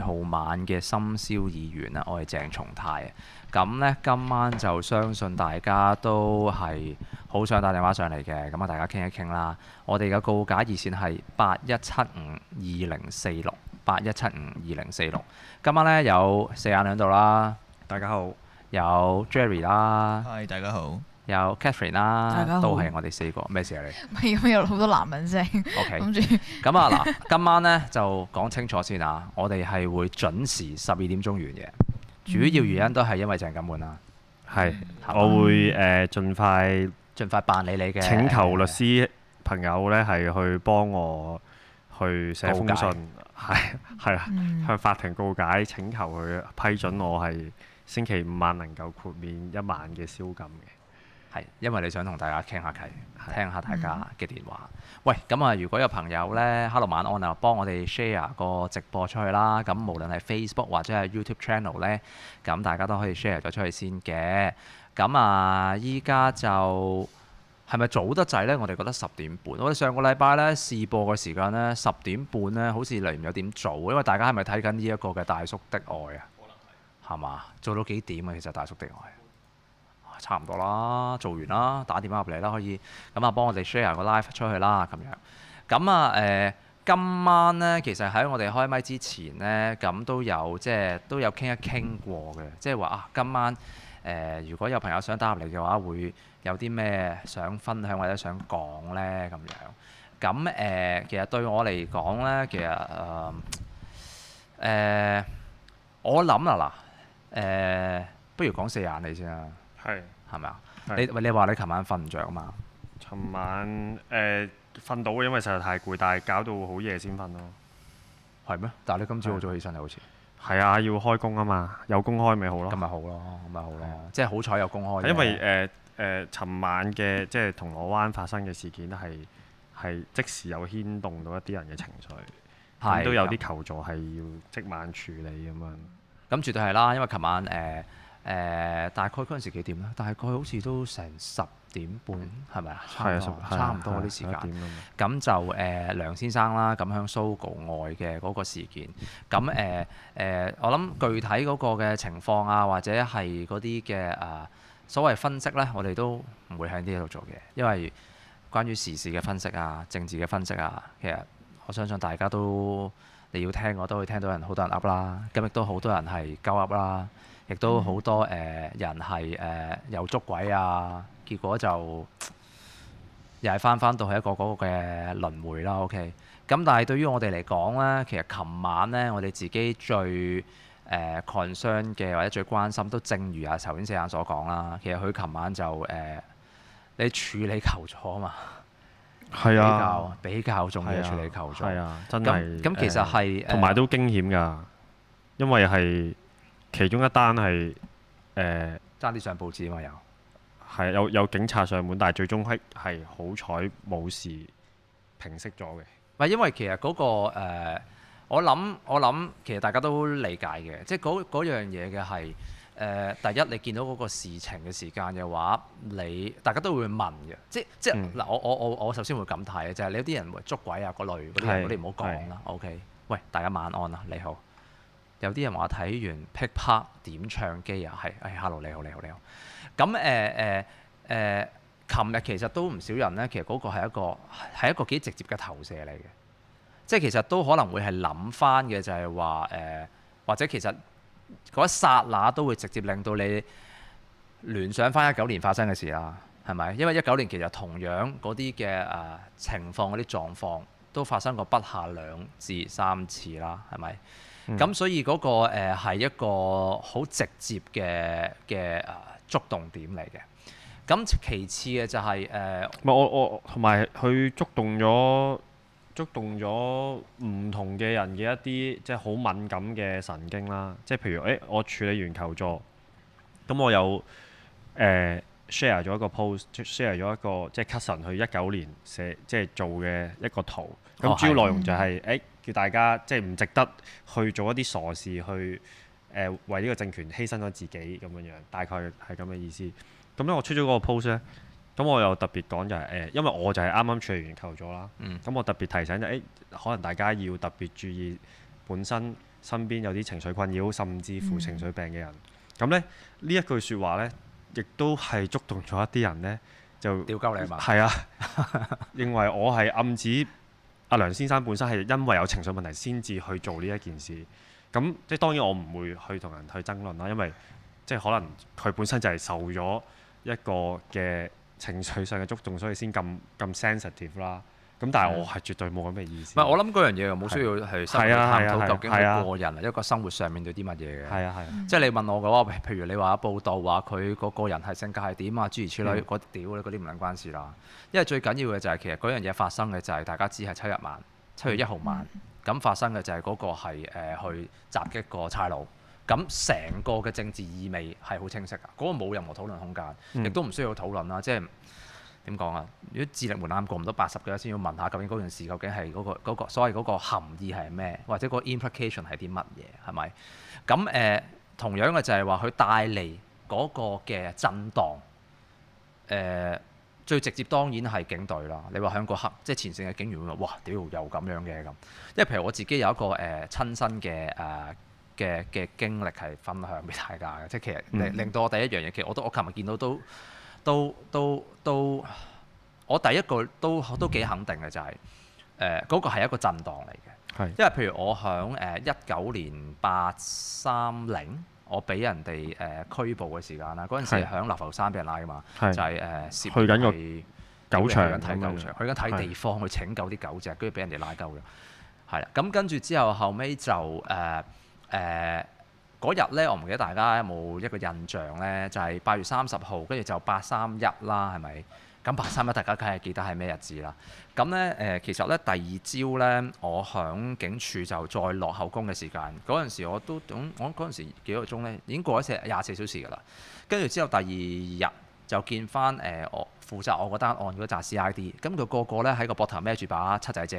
二號晚嘅深宵議員啊，我係鄭松泰啊，咁呢，今晚就相信大家都係好想打電話上嚟嘅，咁啊大家傾一傾啦。我哋嘅告解熱線係八一七五二零四六，八一七五二零四六。今晚呢，有四眼喺度啦，大家好，有 Jerry 啦，嗨，大家好。有 Catherine 啦，都係我哋四個。咩事、啊、你？咪咁 有好多男人聲。O K，咁啊嗱，今晚咧就講清楚先啊！我哋係會準時十二點鐘完嘅。嗯、主要原因都係因為鄭錦滿啦。係是，啊、我會誒、呃、盡快盡快辦理你嘅請求。律師朋友咧係去幫我去寫封信，係係啦，向法庭告解，請求佢批准我係星期五晚能夠豁免一晚嘅宵禁嘅。係，因為你想同大家傾下偈，的聽下大家嘅電話。嗯、喂，咁啊，如果有朋友呢 Hello 晚安啊，幫我哋 share 個直播出去啦。咁無論係 Facebook 或者係 YouTube channel 呢，咁大家都可以 share 咗出去先嘅。咁啊，依家就係咪早得滯呢？我哋覺得十點半。我哋上個禮拜呢，試播嘅時間呢，十點半呢，好似嚟唔有點早，因為大家係咪睇緊呢一個嘅大叔的愛啊？可能係係嘛，做到幾點啊？其實大叔的愛。差唔多啦，做完啦，打電話入嚟啦，可以咁啊，就幫我哋 share 個 live 出去啦，咁樣，咁啊誒，今晚咧其實喺我哋開麥之前咧，咁都有即係、就是、都有傾一傾過嘅，即係話啊，今晚誒、呃、如果有朋友想打入嚟嘅話，會有啲咩想分享或者想講咧咁樣，咁誒、呃，其實對我嚟講咧，其實誒誒、呃呃、我諗啦嗱誒，不如講四眼你先啊。係，係咪啊？你喂，你話你琴晚瞓唔着啊嘛？琴晚誒瞓到，因為實在太攰，但係搞到好夜先瞓咯。係咩？但係你今朝好早起身嚟好似。係啊，要開工啊嘛，有工開咪好咯。咁咪、嗯、好咯，咁咪好咯，的即係好彩有工開。係因為誒誒，琴、呃呃、晚嘅即係銅鑼灣發生嘅事件係係即時有牽動到一啲人嘅情緒，咁都的有啲求助係要即晚處理咁樣。咁、嗯、絕對係啦，因為琴晚誒。呃誒、呃、大概嗰陣時幾點？大概好似都成十點半，係咪啊，啊？差唔多嗰啲時間。咁就誒、呃、梁先生啦，咁響 SOGO 外嘅嗰個事件。咁誒誒，我諗具體嗰個嘅情況啊，或者係嗰啲嘅啊所謂分析呢，我哋都唔會喺呢度做嘅，因為關於時事嘅分析啊、政治嘅分析啊，其實我相信大家都你要聽，我都會聽到人好多人噏啦，咁亦都好多人係鳩噏啦。亦都好多誒、呃、人係誒、呃、又捉鬼啊，結果就又係翻翻到係一個嗰個嘅輪迴啦。OK，咁但係對於我哋嚟講咧，其實琴晚咧我哋自己最誒 concern 嘅或者最關心都正如阿頭先四眼所講啦。其實佢琴晚就誒、呃、你處理求助啊嘛，係啊，比較比較重要處理求助係啊，啊，真係咁咁其實係同埋都驚險㗎，因為係。其中一單係誒，爭啲上報紙嘛，又係有有警察上門，但係最終係好彩冇事平息咗嘅。唔係因為其實嗰個誒，我諗我諗，其實大家都理解嘅，即係嗰樣嘢嘅係誒。第一，你見到嗰個事情嘅時間嘅話，你大家都會問嘅，即即嗱，我我我我首先會咁睇嘅就係，你有啲人捉鬼啊嗰類嗰啲，你唔好講啦。OK，喂，大家晚安啦，你好。有啲人話睇完《Pikpak》點唱機啊，係誒、哎，hello 你好你好你好咁誒誒誒，琴日其實都唔少人咧，其實嗰個係一個係一個幾直接嘅投射嚟嘅，即係其實都可能會係諗翻嘅，就係話誒，或者其實嗰一剎那都會直接令到你聯想翻一九年發生嘅事啦，係咪？因為一九年其實同樣嗰啲嘅誒情況嗰啲狀況都發生過不下兩至三次啦，係咪？咁所以嗰、那個誒係、呃、一個好直接嘅嘅誒觸動點嚟嘅。咁其次嘅就係、是、誒，唔、呃、係我我同埋佢觸動咗觸動咗唔同嘅人嘅一啲即係好敏感嘅神經啦。即係譬如誒、欸，我處理完求助，咁我有誒 share 咗一個 post，share 咗一個即係 Cushion 去一九年寫即係做嘅一個圖。咁主要內容就係、是、誒。哦叫大家即係唔值得去做一啲傻事，去誒、呃、為呢個政權犧牲咗自己咁樣樣，大概係咁嘅意思。咁咧，我出咗嗰個 post 咧，咁我又特別講就係、是、誒、欸，因為我就係啱啱處理完求助啦。嗯。咁我特別提醒就誒、是欸、可能大家要特別注意本身身邊有啲情緒困擾甚至乎情緒病嘅人。咁咧、嗯、呢一句說話咧，亦都係觸動咗一啲人咧，就屌鳩你嘛。係是啊。 認為我係暗指。阿梁先生本身係因為有情緒問題先至去做呢一件事。咁即係當然，我唔會去同人去爭論啦，因為即係可能佢本身就係受咗一個嘅情緒上嘅觸動，所以先咁咁 sensitive 啦。咁但係我係絕對冇咁嘅意思。唔係我諗嗰樣嘢，又冇需要去深入探討，究竟佢個人一個生活上面對啲乜嘢嘅。係啊係。啊啊即係你問我嘅話，譬如你話報道話佢個個人係性格係點啊，諸如此類，我屌嗰啲唔撚關事啦。因為最緊要嘅就係其實嗰樣嘢發生嘅就係、是、大家只係七日晚、七月一號晚咁發生嘅就係嗰個係去襲擊過個差佬。咁成個嘅政治意味係好清晰㗎。嗰、嗰個冇任何討論空間，亦都唔需要討論啦。即係。點講啊？如果智力門檻過唔到八十嘅先要問下究竟嗰件事究竟係嗰、嗰個嗰個嗰個所謂嗰個含義係咩？或者個 implication 係啲乜嘢？係咪？咁誒、呃、同樣嘅就係話佢帶嚟嗰個嘅震盪誒、呃、最直接當然係警隊啦。你話響個黑即係前線嘅警員會話：哇，屌又咁樣嘅咁。因為譬如我自己有一個誒、呃、親身嘅誒嘅嘅經歷係分享俾大家嘅，即係其實令，令到我第一樣嘢，其實我都我琴日見到都。都都都，我第一句都都幾肯定嘅就係、是，誒嗰個係一個震盪嚟嘅，是的 因為譬如我響誒一九年八三零，我俾人哋誒拘捕嘅時間啦，嗰陣時係響流浮山俾人拉噶嘛，是的 就係、是、誒、呃、涉緊個狗場，睇狗場，去緊睇地方去拯救啲狗隻，是的 嗯、跟住俾人哋拉鳩嘅，係啦，咁跟住之後後尾就誒誒。嗰日咧，我唔記得大家有冇一個印象咧，就係、是、八月三十號，跟住就八三一啦，係咪？咁八三一大家梗係記得係咩日子啦？咁咧，誒、呃，其實咧，第二朝咧，我響警署就再落口供嘅時間，嗰陣時我都總、嗯、我嗰陣時幾個鐘咧，已經過咗成廿四小時㗎啦。跟住之後第二日就見翻誒、呃，我負責我嗰單案嗰扎 CID，咁佢個個咧，喺個膊頭孭住把七仔遮。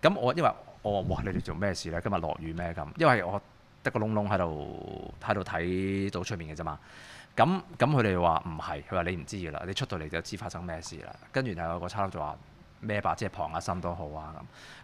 咁我因為我話：哇，你哋做咩事咧？今日落雨咩？咁因為我。得個窿窿喺度喺度睇到出面嘅啫嘛，咁咁佢哋話唔係，佢話你唔知噶啦，你出到嚟就知發生咩事啦。跟住然後有個差佬就話咩吧，即係旁阿心都好啊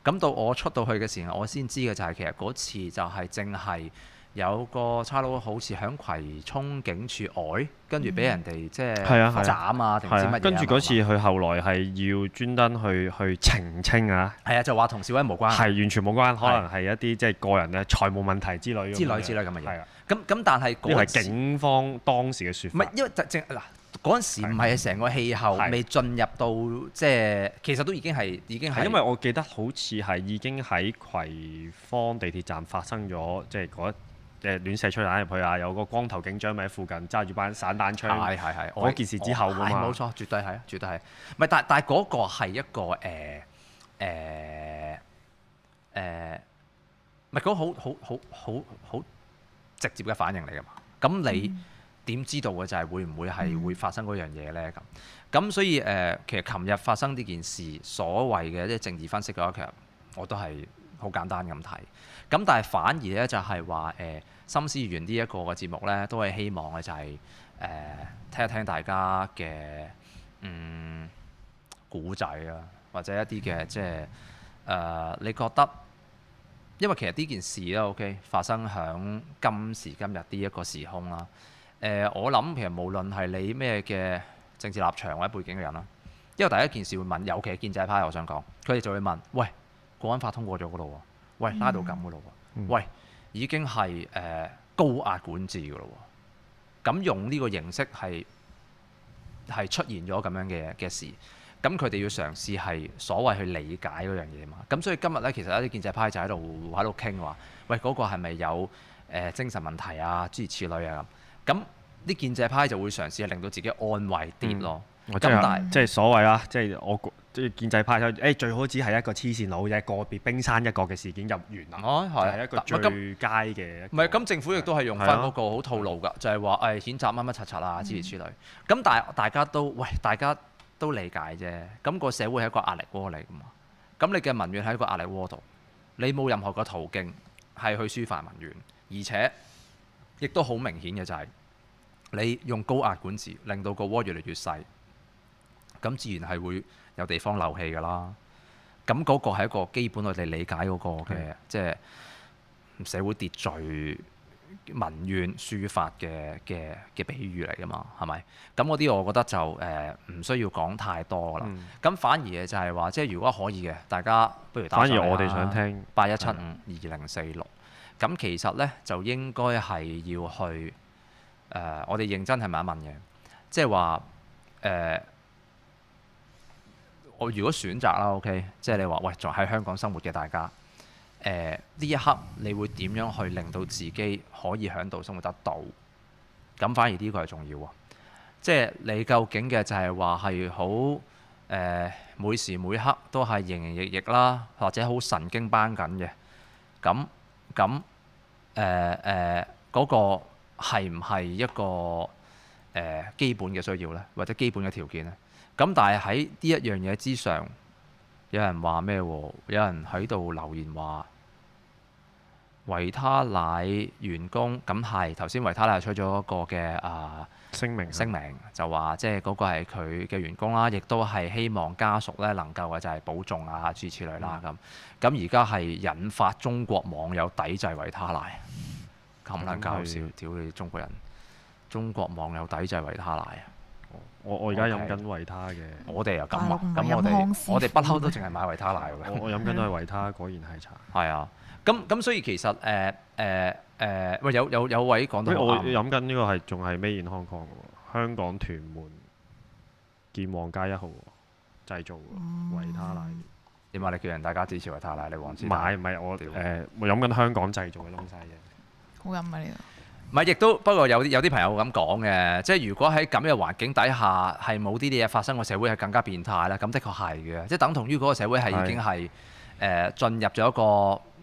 咁。咁到我出到去嘅時候，我先知嘅就係、是、其實嗰次就係淨係。有個差佬好似喺葵涌警署外，跟住俾人哋即係斬啊，定啊，定乜嘢？跟住嗰次佢後來係要專登去去澄清啊。係啊，就話同示威冇關。係完全冇關，可能係一啲即係個人嘅財務問題之類。之類之類咁嘅嘢。咁咁，但係嗰時警方當時嘅説法。唔係，因為嗱嗰陣時唔係成個氣候未進入到即係，其實都已經係已經係。因為我記得好似係已經喺葵芳地鐵站發生咗，即係嗰一。誒亂射吹彈入去啊！有個光頭警長咪喺附近揸住班散彈槍。係係係。嗰件事之後㗎嘛。冇錯，絕對係啊，絕對係。唔係，但但係嗰個係一個誒誒誒，唔係嗰個好好好好好直接嘅反應嚟㗎嘛。咁你點知道嘅就係會唔會係會發生嗰樣嘢咧？咁咁所以誒、呃，其實琴日發生呢件事，所謂嘅即係政治分析嘅話，其實我都係好簡單咁睇。咁但係反而咧，就係話誒，深宵議員呢一個嘅節目咧，都係希望嘅就係、是、誒、呃，聽一聽大家嘅嗯古仔啦，或者一啲嘅即係誒，你覺得因為其實呢件事咧，OK 發生響今時今日呢一個時空啦、啊。誒、呃，我諗其實無論係你咩嘅政治立場或者背景嘅人啦，因為第一件事會問，尤其係建制派，我想講佢哋就會問：喂，國安法通過咗嗰度喂，拉到咁嘅咯喎，喂，已經係誒、呃、高壓管治嘅咯喎，咁用呢個形式係係出現咗咁樣嘅嘅事，咁佢哋要嘗試係所謂去理解嗰樣嘢嘛。咁所以今日咧，其實一啲建制派就喺度喺度傾話，喂嗰、那個係咪有誒、呃、精神問題啊？諸如此類啊咁，咁啲建制派就會嘗試係令到自己安慰啲咯。嗯咁大即係所謂啦，即係我即係建制派，誒、欸、最好只係一個黐線佬啫。個別冰山一角嘅事件入園啦，係、啊、一個最佳嘅。唔係咁，政府亦都係用翻嗰個好套路㗎，的就係話誒譴責乜乜柒柒啊，之類之類。咁大大家都喂大家都理解啫。咁、那個社會係一個壓力鍋嚟㗎嘛。咁你嘅民怨喺個壓力鍋度，你冇任何嘅途徑係去抒發民怨，而且亦都好明顯嘅就係、是、你用高壓管治，令到個鍋越嚟越細。咁自然係會有地方漏氣㗎啦。咁嗰個係一個基本，我哋理解嗰個嘅，嗯、即係社會秩序、民怨抒發嘅嘅嘅比喻嚟㗎嘛，係咪？咁嗰啲我覺得就誒唔、呃、需要講太多啦。咁、嗯、反而就係話，即係如果可以嘅，大家不如打上。反而我哋想聽八一七五二零四六。咁、嗯、其實呢，就應該係要去誒、呃，我哋認真係問一問嘅，即係話誒。呃我如果選擇啦，OK，即係你話，喂，仲喺香港生活嘅大家，誒、呃、呢一刻你會點樣去令到自己可以喺度生活得到？咁反而呢個係重要啊！即係你究竟嘅就係話係好誒，每時每刻都係營營役役啦，或者好神經班緊嘅，咁咁誒誒嗰個係唔係一個？誒基本嘅需要咧，或者基本嘅條件咧，咁但係喺呢一樣嘢之上，有人話咩？有人喺度留言話維他奶員工咁係頭先，維他奶出咗一個嘅啊聲明聲明，聲明就話即係嗰個係佢嘅員工啦，亦都係希望家屬咧能夠嘅就係保重啊諸如此類啦咁。咁而家係引發中國網友抵制維他奶，咁撚搞笑，屌你中國人！中國網友抵制維他奶啊、哦！我我而家飲緊維他嘅。Okay. 我哋又咁啊！咁不我哋我哋不嬲都淨係買維他奶嘅。 我我飲緊都係維他，果然係茶。係 啊！咁咁所以其實誒誒誒，唔、呃呃呃呃呃、有有有，有位講到。我飲緊呢個係仲係咩健康康嘅喎？香港屯門健旺街一號製造、嗯、維他奶。點解、啊、你叫人大家支持維他奶？你黃之？買唔係我誒飲緊香港製造嘅東西啫。好飲啊！你。唔係，亦都不過有啲有啲朋友咁講嘅，即係如果喺咁嘅環境底下係冇呢啲嘢發生，個社會係更加變態啦。咁的確係嘅，即係等同於嗰個社會係是的 已經係誒、呃、進入咗一個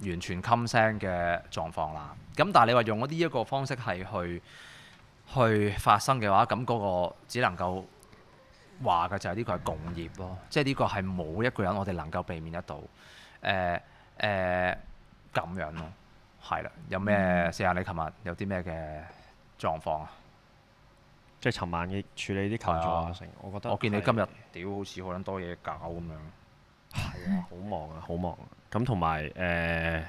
完全噤聲嘅狀況啦。咁但係你話用呢一個方式係去去發生嘅話，咁嗰個只能夠話嘅就係呢個係共業咯，即係呢個係冇一個人我哋能夠避免得到誒誒咁樣咯。係啦，有咩試下你琴日有啲咩嘅狀況啊？即係尋晚嘅處理啲求助啊，成我覺得我見你今日屌好似好撚多嘢搞咁樣。係啊的，好唉忙啊，好忙啊。咁同埋誒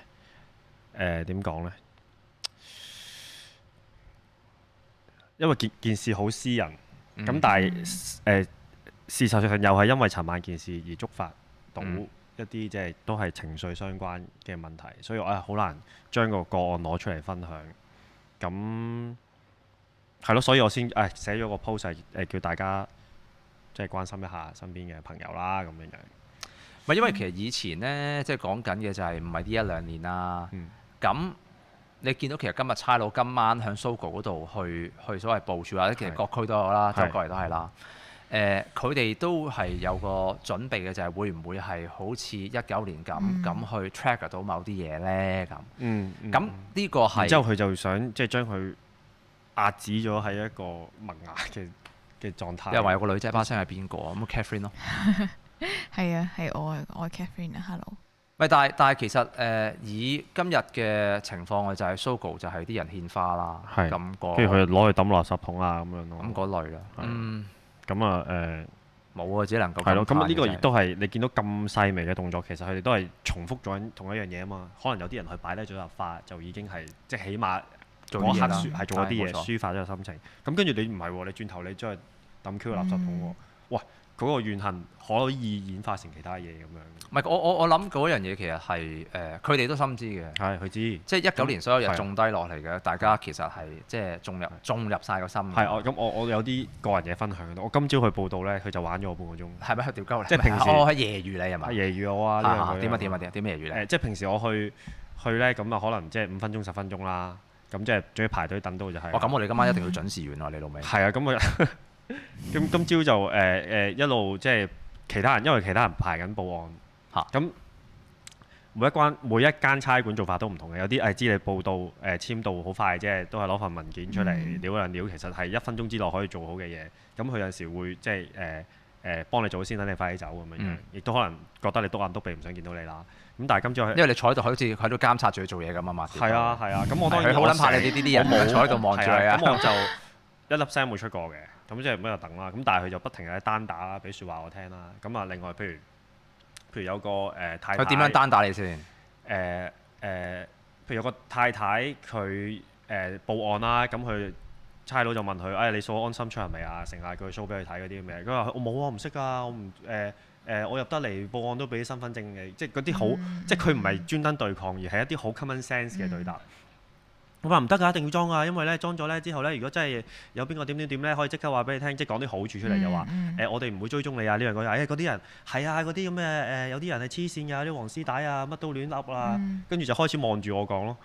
誒點講咧？因為件件事好私人，咁、嗯、但係誒、呃、事實上又係因為尋晚件事而觸發到。嗯一啲即係都係情緒相關嘅問題，所以我係好難將個個案攞出嚟分享。咁係咯，所以我先誒、哎、寫咗個 post 係叫大家即係關心一下身邊嘅朋友啦，咁樣樣。唔係因為其實以前咧，即係講緊嘅就係唔係呢一兩年啦。咁、嗯、你見到其實今日差佬今晚喺 Sogo 嗰度去去所謂部署或者其實各區都有啦，周圍都係啦。是誒佢哋都係有個準備嘅，就係會唔會係好似一九年咁咁去 track 到某啲嘢咧？咁，咁呢個係，之後佢就想即係將佢壓止咗喺一個萌芽嘅嘅狀態。因為有個女仔，把聲係邊個啊？咁啊，Catherine 咯，係啊，係我啊，我 Catherine 啊，Hello。咪但係但係其實誒以今日嘅情況，就係 Sogo 就係啲人獻花啦，咁跟住佢攞去抌垃圾桶啊咁樣咯，咁嗰類啦。嗯。咁啊，誒、呃、冇啊，只能夠係咯。咁呢了個亦都係你見到咁細微嘅動作，其實佢哋都係重複咗同一樣嘢啊嘛。可能有啲人去擺低咗垃圾，就已經係即係起碼做嘢，做一啲嘢抒發咗個心情。咁跟住你唔係喎，你轉頭你再抌 Q 個垃圾桶喎，嗯。嗰個怨恨可以演化成其他嘢咁樣，唔係，我我我諗嗰樣嘢其實係誒，佢哋都心知嘅。係佢知。即係一九年所有人種低落嚟嘅，大家其實係即係種入種入曬個心。係哦，咁我我有啲個人嘢分享。我今朝去報道咧，佢就玩咗我半個鐘。係咪去釣金？即係平時。我喺夜遇你係嘛？夜遇我啊？點啊點啊點啊點咩夜遇你？即係平時我去去咧，咁啊可能即係五分鐘、十分鐘啦。咁即係仲要排隊等到就係。哦，咁我哋今晚一定要準時完啊！你老味。係啊，咁我。咁今朝就誒誒一路即係其他人，因為其他人排緊報案，嚇咁、啊、每一關每一間差館做法都唔同嘅，有啲誒知你報到誒、呃、簽到好快即啫，都係攞份文件出嚟撩兩撩，其實係一分鐘之內可以做好嘅嘢。咁佢有時會即係誒誒幫你做先，等你快啲走咁樣。亦、嗯、都可能覺得你篤眼篤鼻唔想見到你啦。咁但係今朝因為你坐喺度，好似喺度監察住佢做嘢咁啊嘛。係啊係啊，咁、啊、我當然我好撚怕你哋呢啲人。我坐喺度望住你啊，我就一粒聲冇出過嘅。咁即係唔喺度等啦，咁但係佢就不停喺單打，俾說話我聽啦。咁啊，另外譬如譬如有個誒、呃、太太，佢點樣單打你先？誒誒、呃呃，譬如有個太太，佢誒、呃、報案啦，咁佢差佬就問佢：哎，你掃安心出行係咪啊？成日佢掃俾佢睇嗰啲咩？佢話：我冇啊，唔識㗎，我唔誒誒，我入得嚟報案都俾身份證嘅，即係嗰啲好，嗯嗯、即係佢唔係專登對抗，而係一啲好 common sense 嘅對答。嗯嗯我話唔得㗎，一定要裝啊！因為咧裝咗咧之後咧，如果真係有邊個點點點咧，可以即刻話俾你聽，即係講啲好處出嚟，就話誒我哋唔會追蹤你啊呢樣嗰樣。誒嗰啲人係啊，嗰啲咁嘅誒有啲人係黐線㗎，啲黃絲帶啊乜都亂噏啦。跟住就開始望住我講咯。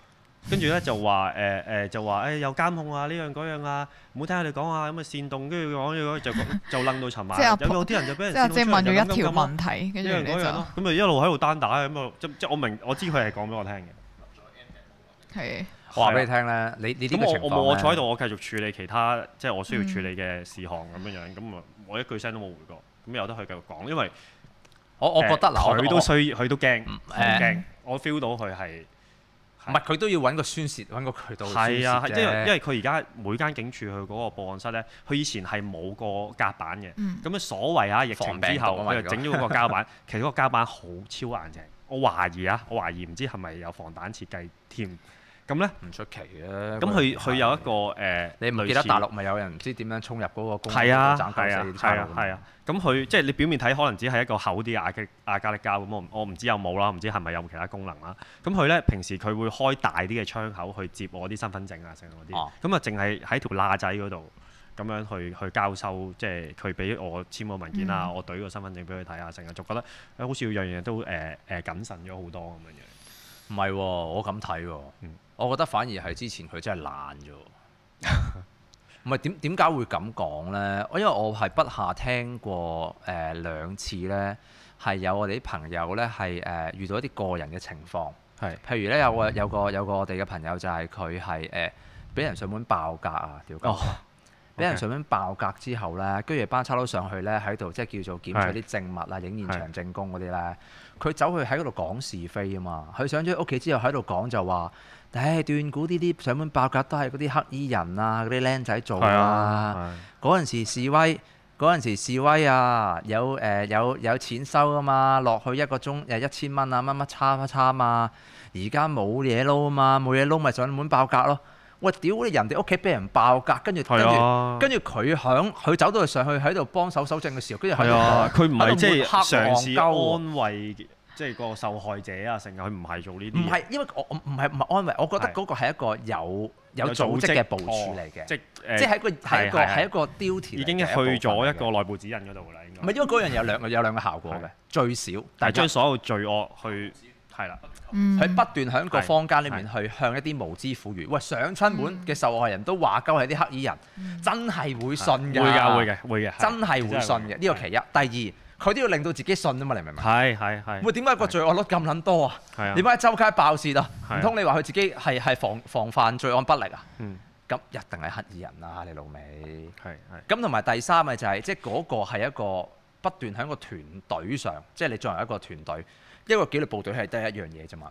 跟住咧就話誒誒就話誒有監控啊呢樣嗰樣啊。唔好聽佢哋講啊，咁啊煽動。跟住講嘢，就就楞到尋晚。即係有啲人就俾人即係問咗一條問題，跟住咁咪一路喺度單打咁啊！即即我明我知佢係講俾我聽嘅。係。話俾你聽咧，你你點嘅情況咧？咁我我冇我坐喺度，我繼續處理其他即係我需要處理嘅事項咁樣樣。咁啊，我一句聲都冇回過。咁有得佢繼續講，因為我我覺得佢都需要，佢都驚，佢驚。我 feel 到佢係唔係佢都要揾個宣泄，揾個渠道宣泄啫。因為因為佢而家每間警署去嗰個報案室咧，佢以前係冇個夾板嘅。咁啊，所謂啊，疫情之後佢整咗嗰個膠板，其實嗰個膠板好超硬嘅。我懷疑啊，我懷疑唔知係咪有防彈設計添。咁咧唔出奇嘅。咁佢佢有一個誒，你唔記得大陸咪有人唔知點樣衝入嗰個公司。係啊，係啊，係啊。咁佢即係你表面睇可能只係一個厚啲嘅亞加力膠咁，我我唔知有冇啦，唔知係咪有其他功能啦。咁佢咧平時佢會開大啲嘅窗口去接我啲身份證啊，成日嗰啲。咁啊，淨係喺條罅仔嗰度咁樣去去交收，即係佢俾我簽個文件啊，我對個身份證俾佢睇啊，成日就覺得好似樣樣嘢都誒誒謹慎咗好多咁樣嘅。唔係喎，我咁睇喎，嗯。我覺得反而係之前佢真係懶咗，唔係點點解會咁講呢？因為我係不下聽過誒、呃、兩次呢係有我哋啲朋友呢係誒、呃、遇到一啲個人嘅情況，是譬如呢，有個有個有個我哋嘅朋友就係佢係誒俾人上門爆格啊條俾人上門爆格之後呢，跟住班差佬上去呢，喺度即係叫做檢取啲證物啊、影是現場證供嗰啲呢。佢走去喺嗰度講是非啊嘛，佢上咗屋企之後喺度講就話。誒斷估呢啲上門爆格都係嗰啲黑衣人啊，嗰啲僆仔做啊。嗰陣、啊啊、時示威，嗰陣時示威啊，有誒、呃、有有錢收啊嘛，落去一個鐘誒一千蚊啊，乜乜差乜差嘛。而家冇嘢撈啊嘛，冇嘢撈咪上門爆格咯。喂，屌你，人哋屋企俾人爆格，跟住跟住跟住佢響，佢、啊、走到去上去喺度幫手守正嘅時候，跟住佢唔係即係嘗試安慰。即係個受害者啊！成日佢唔係做呢啲。唔係因為我唔唔係唔係安慰，我覺得嗰個係一個有有組織嘅部署嚟嘅。即係喺個係一個係一個 d i 已經去咗一個內部指引嗰度啦，應該。唔係因為嗰樣有兩有兩個效果嘅，最少，但係將所有罪惡去係啦。嗯。佢不斷喺個坊間裏面去向一啲無知婦孺，喂上親門嘅受害人都話鳩係啲黑衣人，真係會信㗎。會嘅會嘅會嘅。真係會信嘅呢個其一，第二。佢都要令到自己信啊嘛，你明唔明？係係係。會點解個罪案率咁撚多啊？係啊。點解周街爆竊啊？唔通你話佢自己係係防防犯罪案不力啊？嗯。咁一定係黑衣人啦，啊，你老味。係係。咁同埋第三啊，就是，就係即係嗰個係一個不斷喺個團隊上，即、就、係、是、你作為一個團隊，一個紀律部隊係得一樣嘢啫嘛。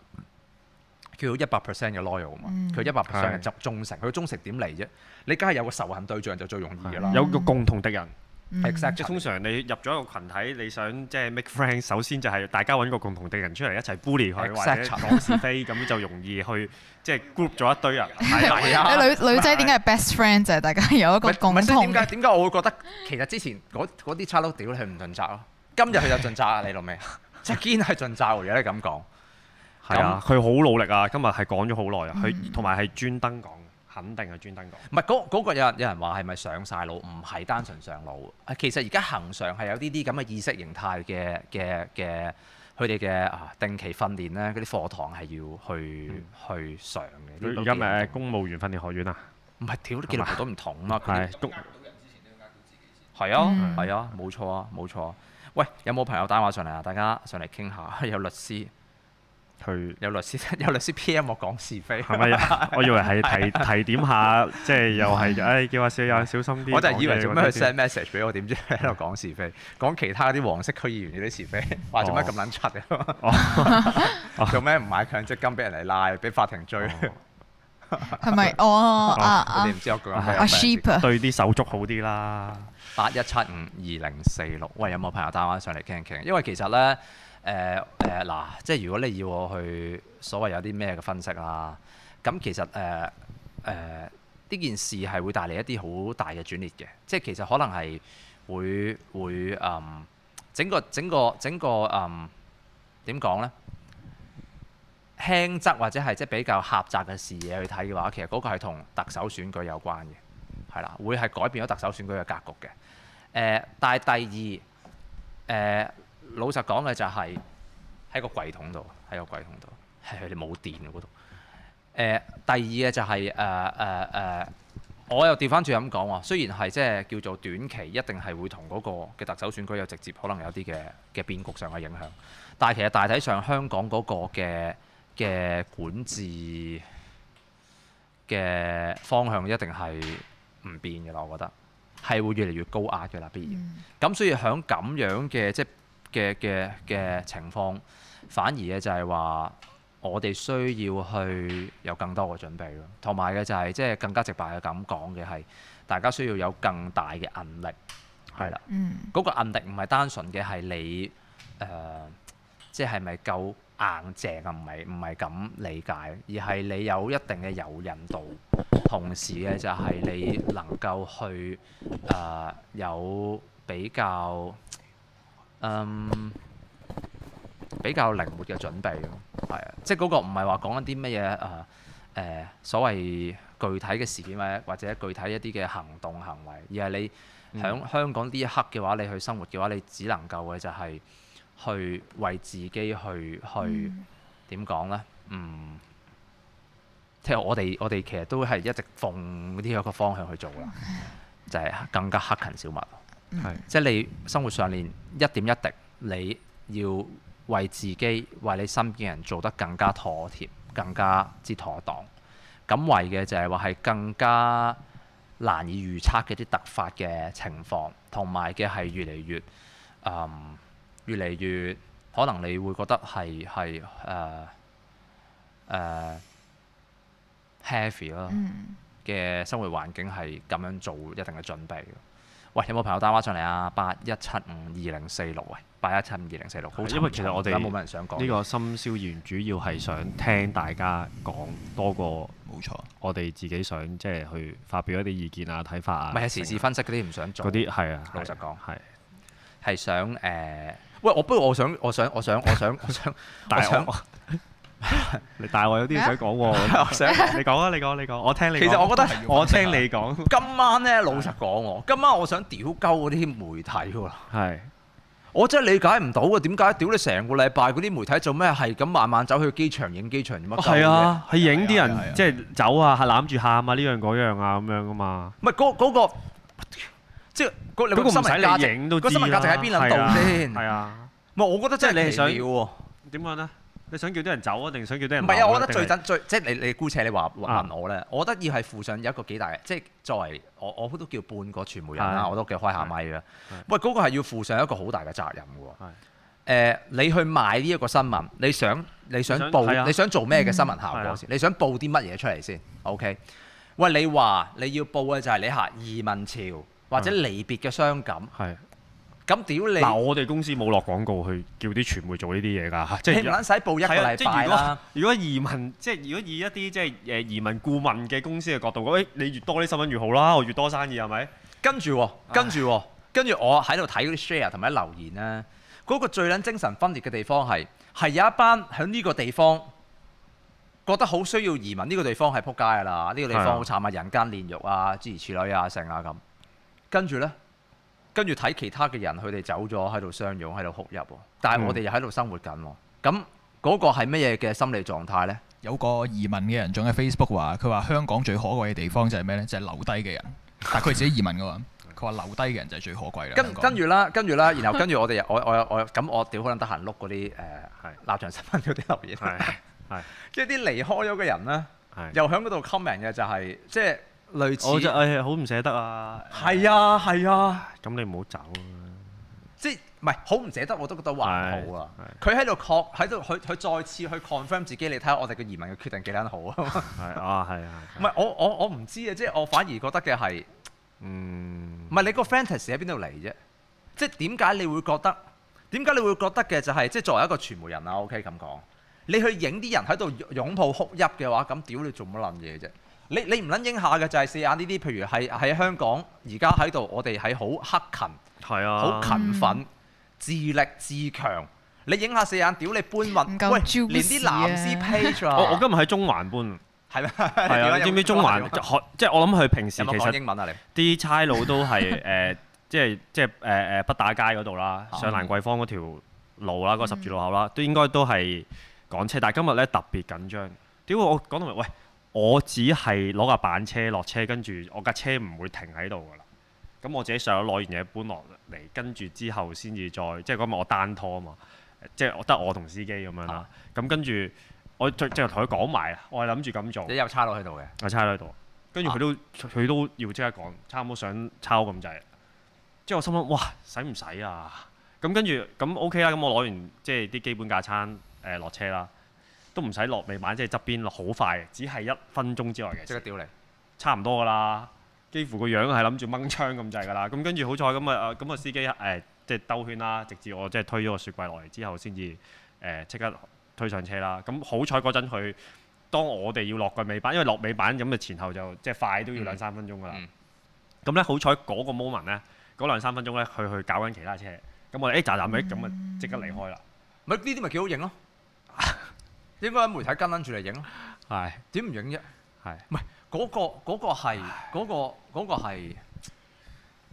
叫一百 percent 嘅 loyal 嘛，嗯，佢一百 percent 嘅忠忠誠。佢是忠誠點嚟啫？你梗係有個仇恨對象就最容易噶啦，有個共同敵人。Exactly, 即係通常你入咗一個群體，你想即係 make friend，首先就係大家揾個共同敵人出嚟一齊 bully 佢，Exactly. 或者講是非，咁就容易去即係、就是、group 咗一堆人。女女仔點解係 best friend 就係 大家有一個共通。點解點解我會覺得其實之前嗰啲差佬屌你唔盡責咯，今日佢就盡責啊！你老味，即係堅係盡責，我而家咁講。係 啊，佢好努力啊！今日係講咗好耐啊，佢同埋係專登講。肯定係專登講，唔係嗰個，有人有人話係咪上晒腦？唔係單純上腦，其實而家恆常係有啲啲咁嘅意識形態嘅嘅嘅，佢哋嘅啊定期訓練咧，嗰啲課堂係要去、嗯、去上嘅。而家咪公務員訓練學院啊？唔係，條都見到嗎都唔同啊嘛，係係啊係啊，冇、啊、錯啊冇錯，啊錯啊。喂，有冇朋友打電話上嚟啊？大家上嚟傾下，有律師。有律師，有律師 PM 我講是非，係咪啊？我以為係提提點下，即係又係，誒叫阿小友小心啲。我就以為做咩去 send message 俾我，點知喺度講是非，講其他啲黃色區議員啲是非，話做咩咁撚柒啊？做咩唔買強積金俾人嚟拉，俾法庭追？係咪？哦啊啊！你唔知我講咩？對啲手足好啲啦。八一七五二零四六，喂，有冇朋友打我上嚟傾一傾？因為其實咧。誒誒嗱，即係如果你要我去所謂有啲咩嘅分析啦，咁其實誒誒呢件事係會帶嚟一啲好大嘅轉捩嘅，即係其實可能係會會嗯、呃、整個整個整個嗯點講咧？輕、呃、則或者係即係比較狹窄嘅視野去睇嘅話，其實嗰個係同特首選舉有關嘅，係啦，會係改變咗特首選舉嘅格局嘅。誒、呃，但係第二誒。呃老實講嘅就係喺個櫃桶度，喺個櫃桶度，係佢哋冇電嗰度。誒、呃，第二呢就係誒誒誒，我又調翻轉咁講喎。雖然係即係叫做短期一定係會同嗰個嘅特首選舉有直接可能有啲嘅嘅變局上嘅影響，但係其實大體上香港嗰個嘅嘅管治嘅方向一定係唔變嘅啦。我覺得係會越嚟越高壓嘅啦，必然。咁、嗯、所以喺咁樣嘅即係。嘅嘅嘅情況，反而呢就係話，我哋需要去有更多嘅準備咯。同埋嘅就係即係更加直白嘅咁講嘅係，大家需要有更大嘅韌力，係啦。嗯。嗰個韌力唔係單純嘅係你誒，即係咪夠硬淨啊？唔係唔係咁理解，而係你有一定嘅柔韌度，同時呢就係你能夠去誒、呃、有比較。嗯，比較靈活嘅準備，係啊，即係嗰個唔係話講一啲乜嘢誒誒所謂具體嘅事件或者或者具體一啲嘅行動行為，而係你喺香港呢一刻嘅話，你去生活嘅話，你只能夠嘅就係去為自己去去點講呢？嗯，即係我哋我哋其實都係一直奉呢一個方向去做啦，就係、是、更加克勤小物。即係你生活上面一點一滴，你要為自己、為你身邊嘅人做得更加妥帖、更加之妥當。咁為嘅就係話係更加難以預測嘅啲突發嘅情況，同埋嘅係越嚟越、嗯、越嚟越可能你會覺得係係誒誒 heavy 咯嘅生活環境係咁樣做一定嘅準備。喂，有冇朋友打話上嚟啊？八一七五二零四六。喂，八一七五二零四六。好，因為其實我哋而家冇乜人想講。呢個深宵議員主要係想聽大家講多過。冇錯。我哋自己想即係去發表一啲意見啊、睇法啊。唔係啊，時事分析嗰啲唔想做。嗰啲係啊，老實講係係想誒。呃、喂，我不過我想我想我想我想我想我想。你大我有啲嘢想講喎，想你講啊！你講，你講，我聽你。其實我覺得，我聽你講。今晚咧，老實講我，今晚我想屌鳩嗰啲媒體喎。係，我真係理解唔到嘅點解屌你成個禮拜嗰啲媒體做咩係咁晚晚走去機場影機場？做乜鳩嘅？係啊，去影啲人即係走啊，攬住喊啊，呢樣嗰樣啊，咁樣㗎嘛。唔係嗰嗰個，即係嗰個唔使你影都知啦。個新聞價值喺邊撚度先？係啊，唔係我覺得真係你係想點講咧？你想叫啲人走啊，定想叫啲人唔係啊？我覺得最緊最即係你你姑且你話問我咧，我覺得要係附上有一個幾大嘅，即係作為我我都叫半個傳媒人啦，我都叫開下咪啦。喂，嗰個係要負上一個好大嘅責任嘅喎。誒，你去賣呢一個新聞，你想你想報你想做咩嘅新聞效果先？你想報啲乜嘢出嚟先？OK？喂，你話你要報嘅就係你下移民潮或者離別嘅傷感係。咁屌你！嗱，我哋公司冇落廣告去叫啲傳媒做呢啲嘢㗎，即係唔撚使報一個禮拜啦。如果移民，即係如果以一啲即係誒移民顧問嘅公司嘅角度講，誒、欸、你越多啲新聞越好啦，我越多生意係咪、啊？跟住、啊唉啊，跟住，跟住我喺度睇啲 share 同埋留言咧、啊，嗰、那個最撚精神分裂嘅地方係係有一班喺呢個地方覺得好需要移民呢、這個地方係撲街㗎啦，呢、這個地方好慘啊，人間煉獄啊，諸如此類啊成啊咁。跟住咧。跟住睇其他嘅人，佢哋走咗喺度相擁，喺度哭泣，但係我哋又喺度生活緊喎。咁嗰個係乜嘢嘅心理狀態呢？有個移民嘅人仲喺 Facebook 話：佢話香港最可貴嘅地方就係咩呢？就係、是、留低嘅人。但佢自己移民嘅嘛。佢話 留低嘅人就係最可貴啦。跟住啦，跟住啦，然後跟住我哋我我我咁我屌可能得閒碌嗰啲誒立場新聞嗰啲留言， 係即係啲離開咗嘅人呢，又喺嗰度 comment 嘅就係即係。就是類似，我就誒好唔捨得啊！係啊，係啊！咁你唔好走啊！即係唔係好唔捨得我都覺得還好啊！佢喺度確喺度，佢佢再次去 confirm 自己，你睇下我哋嘅移民嘅決定幾撚好啊！係啊，係啊！唔係我我我唔知啊！知即係我反而覺得嘅係，唔係、嗯、你個 fantasy 喺邊度嚟啫？即係點解你會覺得？點解你會覺得嘅就係、是、即係作為一個傳媒人啊？OK 咁講，你去影啲人喺度擁抱哭泣嘅話，咁屌你做乜撚嘢啫？你你唔撚影下嘅就係四眼呢啲，譬如係喺香港而家喺度，我哋係好刻勤，係啊，好勤奮、自力自強。你影下四眼屌你搬運，喂，連啲藍絲披咗。我我今日喺中環搬。係咩？係啊。你知唔知中環即係我諗佢平時其實英文啊你啲差佬都係誒，即係即係誒誒北打街嗰度啦，上蘭桂坊嗰條路啦，嗰個十字路口啦，都應該都係趕車，但係今日咧特別緊張。屌我講到明。喂？我只係攞架板車落車，跟住我架車唔會停喺度噶啦。咁我自己上咗攞完嘢搬落嚟，跟住之後先至再，即係嗰日我單拖啊嘛，即係我得我同司機咁樣啦。咁、啊、跟住我即係同佢講埋，我係諗住咁做。你有差佬喺度嘅？有差佬喺度，跟住佢都佢、啊、都，都要即刻講，差唔多想抄咁滯。即係我心諗，哇，使唔使啊？咁跟住咁 OK 啦，咁我攞完即係啲基本架餐誒落車啦。都唔使落尾板，即係側邊落好快，只係一分鐘之內嘅，即刻掉嚟，差唔多噶啦，幾乎個樣係諗住掹槍咁滯噶啦。咁跟住好彩咁啊，咁個司機誒即係兜圈啦，直至我即係推咗個雪櫃落嚟之後，先至誒即刻推上車啦。咁好彩嗰陣佢當我哋要落個尾板，因為落尾板咁嘅前後就即係快都要兩三分鐘噶啦、嗯嗯。咁咧好彩嗰個 moment 咧，嗰兩三分鐘咧，佢去搞緊其他車。咁我哋誒喳喳咪咁啊，即刻離開啦。咪呢啲咪幾好型咯～點解媒體跟跟住嚟影咯。係點唔影啫？係唔係嗰個嗰、嗰個係嗰唉、嗰個嗰係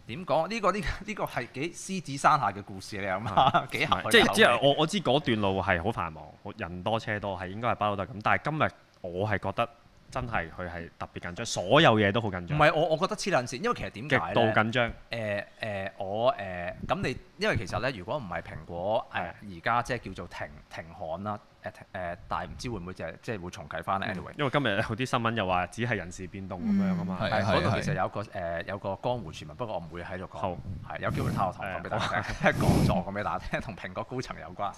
點講？呢、呢個呢呢、呢個係幾、呢個呢個、獅子山下嘅故事嚟，你諗下，幾行即係即係我我知嗰段路係好繁忙，人多車多，係應該係包唔到咁。但係今日我係覺得。真係佢係特別緊張，所有嘢都好緊張。唔係我，我覺得黐撚線，因為其實點解咧？極度緊張。呃呃呃、我誒咁、呃、你，因為其實咧，如果唔係蘋果誒而家即係叫做停停刊啦，誒、呃、誒，但係唔知會唔會就即、係、係會重啟翻 anyway 因為今日有啲新聞又話只係人事變動咁、嗯、樣啊嘛，係嗰度其實有個誒、呃、有個江湖傳聞，不過我唔會喺度講，係好有機會他我堂講俾大家聽，係講座咁俾大家聽，同蘋果高層有關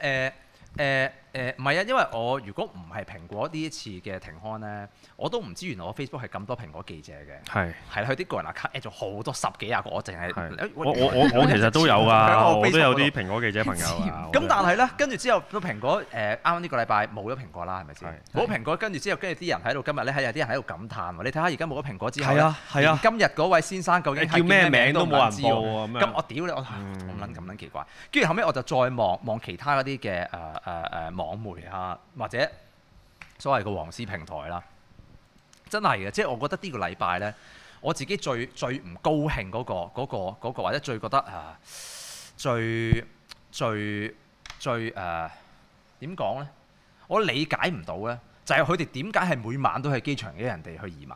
誒。 誒誒唔係啊，因為我如果唔係蘋果呢一次嘅停刊咧，我都唔知原來我 Facebook 係咁多蘋果記者嘅。係係佢啲個人 account add 咗好多十幾廿個，我淨係。我我我其實都有啊，我都有啲蘋果記者朋友。咁但係咧，跟住之後到蘋果誒啱啱呢個禮拜冇咗蘋果啦，係咪先？冇蘋果，跟住之後跟住啲人喺度今日咧，係有啲人喺度感嘆喎。你睇下而家冇咗蘋果之後，係啊今日嗰位先生究竟叫咩名都冇人知咁。我屌你，我我撚咁撚奇怪。跟住後尾，我就再望望其他嗰啲嘅誒。誒誒、啊啊、網媒嚇、啊，或者所謂個黃絲平台啦，真係嘅，即係我覺得呢個禮拜呢，我自己最最唔高興嗰、嗰個嗰、嗰個、嗰個、或者最覺得啊，最最最誒點講呢？我理解唔到呢，就係佢哋點解係每晚都去機場嘅人哋去移民？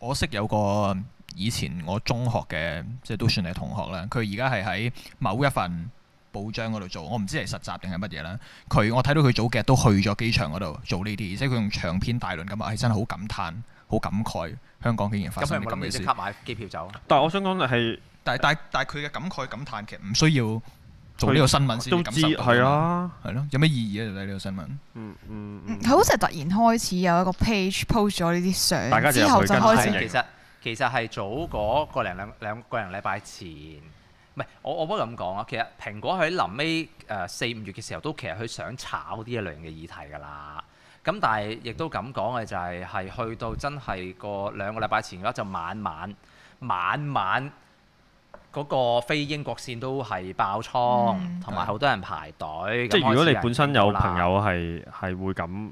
我識有個以前我中學嘅，即係都算係同學啦，佢而家係喺某一份。保障嗰度做，我唔知係實習定係乜嘢啦。佢我睇到佢早幾日都去咗機場嗰度做呢啲，而且佢用長篇大論咁話，係真係好感嘆、好感慨香港竟然發生咁嘅事。即刻買機票走。但係我想講就但係但係佢嘅感慨感嘆其實唔需要做呢個新聞先感受係啊，係咯、啊，有咩意義咧？就喺呢個新聞。佢、嗯嗯、好似係突然開始有一個 page post 咗呢啲相，大家之後就開始。其實其實係早嗰個零兩兩個零禮拜前。唔係，我我唔可以咁講啊。其實蘋果喺臨尾誒四五月嘅時候，都其實佢想炒啲一樣嘅議題㗎啦。咁但係亦都咁講嘅就係、係、係去到真係個兩個禮拜前嘅話，就晚晚晚晚嗰個非英國線都係爆倉，同埋好多人排隊。嗯嗯、即係如果你本身有朋友係係會咁。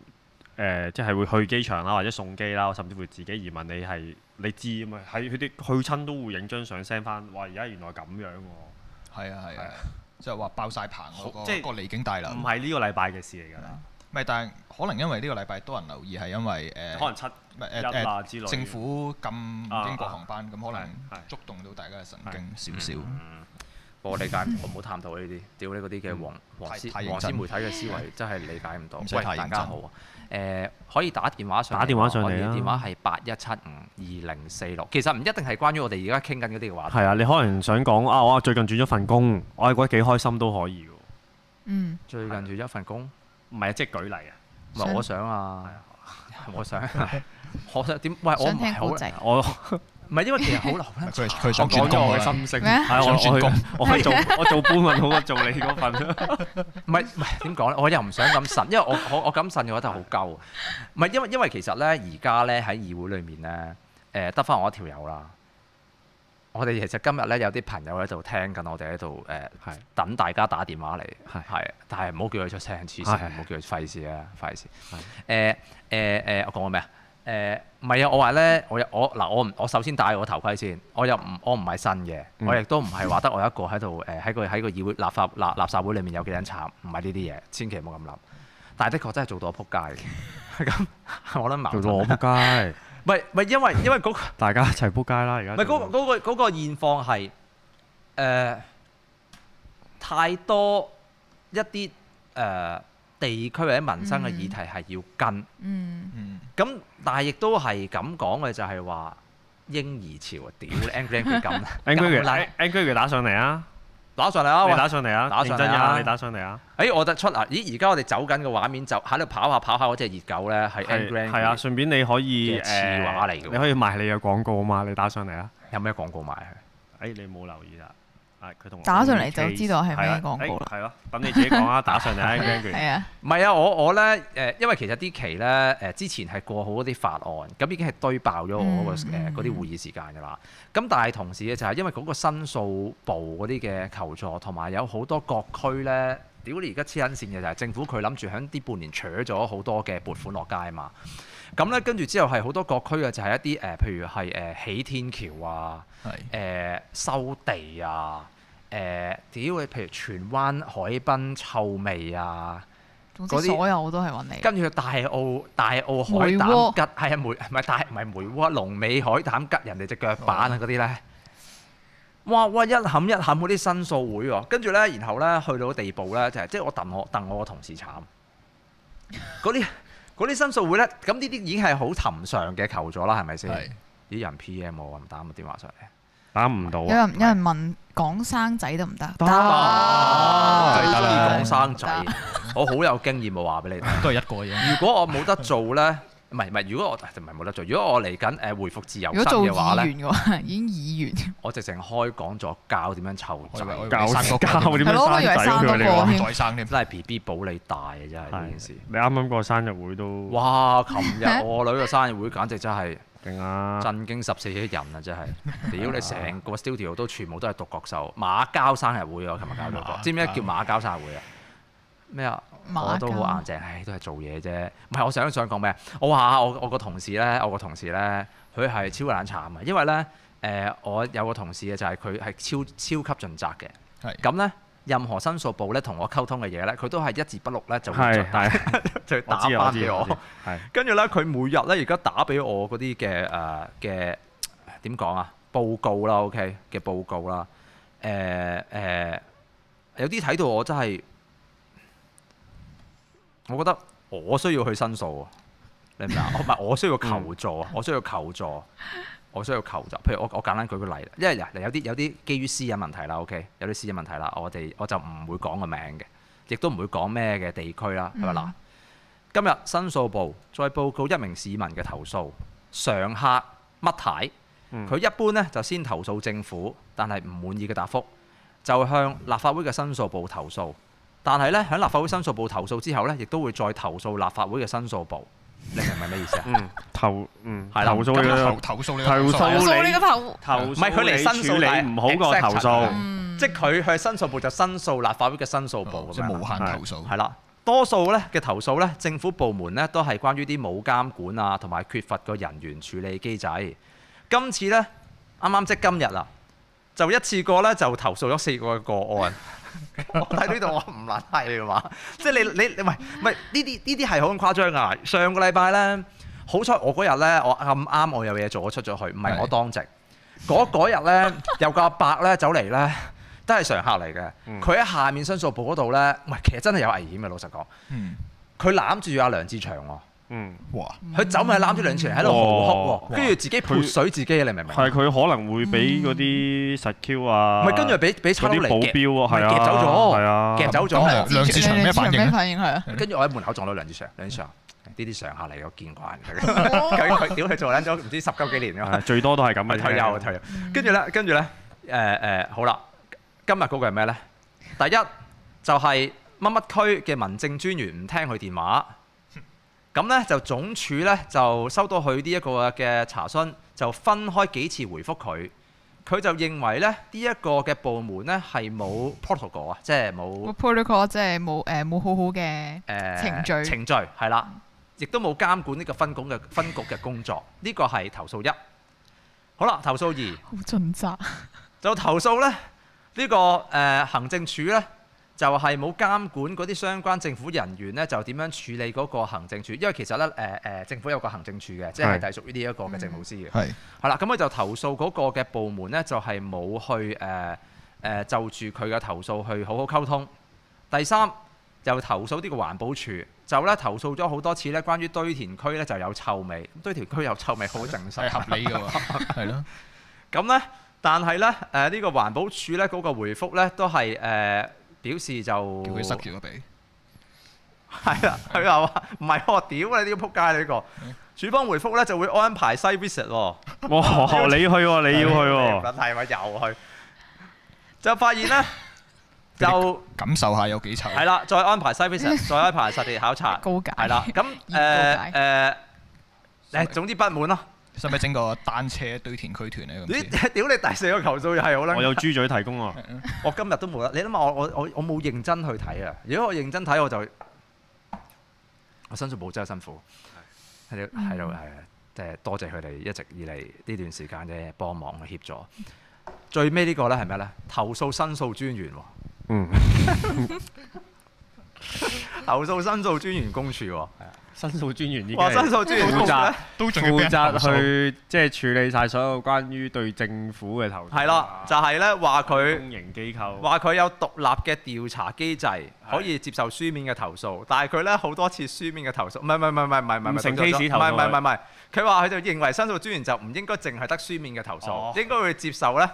誒，即係會去機場啦，或者送機啦，甚至乎自己移民。你係你知吖嘛？喺佢啲去親都會影張相 send 翻。哇！而家原來咁樣喎，係啊係啊，即係話爆晒棚即係嗰個離境大樓，唔係呢個禮拜嘅事嚟㗎咩？咪但係可能因為呢個禮拜多人留意，係因為誒可能七誒誒政府禁英國航班咁，可能觸動到大家嘅神經少少。我理解，我唔好探討呢啲，屌呢嗰啲嘅黃黃黃師媒體嘅思維真係理解唔到。喂，大家好啊！誒、呃、可以打電話上打電話上嚟啦，電話係八一七五二零四六。其實唔一定係關於我哋而家傾緊嗰啲嘅話題。係啊，你可能想講啊，我最近轉咗份工，我係覺得幾開心都可以嘅。嗯，最近轉咗份工，唔係啊，即係舉例啊。我想啊，想我想， 我想點？喂，我想聽古仔我 唔係因為其實好流咧，佢佢想轉工嘅心聲。我麼對轉工，我可以做我做半份好過做你嗰份。唔係唔係，點講咧？我又唔想咁神，因為我我我咁神嘅話都好鳩。唔係因為因為其實咧，而家咧喺議會裏面咧，誒得翻我一條友啦。我哋其實今日咧有啲朋友喺度聽緊我哋喺度誒，呃、是等大家打電話嚟。係是是但係唔好叫佢出聲，唔好是是叫佢費事啊，費事。誒誒誒，我講過咩啊？誒，唔係、呃、啊！我話咧，我我嗱，我我，我首先戴我頭盔先，我又唔，我唔係新嘅，我亦都唔係話得我一個喺度誒，喺個喺個議會立法垃垃圾會裡面有幾人慘？唔係呢啲嘢，千祈唔好咁諗。但係的確真係做到我撲街係咁，我諗麻做到我撲街，唔係唔係因為因為、嗰個、 大家一齊撲街啦，而家唔係嗰嗰個嗰、嗰個現況係、呃、太多一啲誒。呃呃地區或者民生嘅議題係要跟，嗯，咁但係亦都係咁講嘅就係話嬰兒潮，屌 a Angry 咁 a n g Angry 打上嚟啊，打上嚟啊，你打上嚟啊，認真呀，你打上嚟啊，誒我得出啊，咦而家我哋走緊嘅畫面就喺度跑下跑下嗰隻熱狗咧係 Angry，係啊，順便你可以誒，話嚟嘅，你可以賣你嘅廣告啊嘛，你打上嚟啊，有咩廣告賣？誒你冇留意啊。係，佢同我打上嚟就知道係咩廣告啦。係咯，等你自己講啊，打上嚟。係啊， 唔係 啊，我我咧誒，因為其實啲期咧誒，之前係過好啲法案，咁已經係堆爆咗我嗰個啲會議時間㗎啦。咁但係同時咧就係因為嗰個申訴部嗰啲嘅求助，同埋有好多各區咧，屌你而家黐緊線嘅就係政府佢諗住喺呢半年取咗好多嘅撥款落街嘛。咁咧，跟住之後係好多各區嘅，就係一啲誒，譬如係誒起天橋啊，誒收是、呃、地啊，誒屌嘅，譬如荃灣海濱臭味啊，嗰啲所有我都係揾你。跟住大澳大澳海膽吉係窩啊梅唔係大唔係梅窩龍尾海膽吉人哋隻腳板啊嗰啲咧，哇哇一冚一冚嗰啲申訴會喎，跟住咧，然後咧去到個地步咧就係即係我戥我戥我個同事慘嗰啲。 嗰啲申訴會咧，咁呢啲已經係好尋常嘅求助啦，係咪先？啲是人 PM 我，唔打個電話上嚟，打唔到、啊有。有人有人問講生仔得唔得？打，打啊！打最中意講生仔，打我好有經驗啊，話俾打 你聽。都係一個人。如果我冇得做咧？ 唔係唔係，如果我唔係冇得做。如果我嚟緊誒回復自由身嘅話咧，已經議完。我直情開講咗教點樣湊仔，教教點樣生仔，佢哋話再生添，真係 B B 保你大啊！真係呢件事。你啱啱個生日會都哇！琴日我女個生日會簡直真係震驚十四億人啊！真係屌你成個 studio 都全部都係獨角獸馬交生日會啊！琴日搞到個，馬 馬 知唔知叫馬交生日會啊？咩啊？金我都好硬淨，唉，都係做嘢啫。唔係，我想想講咩？我話我我個同事咧，我個同事咧，佢係超冷慘啊！因為咧，誒，我有個同事嘅就係佢係超超級盡責嘅。咁咧是，任何申訴部咧同我溝通嘅嘢咧，佢都係一字不漏咧就會打， 就打翻回俾我，我。係。跟住咧，佢每日咧而家打俾我嗰啲嘅誒嘅點講啊報告啦，OK 嘅報告啦。誒、呃、誒、呃，有啲睇到我真係～我覺得我需要去申訴，你明唔明啊？我唔係 我需要求助，我需要求助，我需要求助。譬如我我簡單舉個例啦，因為有啲有啲基於私隱問題啦，OK，有啲私隱問題啦，我哋我就唔會講個名嘅，亦都唔會講咩嘅地區啦，係咪嗱？嗯、今日申訴部再報告一名市民嘅投訴，常客乜太，佢、嗯、一般呢就先投訴政府，但係唔滿意嘅答覆，就向立法會嘅申訴部投訴。但係咧，喺立法會申訴部投訴之後咧，亦都會再投訴立法會嘅申訴部。你明唔明咩意思啊、嗯？嗯，投嗯、這個，係啦，投訴你啊，投訴你，投訴你嘅投，投，投唔係佢嚟？申訴你，唔好個投訴，嗯、即係佢去申訴部就申訴立法會嘅申訴部、哦，即係無限投訴。係啦，多數咧嘅投訴咧，政府部門咧都係關於啲冇監管啊，同埋缺乏個人員處理機制。今次咧，啱啱即係今日啦，就一次過咧就投訴咗四個，個個案。 我喺呢度，我唔難睇你嘅話，即係你你你唔係唔係呢啲呢啲係好咁誇張噶。上個禮拜咧，好彩我嗰日咧，我咁啱我有嘢做，我出咗去，唔係我當值。嗰嗰日咧，有個阿伯咧走嚟咧，都係常客嚟嘅。佢喺下面申訴部嗰度咧，唔係其實真係有危險嘅，老實講。佢攬住阿梁志祥喎、啊。嗯，哇！佢走咪攬咗兩柱，喺度嚎哭喎，跟住自己潑水自己，你明唔明？係佢可能會俾嗰啲實 Q 啊！唔係，跟住又俾俾保鑣嚟夾，唔係夾走咗，係啊，夾走咗。梁志祥咩反應咧？反應係啊！跟住我喺門口撞到梁志祥，梁志祥呢啲常客嚟，我見慣嚟佢屌佢做卵咗，唔知十九幾年最多都係咁啊，退休退休。跟住咧，跟住咧，誒誒，好啦，今日嗰個係咩咧？第一就係乜乜區嘅民政專員唔聽佢電話。咁咧就總署咧就收到佢呢一個嘅查詢，就分開幾次回覆佢。佢就認為咧呢一、呢個嘅部門咧係冇 protocol 啊，protocol，即係冇 protocol，即係冇誒冇好好嘅誒程序。呃、程序係啦，亦都冇監管呢個分公嘅分局嘅工作。呢個係投訴一。好啦，投訴二。好盡責。 就投訴咧呢、呢個誒、呃、行政署咧。就係冇監管嗰啲相關政府人員呢，就點樣處理嗰個行政署？因為其實呢，誒誒，政府有個行政署嘅，即係係屬於呢一個嘅政務司嘅係啦。咁佢就投訴嗰個嘅部門呢，就係冇去誒就住佢嘅投訴去好好溝通。第三又投訴呢個環保署，就呢投訴咗好多次呢，關於堆填區呢就有臭味。堆填區有臭味好正常合理嘅喎，係咯。咁呢，但係呢，誒呢個環保署呢嗰個回覆呢，都係誒。表示就叫佢塞住鼻 我俾，係啦，佢又話唔係我屌你啲仆街呢個，嗯、處方回覆咧就會安排 site visit 喎哇，我學你去喎，你要去喎、啊，係咪又去？就發現咧就感受下有幾醜、啊，係啦 再安排 site visit，再安排實地考察，告解，係啦咁誒誒，誒、呃呃、總之不滿咯。使唔使整個單車堆填區團咧咁？ 你屌你第四個投訴又係我啦！ 我有豬嘴提供啊！ 我今日都冇啦！你諗下我我我我冇認真去睇啊！如果我認真睇我就我申訴部真係辛苦。喺度喺度即係多謝佢哋一直以嚟呢段時間嘅幫忙協助。最尾呢個咧係咩咧？投訴申訴專員喎。投訴申訴專員公署喎。啊。嗯 申訴專員呢個負責，負責去即係處理晒所有關於對政府嘅投訴。係咯，就係咧話佢營機構，話佢有獨立嘅調查機制，可以接受書面嘅投訴。但係佢咧好多次書面嘅投訴，唔係唔係唔係唔係唔係唔係唔係佢話佢就認為申訴專員就唔應該淨係得書面嘅投訴，應該會接受咧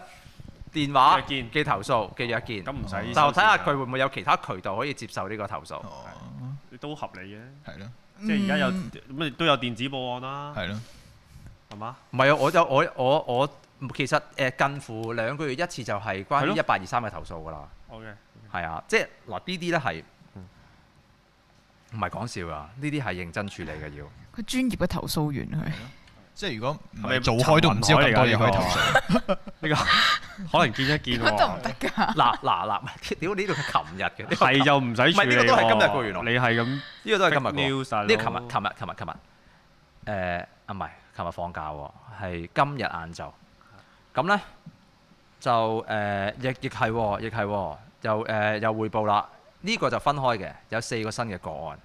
電話嘅投訴嘅約見。咁唔使就睇下佢會唔會有其他渠道可以接受呢個投訴。都合理嘅。係咯。即係而家有乜、嗯、都有電子報案啦，係咯，係嘛？唔係啊，是的 吧我有我我我其實誒近乎兩個月一次就係關於一八二三嘅投訴噶啦。OK，係啊，即係嗱，呢啲咧係唔係講笑㗎？呢啲係認真處理嘅要。佢專業嘅投訴員佢。即係如果唔做開都唔知咁多嘢可以投訴，呢、啊這個 可能見一見喎、啊。嗰度唔得㗎。嗱嗱嗱，屌呢度係琴日嘅。係 就唔使呢個都係今日嘅原來。你係咁，呢個都係今日。News 呢個琴日、琴日、琴日、琴日。誒、啊，唔係琴日放假喎，係今日晏晝。咁、啊、咧就誒，亦亦係喎，亦係喎，又誒又彙報啦。呢、這個就分開嘅，有四個新嘅個案。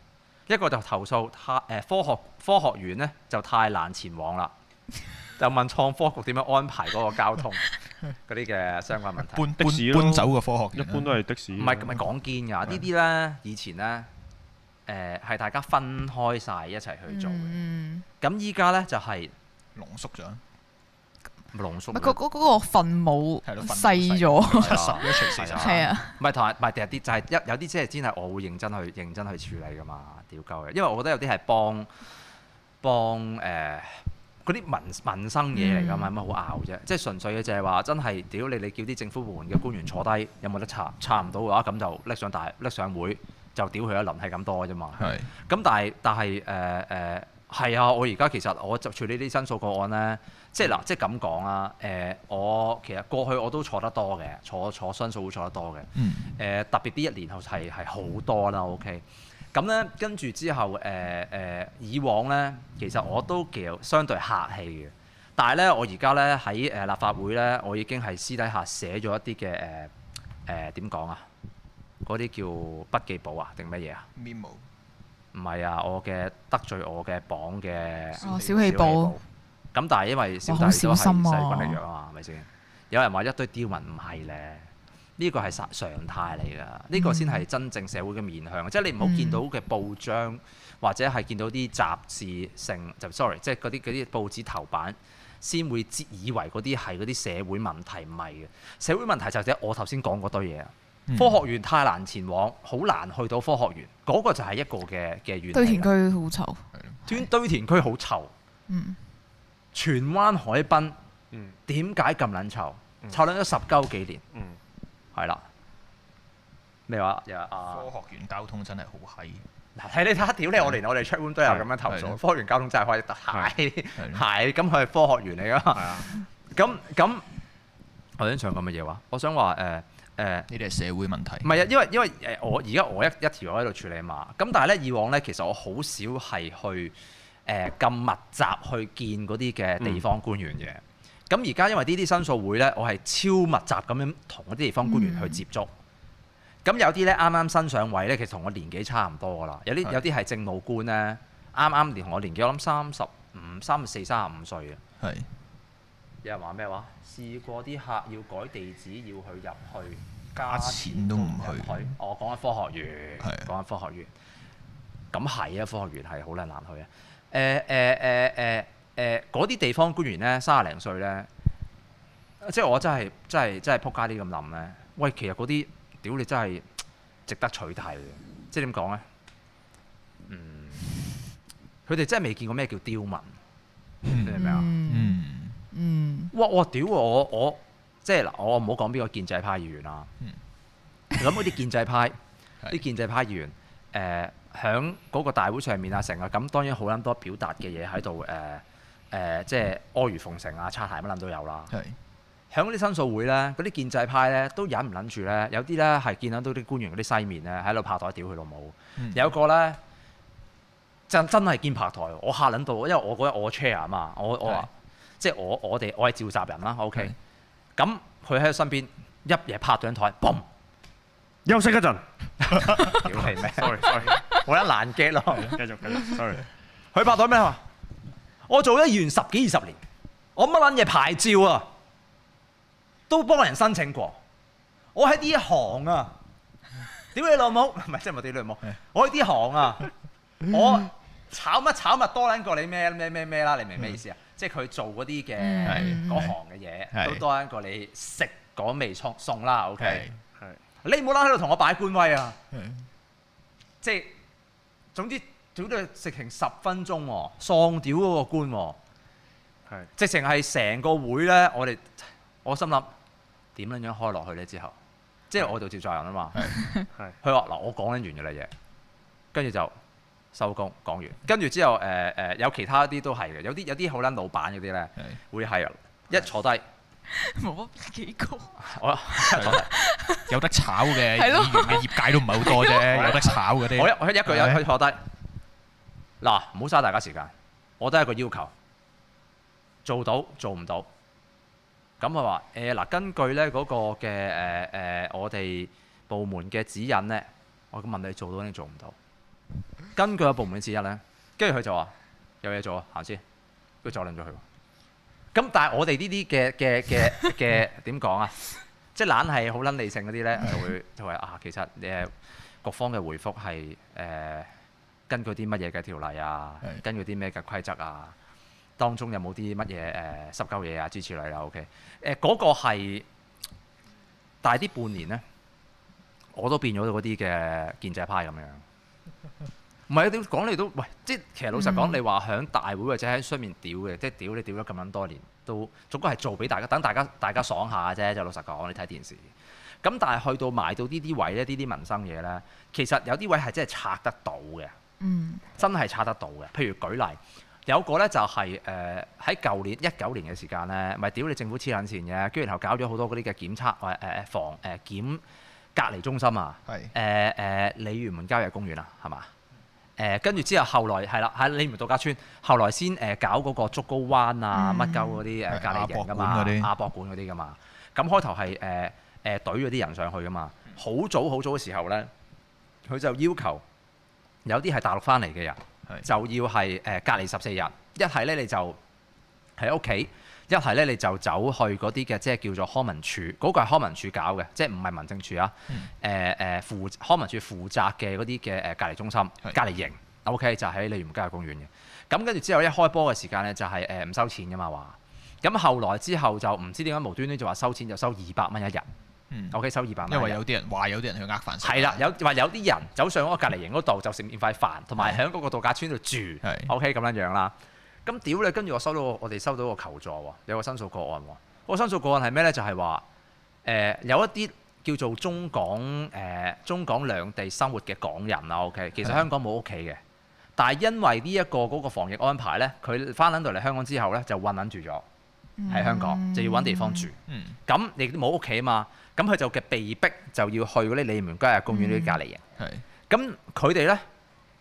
一個就投訴，太誒科學科學園咧就太難前往啦， 就問創科局點樣安排嗰個交通嗰啲嘅相關問題。搬的士搬，搬走嘅科學，一般都係的士的。唔係唔係講堅㗎，嗯、呢啲呢以前呢誒係、呃、大家分開晒一齊去做嘅。咁依家呢就係濃縮咗。濃縮咪嗰個份冇細咗，係啊，係啊，唔係同日，唔係第二啲，就係一有啲即係真係我會認真去認真去處理㗎嘛，屌鳩嘅，因為我覺得有啲係幫幫誒嗰啲民民生嘢嚟㗎嘛，有乜好拗啫？即係純粹嘅就係話真係屌你你叫啲政府部門嘅官員坐低，有冇得查？查唔到嘅話，咁就拎上大拎上會就屌佢一輪，係咁多㗎啫嘛。係咁，但係但係誒誒係啊！我而家其實我就處理啲申訴個案咧。即係嗱，即係咁講啊！誒，我其實過去我都坐得多嘅，坐坐申訴會坐得多嘅。嗯、呃。特別啲一年後係係好多啦。OK。咁咧，跟住之後誒誒、呃呃，以往咧其實我都幾有相對客氣嘅，但係咧我而家咧喺誒立法會咧，我已經係私底下寫咗一啲嘅誒誒點講啊？嗰啲叫筆記簿啊，定乜嘢啊？Memo。唔係 Mem o. 啊，我嘅得罪我嘅榜嘅。哦，小氣簿。咁但係因為小帝如果係細君嚟養啊嘛，係咪先？啊、有人話一堆刁民唔係咧，呢個係常常態嚟㗎，呢、嗯、個先係真正社會嘅面向。嗯、即係你唔好見到嘅報章或者係見到啲雜誌性，就、嗯、sorry，即係嗰啲嗰啲報紙頭版先會以為嗰啲係嗰啲社會問題，唔係嘅社會問題就係我頭先講嗰堆嘢啊。嗯、科學園太難前往，好難去到科學園，嗰、嗰個就係一個嘅嘅原因。堆填區好臭。堆填區好臭。嗯。荃灣海濱點解咁撚臭？臭撚咗十鳩幾年，係啦咩話？Yeah, uh, 科學園交通真係好閪嗱，睇你睇下屌，你我連我哋出門都有咁樣投訴。科學園交通真係可以得，係係咁佢係科學園嚟㗎。咁咁我想講咁嘅嘢話，我想話誒誒，呢啲係社會問題。唔係啊，因為因為誒我而家我一一條我喺度處理嘛。咁但係咧以往咧，其實我好少係去。咁密集去見嗰啲嘅地方官員嘅，咁而家因為呢啲申訴會呢，我係超密集咁樣同嗰啲地方官員去接觸。咁、嗯、有啲呢啱啱新上位呢，其實同我年紀差唔多噶啦。有啲是有啲係政務官呢，啱啱同我年紀，我諗三十五、三十四、三十五歲啊。係是有人話咩話？試過啲客要改地址，要去入去加錢都唔去。我講緊科學員，講緊是科學員。咁係啊，科學員係好難難去啊。誒誒誒誒誒，嗰啲、呃呃呃呃呃、地方官員咧，卅零歲咧，即係我真係真係真係撲街啲咁諗咧。喂，其實嗰啲屌你真係值得取締嘅，即係點講咧？嗯，佢哋真係未見過咩叫刁民，明唔明啊？嗯嗯。嗯嗯 嗯嗯嗯哇哇屌！我我即係嗱，我唔好講邊個建制派議員啦。嗯。諗嗰啲建制派，啲 是建制派議員，誒、呃。喺嗰個大會上面啊，成日咁當然好撚多表達嘅嘢喺度誒誒，即係阿諛奉承啊，拆台乜撚都有啦。係、嗯。喺啲申訴會咧，嗰啲建制派咧都忍唔撚住咧，有啲咧係見到啲官員嗰啲西面咧，喺度拍台屌佢老母。有、嗯、有個咧就真係見拍台，我嚇撚到，因為我嗰日我 chair 啊嘛，我我話即係我我哋我係召集人啦，OK、嗯。咁佢喺身邊一夜拍台 boom 休息一陣 ，sorry，, sorry 我一難 get 咯，啊繼，繼續繼續，sorry。佢拍台咩啊？我做咗完十幾二十年，我乜撚嘢牌照啊，都幫人申請過。我喺呢行啊，屌你 老母，唔係即係我屌你老母。 我喺呢行啊，我炒乜炒物多撚過你咩咩咩咩啦？你明唔明咩意思啊？ 即係佢做嗰啲嘅嗰行嘅嘢，都多撚過你食嗰味餸餸啦。OK。 你唔好拉喺度同我擺官威啊！的即係總之總之，直情十分鐘、哦，喪屌嗰個官、哦。係的直情係成個會咧，我哋我心諗點樣樣開落去咧？之後即係我做召集人啊嘛。係佢話嗱，我講緊完嘅啦嘢，跟住就收工講完，跟住之後誒誒、呃呃，有其他啲都係嘅，有啲有啲好撚老闆嗰啲咧，會係的一坐低。的冇幾高，我有得炒嘅議員嘅業界都唔係好多啫，有得炒嗰啲。我我一個人可以坐得。嗱，唔好嘥大家時間。我得一個要求，做到做唔到。咁我話，誒嗱，根據咧嗰個嘅誒誒，我哋部門嘅指引咧，我咁問你做到定做唔到？根據個部門指引咧，跟住佢就話有嘢做啊，行先，佢就拎咗佢。咁、嗯、但係我哋呢啲嘅嘅嘅嘅點講啊？ 即係懶係好撚理性嗰啲咧，就會就話啊，其實誒、呃、各方嘅回覆係誒、呃、根據啲乜嘢嘅條例啊，是的 根據啲咩嘅規則啊，當中有冇啲乜嘢誒濕鳩嘢啊？支持你啦，OK？誒、呃、嗰、那個係，但係呢半年咧，我都變咗嗰啲嘅建制派咁樣。 唔係啊！點講、就是、你都喂，即係其實老實講、嗯，你話喺大會或者喺出面屌嘅，即係屌你屌咗咁樣多年都總共係做俾大家，等大家大家爽下啫。就老實講，你睇電視咁，但係去到埋到呢啲位咧，呢啲民生嘢咧，其實有啲位係真係拆得到嘅，嗯，真係拆得到嘅。譬如舉例有個咧，就係誒喺舊年一九年嘅時間咧，咪屌你政府黐撚線嘅，跟住然後搞咗好多嗰啲嘅檢測或誒、呃、防誒、呃、檢隔離中心啊，係誒誒鯉魚門郊野公園啊，係嘛？誒跟住之後，後來係啦，喺鯉魚門度假村，後來先誒搞嗰個竹篙灣啊、乜鳩嗰啲誒隔離人㗎嘛，亞博館嗰啲㗎嘛。咁開頭係誒誒懟啲人上去㗎嘛。好早好早嘅時候咧，佢就要求有啲係大陸翻嚟嘅人的就要係誒隔離十四日，一係咧，你就喺屋企。一係咧，你就走去嗰啲嘅即係叫做康文署，嗰、那個係康文署搞嘅，即係唔係民政署啊？誒誒負康文署負責嘅嗰啲嘅誒隔離中心、是的 隔離營，OK 就喺鯉魚門公園嘅。咁跟住之後一開波嘅時間咧，就係誒唔收錢噶嘛話。咁後，後來之後就唔知點解無端端就話收錢就收二百蚊一日，OK、嗯、收二百蚊。因為有啲人話有啲人去呃飯食。係啦，有話有啲人走上嗰個隔離營嗰度就食免費飯，同埋喺嗰個度假村度住，OK 咁是的 樣樣啦。咁屌你，跟住我收到我哋收到個求助喎，有個申訴個案喎。個申訴個案係咩呢？就係話誒有一啲叫做中港誒、呃、中港兩地生活嘅港人啦。OK，其實香港冇屋企嘅，的但係因為呢、這、一個嗰、那個防疫安排呢，佢翻撚到嚟香港之後呢，就困撚住咗喺香港，就要揾地方住。嗯。咁亦冇屋企啊嘛，咁佢就嘅被逼就要去嗰啲你門家啊、公園呢啲隔離嘅。咁佢哋呢，誒、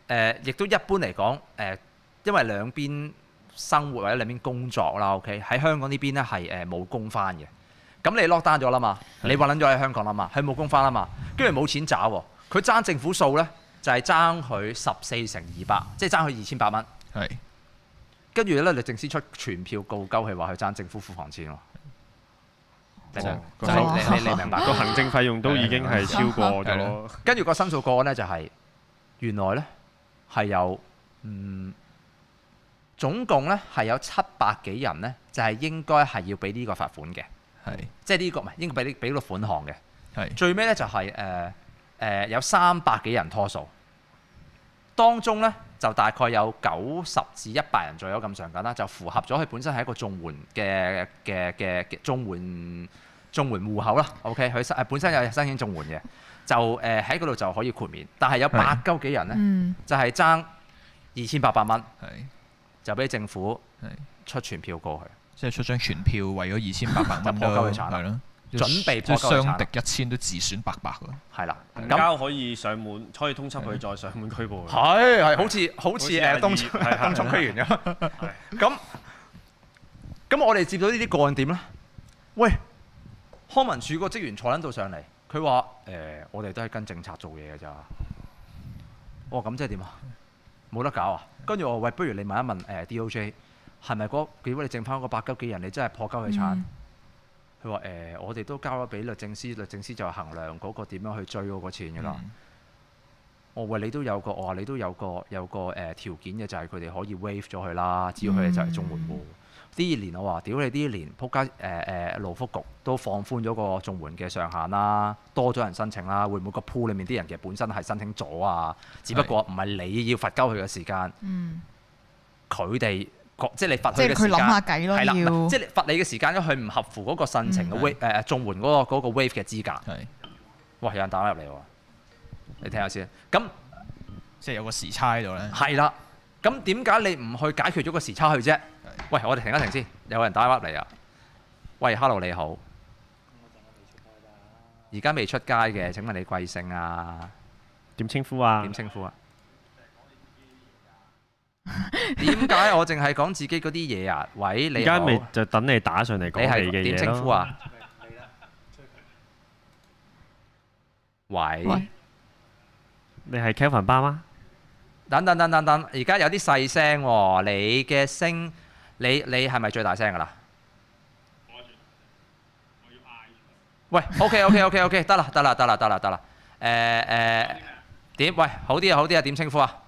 呃、亦都一般嚟講誒，因為兩邊。生活或者裏面工作啦，OK 喺香港呢邊咧係誒冇工返嘅。咁你 lock down 咗啦嘛，你困咗喺香港啦嘛，佢冇工返啦嘛，跟住冇錢找喎。佢爭政府數咧就係爭佢十四乘二百，即係爭佢二千八蚊。係。跟住咧，律政司出全票告鳩，係話佢爭政府庫房錢喎、哦。你明白個 行政費用都已經係超過咗。跟住、 嗯嗯嗯、個申訴個案咧就係、是、原來咧係有嗯。總共咧係有七百幾人咧，就係應該係要俾呢個罰款嘅，係是即係呢、呢個唔係應該俾呢俾到款項嘅，係是最尾咧就係誒誒有三百幾人拖數，當中咧就大概有九十至一百人左右咁上緊啦，就符合咗佢本身係一個綜援嘅嘅嘅綜援綜援戶口啦，OK 佢身誒本身有申請綜援嘅，就誒喺嗰度就可以豁免，但係有八鳩幾人咧是就係爭二千八百蚊。是就俾政府出全票過去，即係出張全票，為咗二千八百蚊嘅，係咯，準備搏鳩嘅產，即係雙敵一千都自損八百。係啦，鳩可以上門，可以通緝佢再上門拘捕嘅，係好似好似誒，當當沖區員咁。咁咁我哋接到呢啲個案點咧？喂，康文署個職員坐喺度上嚟，佢話：誒，我哋都係跟政策做嘢㗎咋。哦，咁即係點啊？冇得搞啊！跟住我話喂，不如你問一問誒 D.O.J 係咪嗰幾蚊你剩翻嗰百幾人你真係破交去產？佢話誒，我哋都交咗俾律政司，律政司就衡量嗰、嗰個點樣去追嗰個錢㗎啦。嗯、我話你都有個，我話你都有個有個誒條件嘅，就係佢哋可以 waive 咗佢啦，只要佢哋就係綜援啲年我話：屌你啲年，撲街誒誒，勞福局都放寬咗個綜援嘅上限啦，多咗人申請啦，會唔會個 pool 裡面啲人嘅本身係申請咗啊？只不過唔係你要罰交佢嘅時間，佢哋即係你罰，即係佢諗下計咯，即係、就是、罰你嘅時間，因佢唔合乎嗰個申請嘅 wave 誒誒綜援嗰個嗰個 wave 嘅資格。係、嗯，哇！有人打入嚟喎，你睇下先。咁即係有個時差喺度咧。係啦，咁點解你唔去解決咗個時差去啫？喂，我哋停一停先。有個人打電話嚟啊！喂，Hello，你好。而家未出街嘅？請問你貴姓啊？點稱呼啊？點稱呼啊？點解 我淨係講自己嗰啲嘢啊？喂，你而家未就等你打上嚟講你嘅嘢稱呼啊？ 喂，你係 Kevin 爸嗎？等等等等等，而家有啲細聲喎，你嘅聲。你你係咪最大聲噶啦？我住，我要嗌住。喂，OK OK OK OK，得啦得啦得啦得啦得啦。誒誒點？喂，好啲啊好啲啊，點稱呼啊？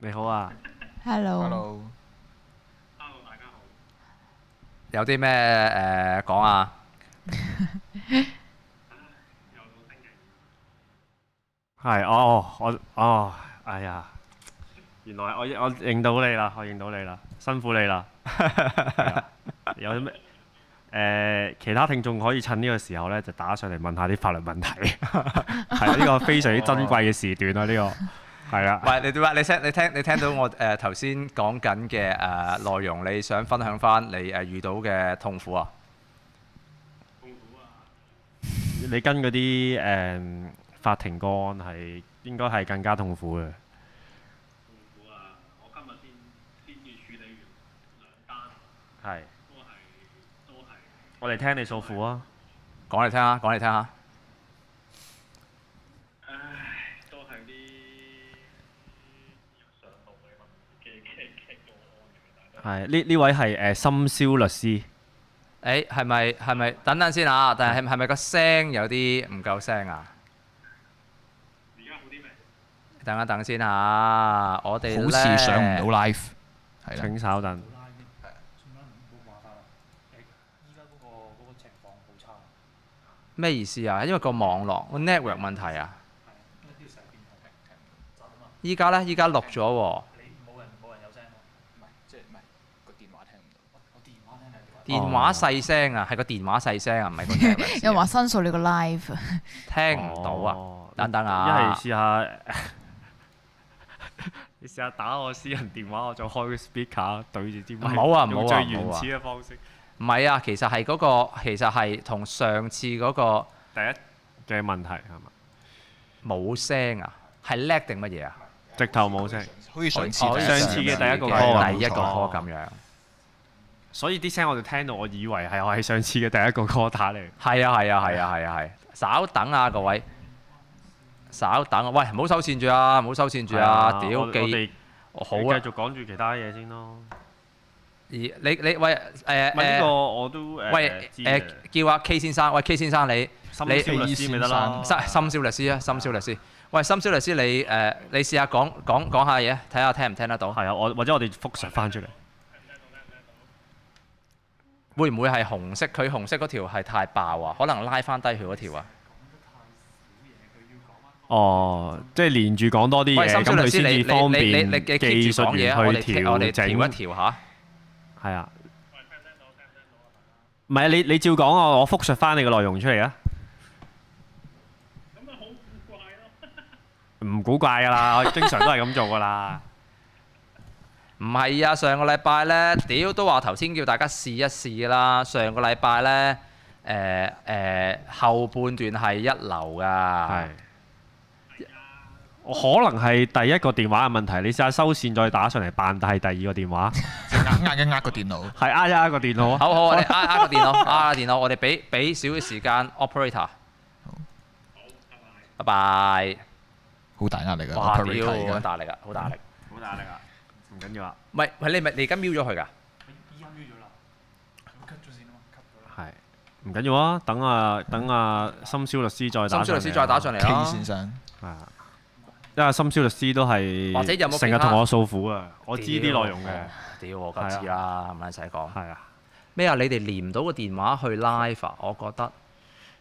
喂你好啊。Hello。Hello。Hello, hello，大家好。有啲咩誒講啊？係、呃、哦，我哦，哎呀。原來我我認到你啦，我認到你啦，辛苦你啦。有啲咩？誒，其他聽眾可以趁呢個時候咧，就打上嚟問下啲法律問題。係啊，呢個非常之珍貴嘅時段啊，呢個係啊。唔係你點啊？你聽你聽你聽到我誒頭先講緊嘅誒內容，你想分享翻你誒遇到嘅痛苦啊？痛苦啊！你跟嗰啲誒法庭個案係應該係更加痛苦嘅。係是，都係，我哋聽你訴苦啊！講嚟聽下，講嚟聽下。唉，都係啲係，呢呢位係誒深宵律師。誒、欸，係咪係咪？等等先嚇、啊，但係係咪個聲有啲唔夠聲啊？而家好啲未？等一等先嚇、啊，我哋好似上唔到 live 的。係啦。請稍等。咩意思啊？因為個網絡個 network 問題啊。依家呢，依家錄咗喎、啊。電話細聲啊，係個電話細聲啊，唔係個電話細聲。又話申訴你個 live。聽唔到啊，等等啊，一係試下 你試下打我私人電話，我再開個 speaker 對住電話。冇啊，最原始嘅方式。啊唔係啊，其實係嗰、嗰個，其實係同上次嗰個第一嘅問題係嘛？冇聲啊？係叻定乜嘢啊？直頭冇聲，好似上次嘅第一個 call 咁錯樣。所以啲聲我哋聽到，我以為係我係上次嘅第一個 call 嚟。係啊係啊係啊係啊係、啊啊，稍等啊各位，稍等，喂，唔好收線住啊，唔好收線住啊，屌，我記好啊，繼續講住其他嘢先咯。而你你喂呢誒誒，喂誒、呃呃、叫阿 K 先生，喂 K 先生你，你你意思咪得啦？深宵律師啊，深宵律師，喂深宵律師你誒，你試、呃、下講講講下嘢，睇下聽唔聽得到？係啊，我或者我哋覆述翻出嚟，會唔會係紅色？佢紅色嗰條係太爆啊，可能拉翻低佢嗰條啊？哦，即、就、係、是、連住講多啲嘢，咁佢先你，方便。技術員去調一調整一調吓。係啊，聽唔聽到？聽唔聽到啊？唔係，你你照講啊。我複述翻你個內容出嚟啊。咁咪好怪囉，唔古怪噶啦，我經常都係咁做噶啦。唔係啊，上個禮拜咧，屌都話頭先叫大家試一試啦。上個禮拜咧，誒、呃、誒、呃、後半段係一流噶。我可能係第一個電話嘅問題，你試下收線再打上嚟辦，但係第二個電話，隻眼壓一壓個電腦，係壓一壓個電腦啊！好好，我哋壓壓個電腦，壓個電腦，我哋俾俾少少時間 operator。好，拜拜。好大壓力㗎，哇！要好大壓力啊，好大壓力，好大壓力啊！唔緊要啊，唔係唔係你咪你而家瞄咗佢㗎？而家瞄咗啦，cut 咗線啊嘛，cut 咗啦。係，唔緊要啊，等啊等啊，深宵律師再打，深宵律師再打上嚟啊，K 先生。係啊。即係深宵律師都係成日同我訴苦啊，我知啲內容嘅。屌，我夠似啦，唔使講。係啊。咩啊？你哋連唔到個電話去拉法，啊，我覺得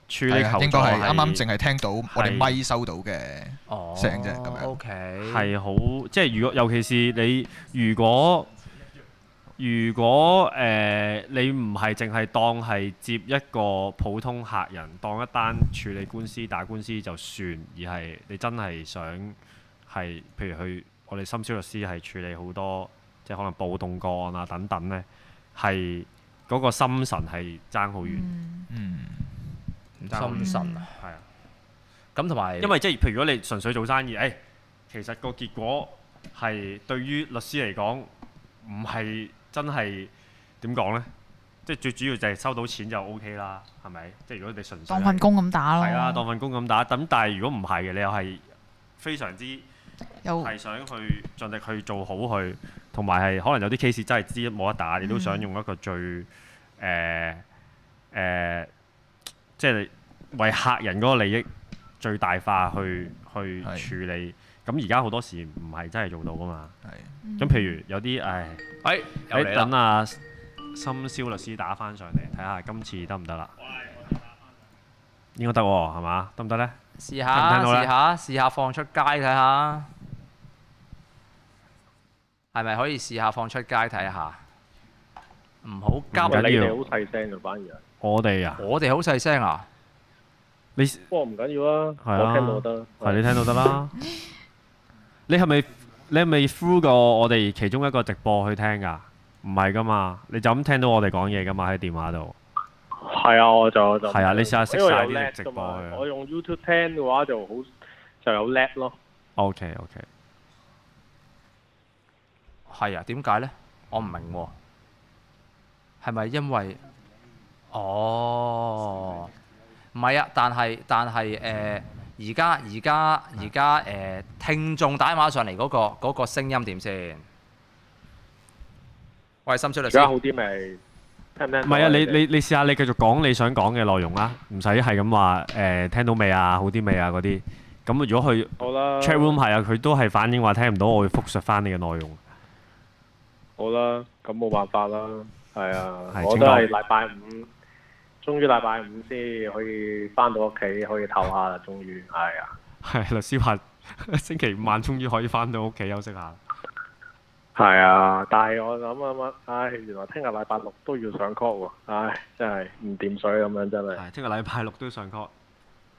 處理求錯。應該係啱啱淨係聽到我哋咪收到嘅聲啫。噉樣，O K。係，哦，好，即係如果尤其是你如果。如果誒、呃、你唔係淨係當係接一個普通客人，當一單處理官司打官司就算，而係你真係想係譬如去我哋深宵律師係處理好多即係可能暴動個案啊等等呢，係嗰個心神係爭好遠，嗯嗯。心神啊，係啊的。咁同埋，因為即係譬如如果你純粹做生意，誒、哎，其實個結果係對於律師嚟講唔係。真係點講呢？即係最主要就係收到錢就 OK 啦，係咪？即係如果你純粹當份工咁打咯，係啦，當份工咁打。咁但係如果唔係嘅，你又係非常之係有想去盡力去做好佢，同埋係可能有啲 case 真係知一冇得打，你都想用一個最誒誒、呃呃，即係為客人嗰個利益最大化去去處理。咁而家好多時唔係真係做到噶嘛？係。咁譬如有啲誒，喂，你等阿心肖律師打翻上嚟，睇下今次得唔得啦？應該得喎，係嘛？得唔得咧？試下，試下，試下放出街睇下。係咪可以試下放出街睇下？唔好交。唔緊要。我哋啊，我哋好細聲啊。你不過唔緊要啊。係啊。我聽到得。係你聽到得啦。你係咪你係咪 through 過我哋其中一個直播去聽㗎？唔係㗎嘛，你就咁聽到我哋講嘢㗎嘛，喺電話度。係啊，我就就係啊，你試下熄曬啲直播。我用 YouTube 聽嘅話就好就有叻咯。OK OK。係啊，點解呢？我唔明喎。係咪因為？哦，唔係啊，但係但係誒。而家而家而家誒聽眾打電話上嚟嗰個嗰個聲音點先？喂，深宵律師。而家好啲未聽唔聽？唔係啊，你你你試下你繼續講你想講嘅內容啦，唔使係咁話誒聽到未啊，好啲未啊嗰啲。咁如果佢好啦。Chatroom 係啊，佢都係反映話聽唔到，我會複述翻你嘅內容。好啦，咁冇辦法啦。係啊。我都係禮拜五。終於禮拜五先可以翻到屋企，可以唞下啦！終於，係啊，係律師話星期五晚終於可以翻到屋企休息下。係啊，但係我諗諗乜，唉、哎，原來聽日禮拜六都要上 call 喎，唉，真係唔掂水咁樣，真係。係、哎，聽日禮拜六都要上 call。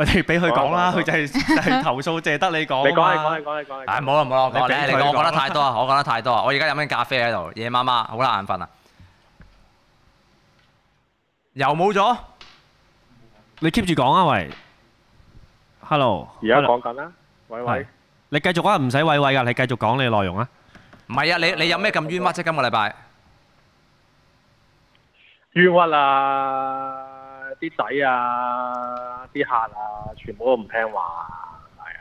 我哋俾佢講啦，佢就係就係投訴，淨係得你講啦。你講，你講，你講，你講。誒，冇啦，冇啦，你講咧，你講，我講得太多啦，我講得太多啦。我而家飲緊咖啡喺度，夜媽媽好難眼瞓啊，又冇咗。你 keep 住講啊，喂，hello，而家講緊啦，喂喂，你繼續啊，唔使喂喂㗎，你繼續講你內容啊。唔係啊，你你有咩咁冤屈啫？今個禮拜冤屈啊，啲仔啊～啲客啊，全部都唔聽話，係啊，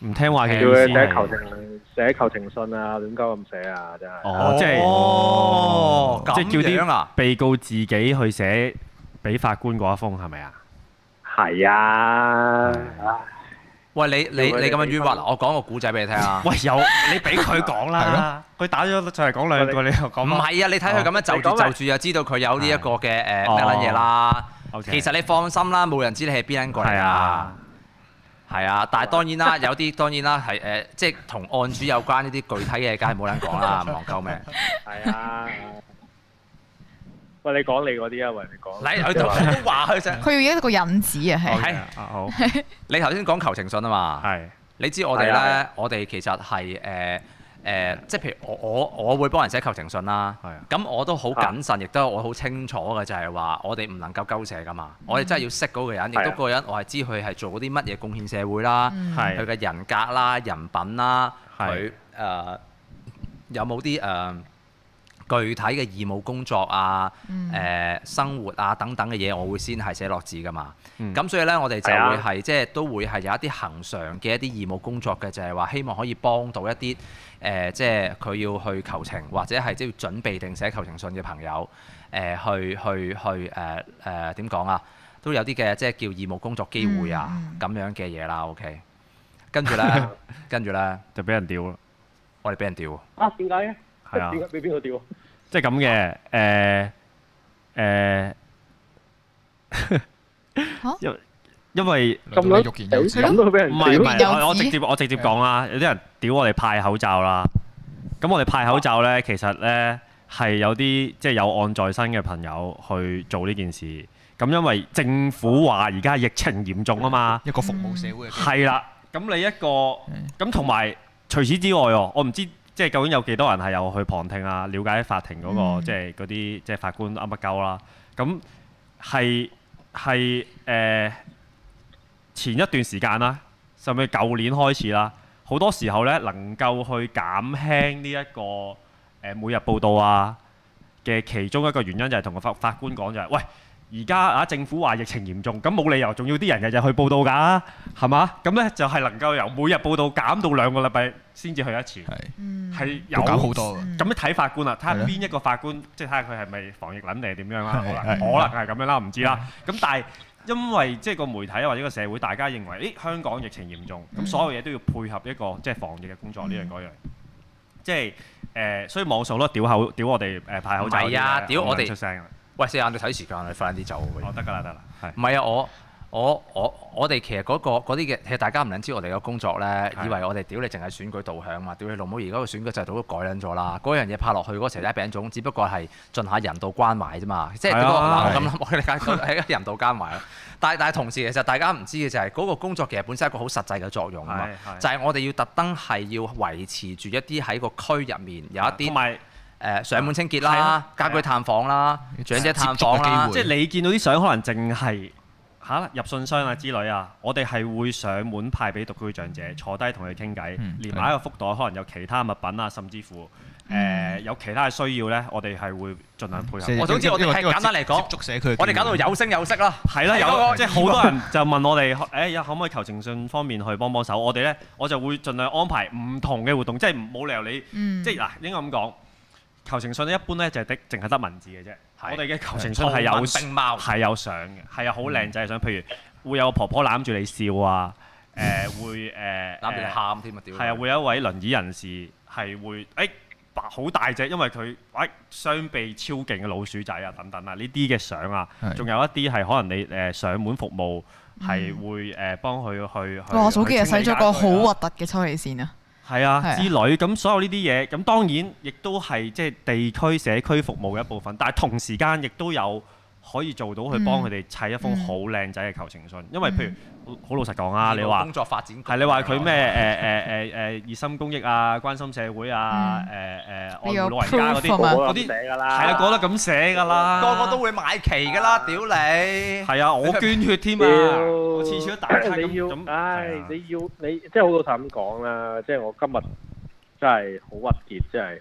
唔聽話叫佢寫求情，寫求情信啊，亂鳩咁寫啊，真係。哦，即係即係叫啲被告自己去寫俾法官嗰一封係咪啊？係啊。喂，你你你咁樣冤屈，我講個古仔俾你聽啊。喂有你俾佢講啦，佢打咗就係講兩句，你又講。唔係啊，你睇佢咁樣就住就住啊，知道佢有呢一個嘅誒咩嘢啦。Okay, 其實你放心啦，冇人知你係邊一個人嚟啊！係啊，啊，但係當然啦，有啲當然啦，係誒、呃，即係同案主有關呢啲具體嘅梗係冇人講啦，唔忙救命，係啊，喂，你講你嗰啲啊，雲你講。你佢都話佢想，佢要一個引子啊，係。好。 你頭先講求情信啊嘛。係、啊。你知我哋咧，啊啊、我哋其實係誒。呃誒、呃，即係譬如我我我會幫人寫求情信啦，咁的我都好謹慎，亦都、啊、我好清楚嘅，就係話我哋唔能夠勾蛇噶嘛，嗯、我哋真係要識嗰個人，亦的都嗰個人我係知佢係做啲乜嘢貢獻社會啦，佢嘅、嗯、人格啦、人品啦，佢誒的、呃、有冇啲誒。呃具體嘅義務工作啊，誒、呃、生活啊等等嘅嘢，我會先係寫落字噶嘛。咁、 嗯、所以咧，我哋就會係即係都會係有一啲恒常嘅一啲義務工作嘅，就係話希望可以幫、呃嗯、ka an 到一啲誒即係佢要去求情或者係即要準備定寫求情信嘅朋友誒去去去誒誒點講啊，都有啲嘅即係叫義務工作機會啊咁樣嘅嘢啦。OK，跟住咧，跟住咧就俾人屌。我哋俾人屌啊？點解咧？係啊！點解俾邊個屌？即係咁嘅，誒誒，因因為咁樣，有啲唔係唔係，我我直接我直接講啦，有啲人屌我哋派口罩啦。咁我哋派口罩咧，其實咧係有啲即係有案在身嘅朋友去做呢件事。咁因為政府話而家疫情嚴重啊嘛，一個服務社會係啦。咁你一個咁同埋除此之外喎，我唔知。即係究竟有幾多人係有去旁聽啊？了解法庭嗰、那個、嗯、即係嗰啲即係法官噏乜鳩啦？咁係係誒前一段時間啦、啊，甚至舊年開始啦、啊，好多時候咧能夠去減輕呢、這、一個誒、呃、每日報道啊嘅其中一個原因就係同個法法官講就係、是、喂。而家啊，政府話疫情嚴重，咁冇理由，仲要啲人日日去報道㗎，係嘛？咁呢就係能夠由每日報道減到兩個禮拜先至去一次，係有好多。咁你睇法官啦，睇下邊一個法官即係睇下佢係咪防疫緊定係點樣啦？可能係咁樣啦，唔知啦。咁但係因為即係個媒體或者個社會，大家認為誒香港疫情嚴重，咁所有嘢都要配合一個即係防疫嘅工作呢樣嗰樣，即係誒，所以網上都屌口屌我哋誒排口仔，屌我哋出聲。喂，四眼你睇時間，你快啲走。哦，得㗎啦，得啦，唔係啊，我我我我哋其實嗰、嗰個嗰啲嘅，其實大家唔撚知我哋個工作咧，以為我哋屌你淨係選舉導向嘛，屌你老母。而家個選舉制度都改撚咗啦，嗰、嗯、樣嘢拍落去嗰個蛇齋餅糭，只不過係盡下人道關懷之嘛，即係嗰個諗諗，我理解係一個人道關懷 但係但係同時其實大家唔知嘅就係嗰個工作其實本身係一個好實際嘅作用啊，就係我哋要特登係要維持住一啲喺個區入面有一啲。還有 誒上門清潔啦，家居探訪啦，長者探訪啦，即係你見到啲相可能淨係嚇入信箱啊之類啊，我哋係會上門派俾獨居長者坐低同佢傾偈，連埋一個福袋，可能有其他物品啊，甚至乎誒有其他嘅需要咧，我哋係會盡量配合。我總之我哋簡單嚟講，我哋搞到有聲有色啦，係啦，有即係好多人就問我哋誒可唔可以求情信方面去幫幫手？我哋咧我就會盡量安排唔同嘅活動，即係冇理由你即係嗱應該咁講。求情信咧一般咧就係得淨係得文字嘅啫，是我哋嘅求情信係有係有相嘅，係有好靚仔嘅相，嗯、譬如會有個婆婆攬住你笑啊，誒、呃、會誒攬住你喊添啊，屌！係啊，會有一位輪椅人士係會誒好、哎、大隻，因為佢喂、哎，雙臂超勁嘅老鼠仔啊等等啊呢啲嘅相啊，仲、嗯、有一啲係可能你誒、呃、上門服務係會誒、呃、幫佢去，去、嗯、哇！我早幾日洗咗個好核突嘅抽氣扇啊！啊。係啊，之類。咁，所有呢啲嘢咁，當然亦都係即係地區社區服務嘅一部分，但係同時間亦都有可以做到去幫佢哋砌一封好靚仔嘅求情信，因為譬如。好老實講啊，你話工作發展，係你話佢咩？誒誒誒誒熱心公益啊，關心社會啊，誒誒愛護老人家嗰啲，嗰啲係啊，個得咁寫噶啦，個個都會買旗噶啦，屌你！係啊，我捐血添啊，我次次都打卡咁，唉，你要你即係好老實咁講啦，即係我今日真係好鬱結，真係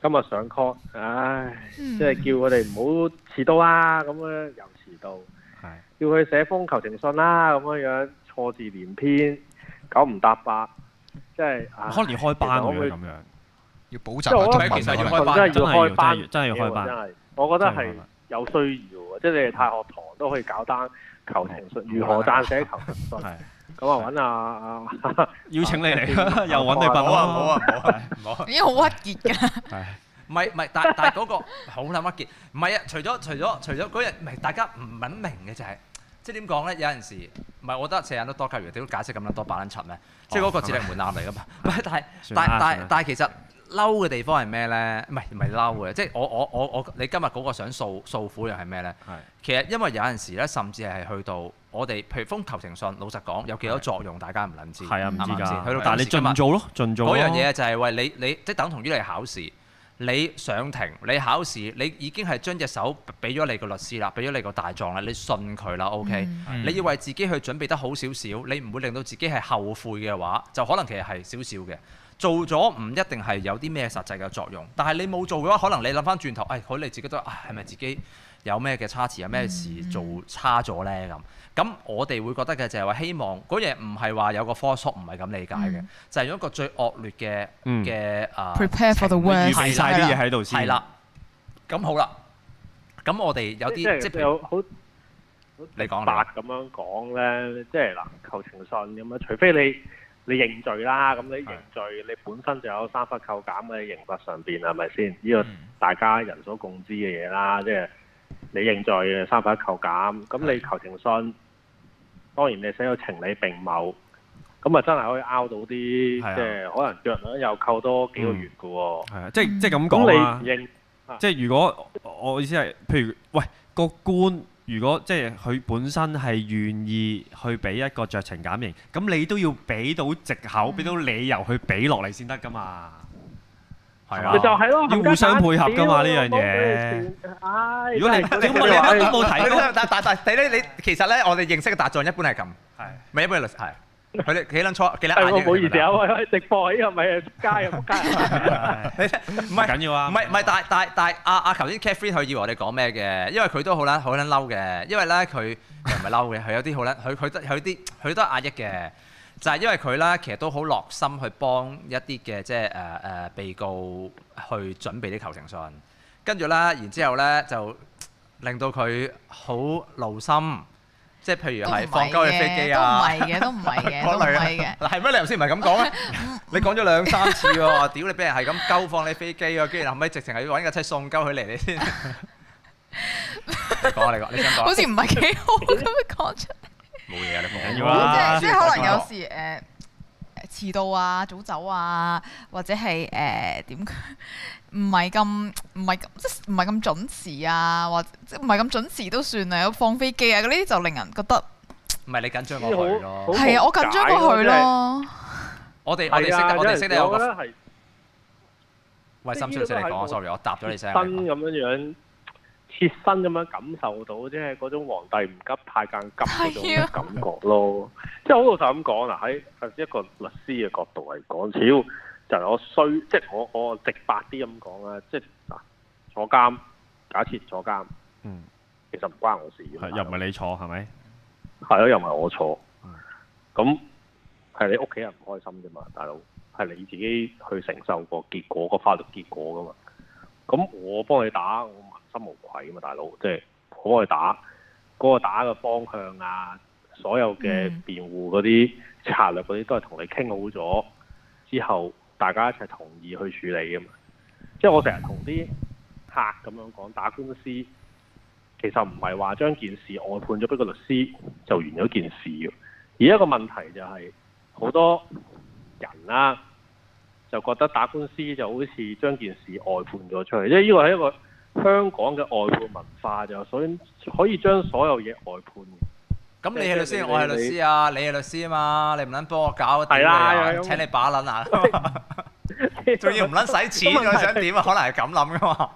今日上 call，唉，即係叫我哋唔好遲到啊，咁樣又遲到。叫佢寫封求情信啦，咁樣樣錯字連篇，九唔搭八，即係可能要開班嘅咁樣，要補習。因為我睇其實要真係要開班，真係要開班，真係。我覺得係有需要嘅，即係你哋太學堂都可以搞單求情信，如何贊寫求情信？咁啊，揾阿阿，邀請你嚟，又揾你笨佬，唔好啊唔好啊唔好，已經好鬱結㗎。係，唔係唔係，但但嗰個好撚鬱結，唔係啊！除咗除咗除咗嗰日，唔係大家唔撚明嘅就係。即點講咧？有陣時唔係，我覺得成日都多級如地都解釋咁樣多百撚塵咩？哦、即嗰個指令門檻嚟噶嘛？唔係，但係但但係其實嬲嘅地方係咩咧？唔係唔係嬲嘅，即我我我我你今日嗰個想訴訴苦又係咩咧？係是其實因為有陣時咧，甚至係去到我哋譬如封求情信，老實講有幾多作用，大家唔能知係啊，唔嗎知㗎。去到但你盡做咯，盡做嗰樣嘢就係、是、喂，你你即等同於你考試。你上庭，你考試，你已經係將隻手俾咗你個律師啦，俾咗你個大狀啦，你信佢啦，OK？嗯、你要為自己去準備得好少少，你唔會令到自己係後悔嘅話，就可能其實係少少嘅。做咗唔一定係有啲咩實際嘅作用，但係你冇做嘅話，可能你諗翻轉頭，誒，佢你自己都，誒，係咪自己？有咩嘅差池，有咩事做差咗咧？咁咁我哋會覺得嘅就係話希望嗰樣唔係話有個科縮，唔係咁理解嘅，就係用一個最惡劣嘅嘅誒，prepare for the worst，預備晒啲嘢喺度先。係啦，咁好啦，咁我哋有啲即係好你講白咁樣講咧，即係嗱求情信咁啊，除非你你認罪啦，咁你認罪，你本身就有三級扣減嘅刑罰上邊係咪先？呢個大家人所共知嘅嘢啦，即係。你認罪嘅三分一扣減，咁你求情信，的當然你寫到情理並茂，咁啊真係可以拗到啲的，即係可能做人又扣多幾個月嘅喎。啊，即係即係咁講你認即係如果我意思係，譬如喂個官，如果即係佢本身係願意去俾一個酌情減刑，咁你都要俾到藉口，俾、嗯、到理由去俾落嚟先得噶嘛。係啊，要互相配合㗎嘛呢樣嘢。如果係點解我冇睇到？但但但睇咧，你其實咧，我哋認識嘅達狀一般係咁，係咪一般係？係佢哋幾撚錯？幾撚啱嘅？唔好意思啊，喂喂，直播呢個咪仆街啊！仆街！唔係緊要啊，唔係唔係，但但但阿阿頭先 Catherine 佢以為我哋講咩嘅？因為佢都好撚好撚嬲嘅，因為咧佢又唔係嬲嘅，佢有啲好撚，佢佢得佢啲佢都啱嘅。就係因為佢啦，其實都好落心去幫一啲嘅即係誒誒被告去準備啲求情信，跟住咧，然之後咧就令到佢好留心，即係譬如係放鳩佢飛機啊，唔係嘅，都唔係嘅，都係咩理由先唔係咁講咧？你講咗 兩三次喎、啊，屌、啊、你俾人係咁鳩放你飛機喎、啊，跟住後尾直情係要揾個車送鳩佢嚟你先，講我嚟講，你想講？你你你你 好似唔係幾好咁樣講出。冇嘢，你冇緊要啊。即係可能有時誒遲到啊、早走啊，或者係誒點？唔係咁唔係即唔係咁準時啊，或者唔係咁準時都算啊。放飛機啊，呢啲就令人覺得唔係你緊張過佢咯，係啊，我緊張過佢咯。我哋我哋識得我哋識得有個。喂，深少少嚟講，sorry，我答咗你聲。咁樣樣。切身咁樣感受到，即係嗰種皇帝唔急太監急嗰種感覺咯。 即係好老實咁講啦，喺一個律師嘅角度嚟講，只要就係我衰，即係我我直白啲咁講啦，即係嗱坐監，假設坐監，嗯，其實唔關我事，又唔係你坐係咪？係咯，又唔係我坐，咁係你屋企人唔開心啫嘛，大佬係你自己去承受個結果個法律結果噶嘛。咁我幫你打。冇愧啊嘛，大佬，即係好佢打嗰、嗰個打嘅方向啊，所有嘅辯護嗰啲策略嗰啲都係同你傾好咗之後，大家一齊同意去處理嘅嘛。即係我成日同啲客咁樣講打官司，其實唔係話將件事外判咗俾個律師就完咗件事嘅。而一個問題就係、是、好多人啦、啊，就覺得打官司就好似將件事外判咗出去，即係呢個係一個。香港嘅外判文化就所以可以將所有嘢外判嘅。咁你係律師，我係律師啊，你係律師啊嘛，你唔撚幫我搞、啊？係啦的，請你把撚啊！仲 要唔撚使錢，我 是想點啊？可能係咁諗㗎嘛。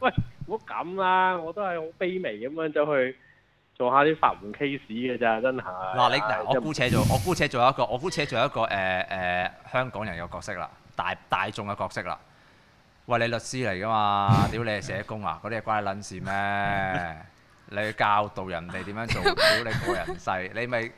喂，唔好咁啦，我都係好卑微咁樣走去做下啲法務 case 嘅咋，真係。嗱你嗱我姑且做，我姑且做一個，我姑且做一個誒誒、呃呃、香港人嘅角色啦，大大眾嘅角色啦。喂，你律師嚟噶嘛？屌，你係社工啊？嗰啲係關你撚事咩？你要教導人哋點樣做，屌你個人世，你咪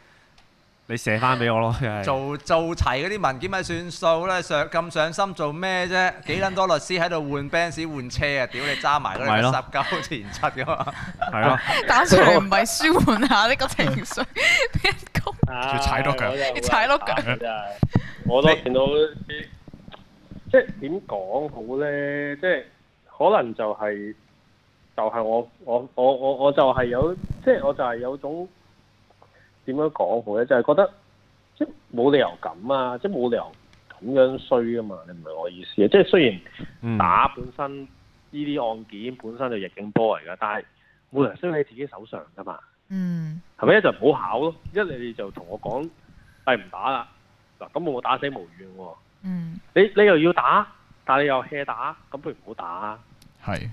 你寫翻俾我咯。做做齊嗰啲文件咪算數啦，上咁上心做咩啫？幾撚多律師喺度換 Benz 換車啊？屌你揸埋嗰啲十九前七噶嘛？係咯。但係唔係舒緩下呢個情緒？社工踩到腳，踩到腳。我都見到。即係點講好咧？即係可能就係、是，就係、是、我我我我我就係有，即係我就係有種點樣講好咧？就係、是、覺得即冇理由咁啊！即係冇理由咁樣衰噶嘛？你唔係我意思啊！即係雖然打本身呢啲案件本身就逆境波嚟噶，但係冇人衰喺自己手上噶嘛。嗯，係咪一就唔好考咯？一你哋就同我講係唔打啦。嗱咁我打死無怨喎、啊。嗯你，你你又要打，但係又 hea 打，咁不如唔好打。係，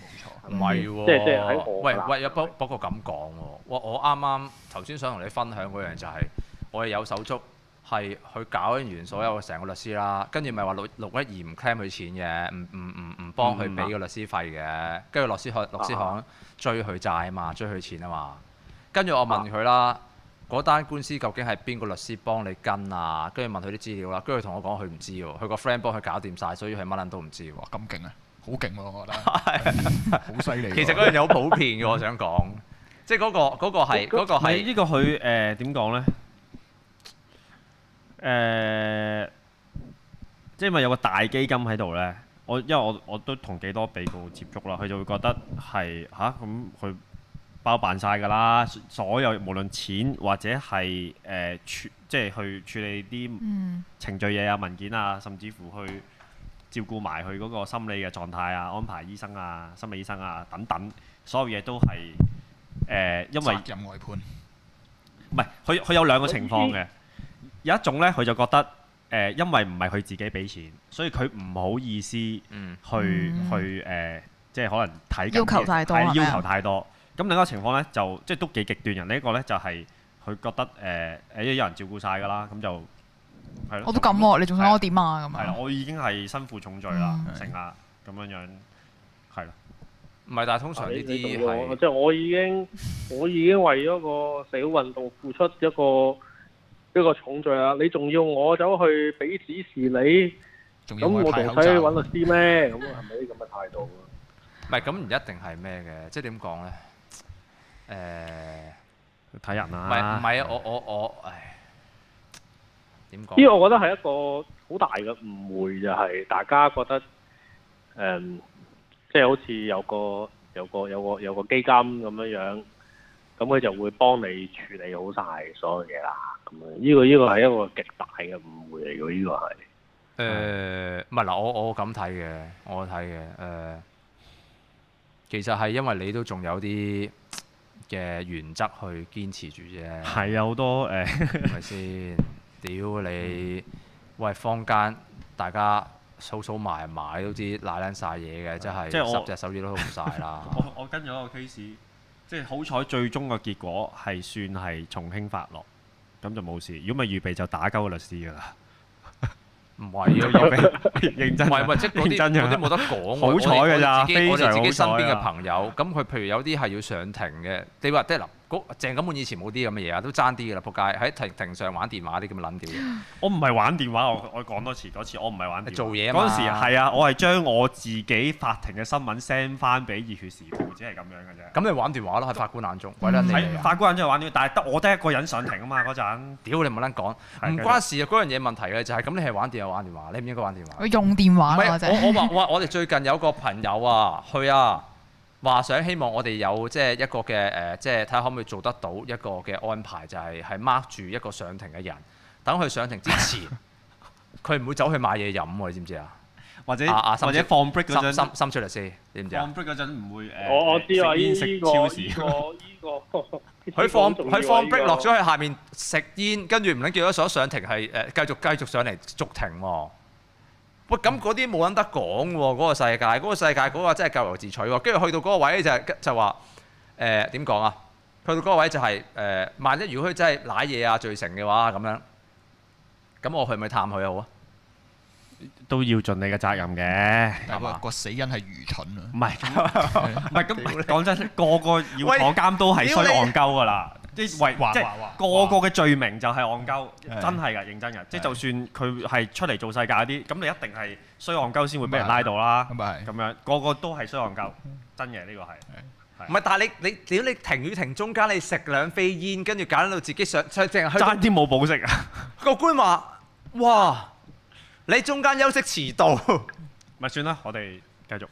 冇錯，唔係，即即喺我喂喂，不不過咁講喎，我我啱啱頭先想同你分享嗰樣就係、是，我哋有手足係去搞完所有成個律師啦，跟住咪話六六一二唔 claim 佢錢嘅，唔唔唔唔幫佢俾個律師費嘅，跟住律師行律師行追佢債啊嘛，追佢錢啊嘛，跟住我問佢啦。啊啊嗰單官司究竟係邊個律師幫你跟啊？跟住問佢啲資料啦，跟住同我講：佢唔知喎，佢個 friend 幫佢搞掂晒，所以佢乜撚都唔知喎。咁勁啊！好勁喎，我覺得。好犀利。 其實嗰樣好普遍嘅， 我想講，即係嗰、嗰個嗰、嗰個係嗰、嗰個係呢、哦、個佢誒點講呢？誒、呃，即、就、係、是、因為有個大基金喺度呢。我因為我我都同幾多被告接觸啦，佢就會覺得係吓？咁、啊、佢。包辦晒㗎啦，所有無論錢或者係誒、呃、處，即係去處理啲程序嘢啊、文件啊，嗯、甚至乎去照顧埋佢嗰個心理嘅狀態啊，安排醫生啊、心理醫生啊等等，所有嘢都係誒、呃，因為責任外判，唔係佢，佢有兩個情況嘅，嗯、有一種咧，佢就覺得誒、呃，因為唔係佢自己俾錢，所以佢唔好意思去、嗯、去誒、呃，即係可能睇緊佢，要求太多。係嗎？咁另一個情況咧，就即係都幾極端人。另一個咧就係佢覺得誒、誒，有人照顧曬㗎啦，咁就係咯。我都咁喎，你仲想我點啊？咁啊？係啊，我已經係身負重罪啦，成啊咁樣樣，係咯。唔係，但係通常呢啲係即係我已經我已經為咗個社會運動付出一個一個重罪啦。你仲要我走去俾指示你？仲要我同佢搵律師咩？咁啊，係咪啲咁嘅態度啊？唔係，咁唔一定係咩嘅，即係點講咧？誒，睇人啦。唔係唔係啊！我我我誒，點講？呢個我覺得係一個好大嘅誤會就係大家覺得，嗯，即係好似有個有個有個有個基金咁樣樣，咁佢就會幫你處理好晒所有嘢啦。咁樣呢個呢個係一個極大嘅誤會嚟嘅。呢個係誒，唔係嗱，我我咁睇嘅，我睇嘅誒，其實係因為你都仲有啲。嘅原則去堅持住啫，係有好多誒，咪先？ 屌你！喂，坊間大家數數埋埋都知，賴撚晒嘢嘅，嗯、是即係十隻手指都數唔晒啦 我。我我跟咗個 case，即係好彩，最終嘅結果係算係從輕發落，咁就冇事。如果唔係預備，就打鳩個律師㗎啦。唔係啊，認 認真，唔係，唔係真，即係嗰啲嗰啲冇得講，好彩㗎咋， 我哋自，非常 自己身邊嘅朋友，咁佢 譬如有啲係要上庭嘅，你話啲啦。那個鄭本以前冇啲咁嘅嘢啊，都爭啲嘅啦，仆街喺庭庭上玩電話啲咁嘅撚屌嘢。我唔係玩電話，我我講多次多次，我唔係玩。你做嘢嗰陣時係啊，我係將我自己法庭嘅新聞 send 翻俾熱血時報，者。係咁樣嘅啫。咁你玩電話咯，喺法官眼中，喂、嗯，得你！法官眼中玩電話，但係得我得一個人上庭啊嘛，嗰陣。屌你冇得講，唔、就是、關事啊。嗰樣嘢問題嘅就係、是、咁，你係玩電話玩電話，你唔應該玩電話。我用電話。唔係是者，我我話我哋最近有個朋友啊，去啊。話想希望我哋有即係一個嘅誒，即係睇下可唔可以做得到一個嘅安排，就係、係、係 mark 住一個上庭嘅人，等佢上庭之前，佢唔會走去買嘢飲喎，你知唔知啊？或者或者放 break 嗰陣，心出嚟先，你知唔知啊？放 break 嗰陣唔會誒食煙食個超時。佢放佢放 break 落咗去下面食、呢個、煙，跟住唔諗叫咗所上庭係誒繼續繼續，繼續上嚟續庭喎。喂，咁嗰啲冇得講喎，嗰、那個世界，嗰、那個世界，嗰個真係咎由自取喎。跟住去到嗰個位就係、是、就話誒點講啊？去到嗰個位就係、是、誒、呃，萬一如果佢真係賴嘢啊罪成嘅話咁樣，咁我去唔去探佢好啊？都要盡你嘅責任嘅，係個死因係愚蠢啊！唔係唔係咁講真，個個要坐監都係衰戇鳩噶啦。即係為個個嘅罪名就係戇鳩，真係㗎，認真㗎。即係就算佢係出嚟做世界啲，咁你一定係衰戇鳩先會俾人拉到啦。咁咪係，咁樣個個都係衰戇鳩，真嘅呢個係。唔係，但係你你屌你停雨停中間你食兩飛煙，跟住搞到自己想出淨係爭啲冇保釋啊！個官話：「哇，你中間休息遲到。咪算啦，我哋繼續。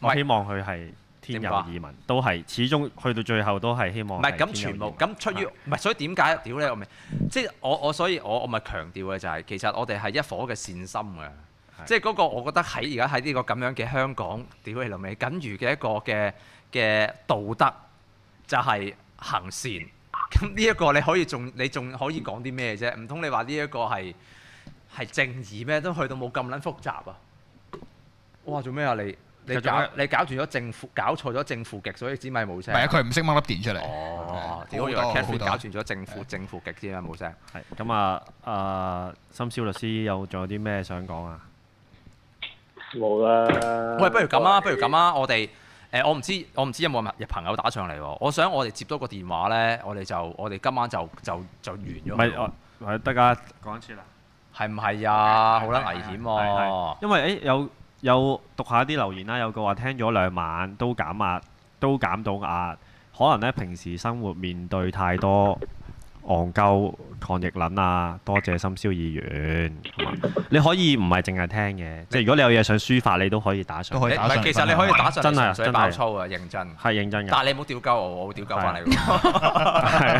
我希望佢係。有移民都係，始終去到最後都係希望。唔係咁全部咁出於唔係是，所以點解屌咧？我咪即係我我所以我我咪強調嘅就係、是，其實我哋係一顆嘅善心嘅。是即係嗰個我覺得喺而家喺呢個咁樣嘅香港，屌你老味，僅餘嘅一個嘅嘅道德就係行善。咁呢一個你可以仲你仲可以講啲咩啫？唔通你話呢一個係係正義咩？都去到冇咁撚複雜啊！哇！做咩啊你？你搞你搞錯咗正負，搞錯咗正負極，所以支咪冇聲。係啊，佢唔識掹粒電出嚟。哦，搞錯咗正負正負極先啊，冇聲。係咁啊，啊深宵律師有仲有啲咩想講啊？冇啦。喂，不如咁啊，不如咁啊，我哋誒我唔知我唔知有冇人朋友打上嚟喎。我想我哋接多個電話咧，我哋就我哋今晚就就就完咗。唔係，唔係講一次啊？係唔係啊？好得危險喎、啊！因為誒、欸、有。有有讀下啲留言啦，有個話聽咗兩晚都減壓，都減到壓。可能咧平時生活面對太多戇鳩抗疫撚啊，多謝深宵議員。你可以唔係淨係聽嘅，明 即係如果你有嘢想抒發，你都可以打上。都可以打上。唔係，其實你可以打上真係真係。所以爆粗啊，認真。係認真嘅。但係你唔好掉鳩我，我會掉鳩翻你。係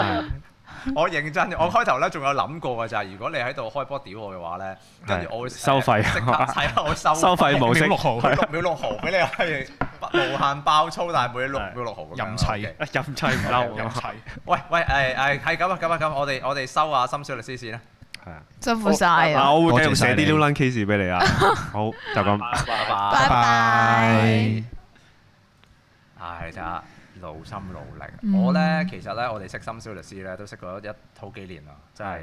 啊。我認真，我開頭咧仲有諗過嘅就係。如果你喺度開波屌我嘅話咧，跟住我會收費，即刻睇下我收。收費模式，佢六秒六毫俾你，係無限爆粗，但係每六秒六毫。任砌，任砌唔嬲，任砌。喂喂，誒誒，係咁啊咁啊咁，我哋我哋收下，心水嚟試試咧。係啊，辛苦曬啊！我會繼續寫啲 online case 俾你啊。好，就咁，拜拜。係啦。勞心努力，我呢，其實呢，我哋識心少律師呢，都識咗一好幾年啦，真係。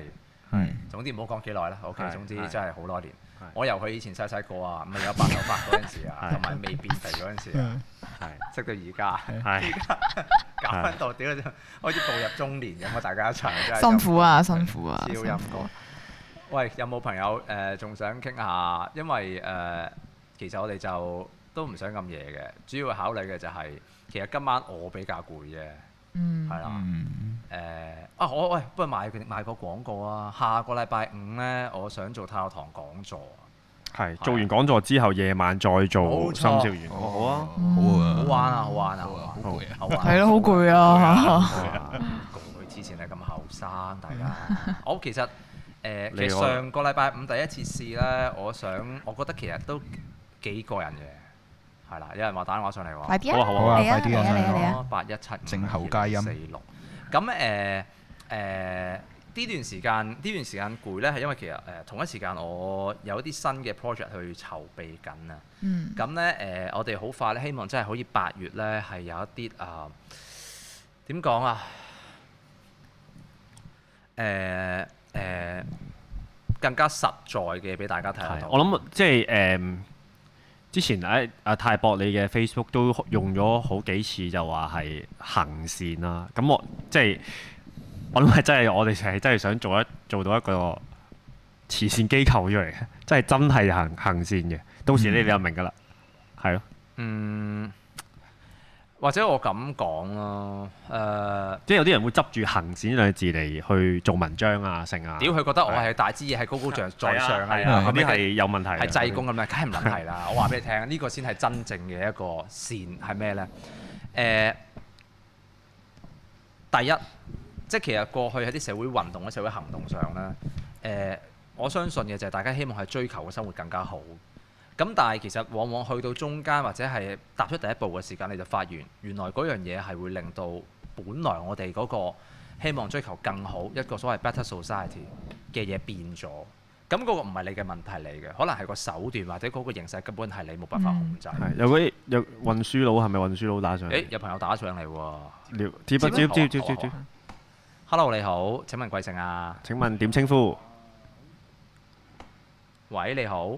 係。總之唔好講幾耐啦，OK。總之真係好多年。我由佢以前細細個啊，唔係有八九八嗰陣時啊，同埋未變肥嗰陣時啊，係識到而家。而家搞分到屌，好似步入中年咁啊！大家一齊真係。辛苦啊，辛苦啊。超音哥。喂，有冇朋友誒仲想傾下？因為誒，其實我哋就都唔想咁夜嘅，主要考慮嘅就係。其實今晚我比較攰嘅，係啦，誒啊我喂，不如買佢買個廣告啊！下個禮拜五呢，我想做太老堂講座，係做完講座之後夜晚再做深宵議員，好啊，好啊，好玩啊，好玩啊，好玩，好玩，係咯，好攰啊嚇。佢之前係咁後生，大家，好，其實誒，其實上個禮拜五第一次試呢，我想我覺得其實都幾過癮嘅。係啦，有人話打電話上嚟話、啊哦，好好，好啊，快啲啊，嚟啊，啊，八一七五二零四六。咁誒誒，呢、呃呃、段時間呢段時間攰咧，係因為其實誒、呃、同一時間我有一啲新嘅 project 去籌備緊啊。嗯。咁咧誒，我哋好快咧，希望真係可以八月咧，係有一啲啊點講啊？誒、呃、誒、呃，更加實在嘅俾大家睇。對多我諗即係誒。就是 um, 之前喺阿泰博你嘅 Facebook 都用咗好幾次，就話係行善啦、啊。咁我即係我諗係真係我哋成係真係想做一做到一個慈善機構出嚟嘅，即係真係行行善嘅。到時你哋就明噶啦，係咯，嗯。或者我咁講咯，誒，即係有啲人會執住行善兩字嚟去做文章啊，成啊，屌佢覺得我係大支嘢，係高高在上啊，係啊，嗰啲係有問題，係濟公咁咧，梗係唔問題啦。我話俾你聽，呢個先係真正嘅一個善係咩咧？誒，第一，即係其實過去喺啲社會運動、喺社會行動上咧，誒，我相信嘅就係大家希望係追求嘅生活更加好。咁但係其實往往去到中間或者係踏出第一步嘅時間，你就發現原來嗰樣嘢係會令到本來我哋嗰個希望追求更好一個所謂 Better Society 嘅嘢變咗。咁嗰個唔係你嘅問題嚟嘅，可能係個手段或者嗰個形勢根本係你冇辦法控制。係有嗰啲運輸佬係咪運輸佬打上嚟？誒有朋友打上嚟喎，貼不貼？貼貼貼貼貼。Hello，你好。請問貴姓啊？請問點稱呼？喂，你好。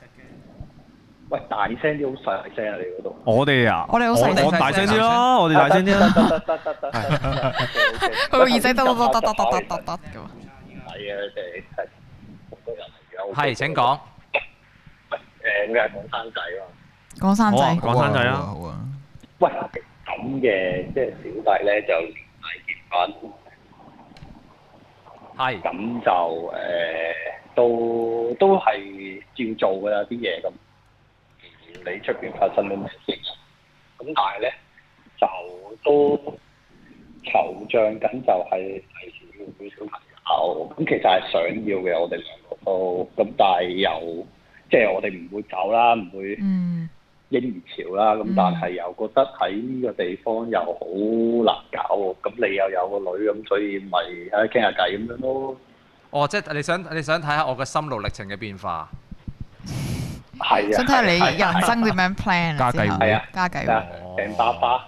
喂，大聲啲，好細聲啊！你嗰度，我哋啊，我哋好細聲，我大聲啲啦，我哋大聲啲，得得得得得，佢個耳仔得得得得得得得得嘅嘛，係啊，即係好多朋友，係請講，誒，你係講生仔嘛？講生仔，講生仔啊，好啊，喂，咁嘅即係小弟咧 Hi. 就年底結婚，係、呃，咁就誒都都係照做㗎啦啲嘢咁。你出邊發生啲咩事啊？咁但係咧就都惆悵緊、就係，就係係要唔要小朋友？咁其實係想要嘅，我哋兩個都。咁但係又即係我哋唔會走啦，唔會應潮啦。咁但係又覺得喺呢個地方又好難搞。咁你又有個女，咁所以咪喺度傾下偈咁樣咯。哦，即係你想你想睇下我嘅心路歷程嘅變化。係啊，想睇下你人生點樣 plan 啊，家計會，家計會，成爸爸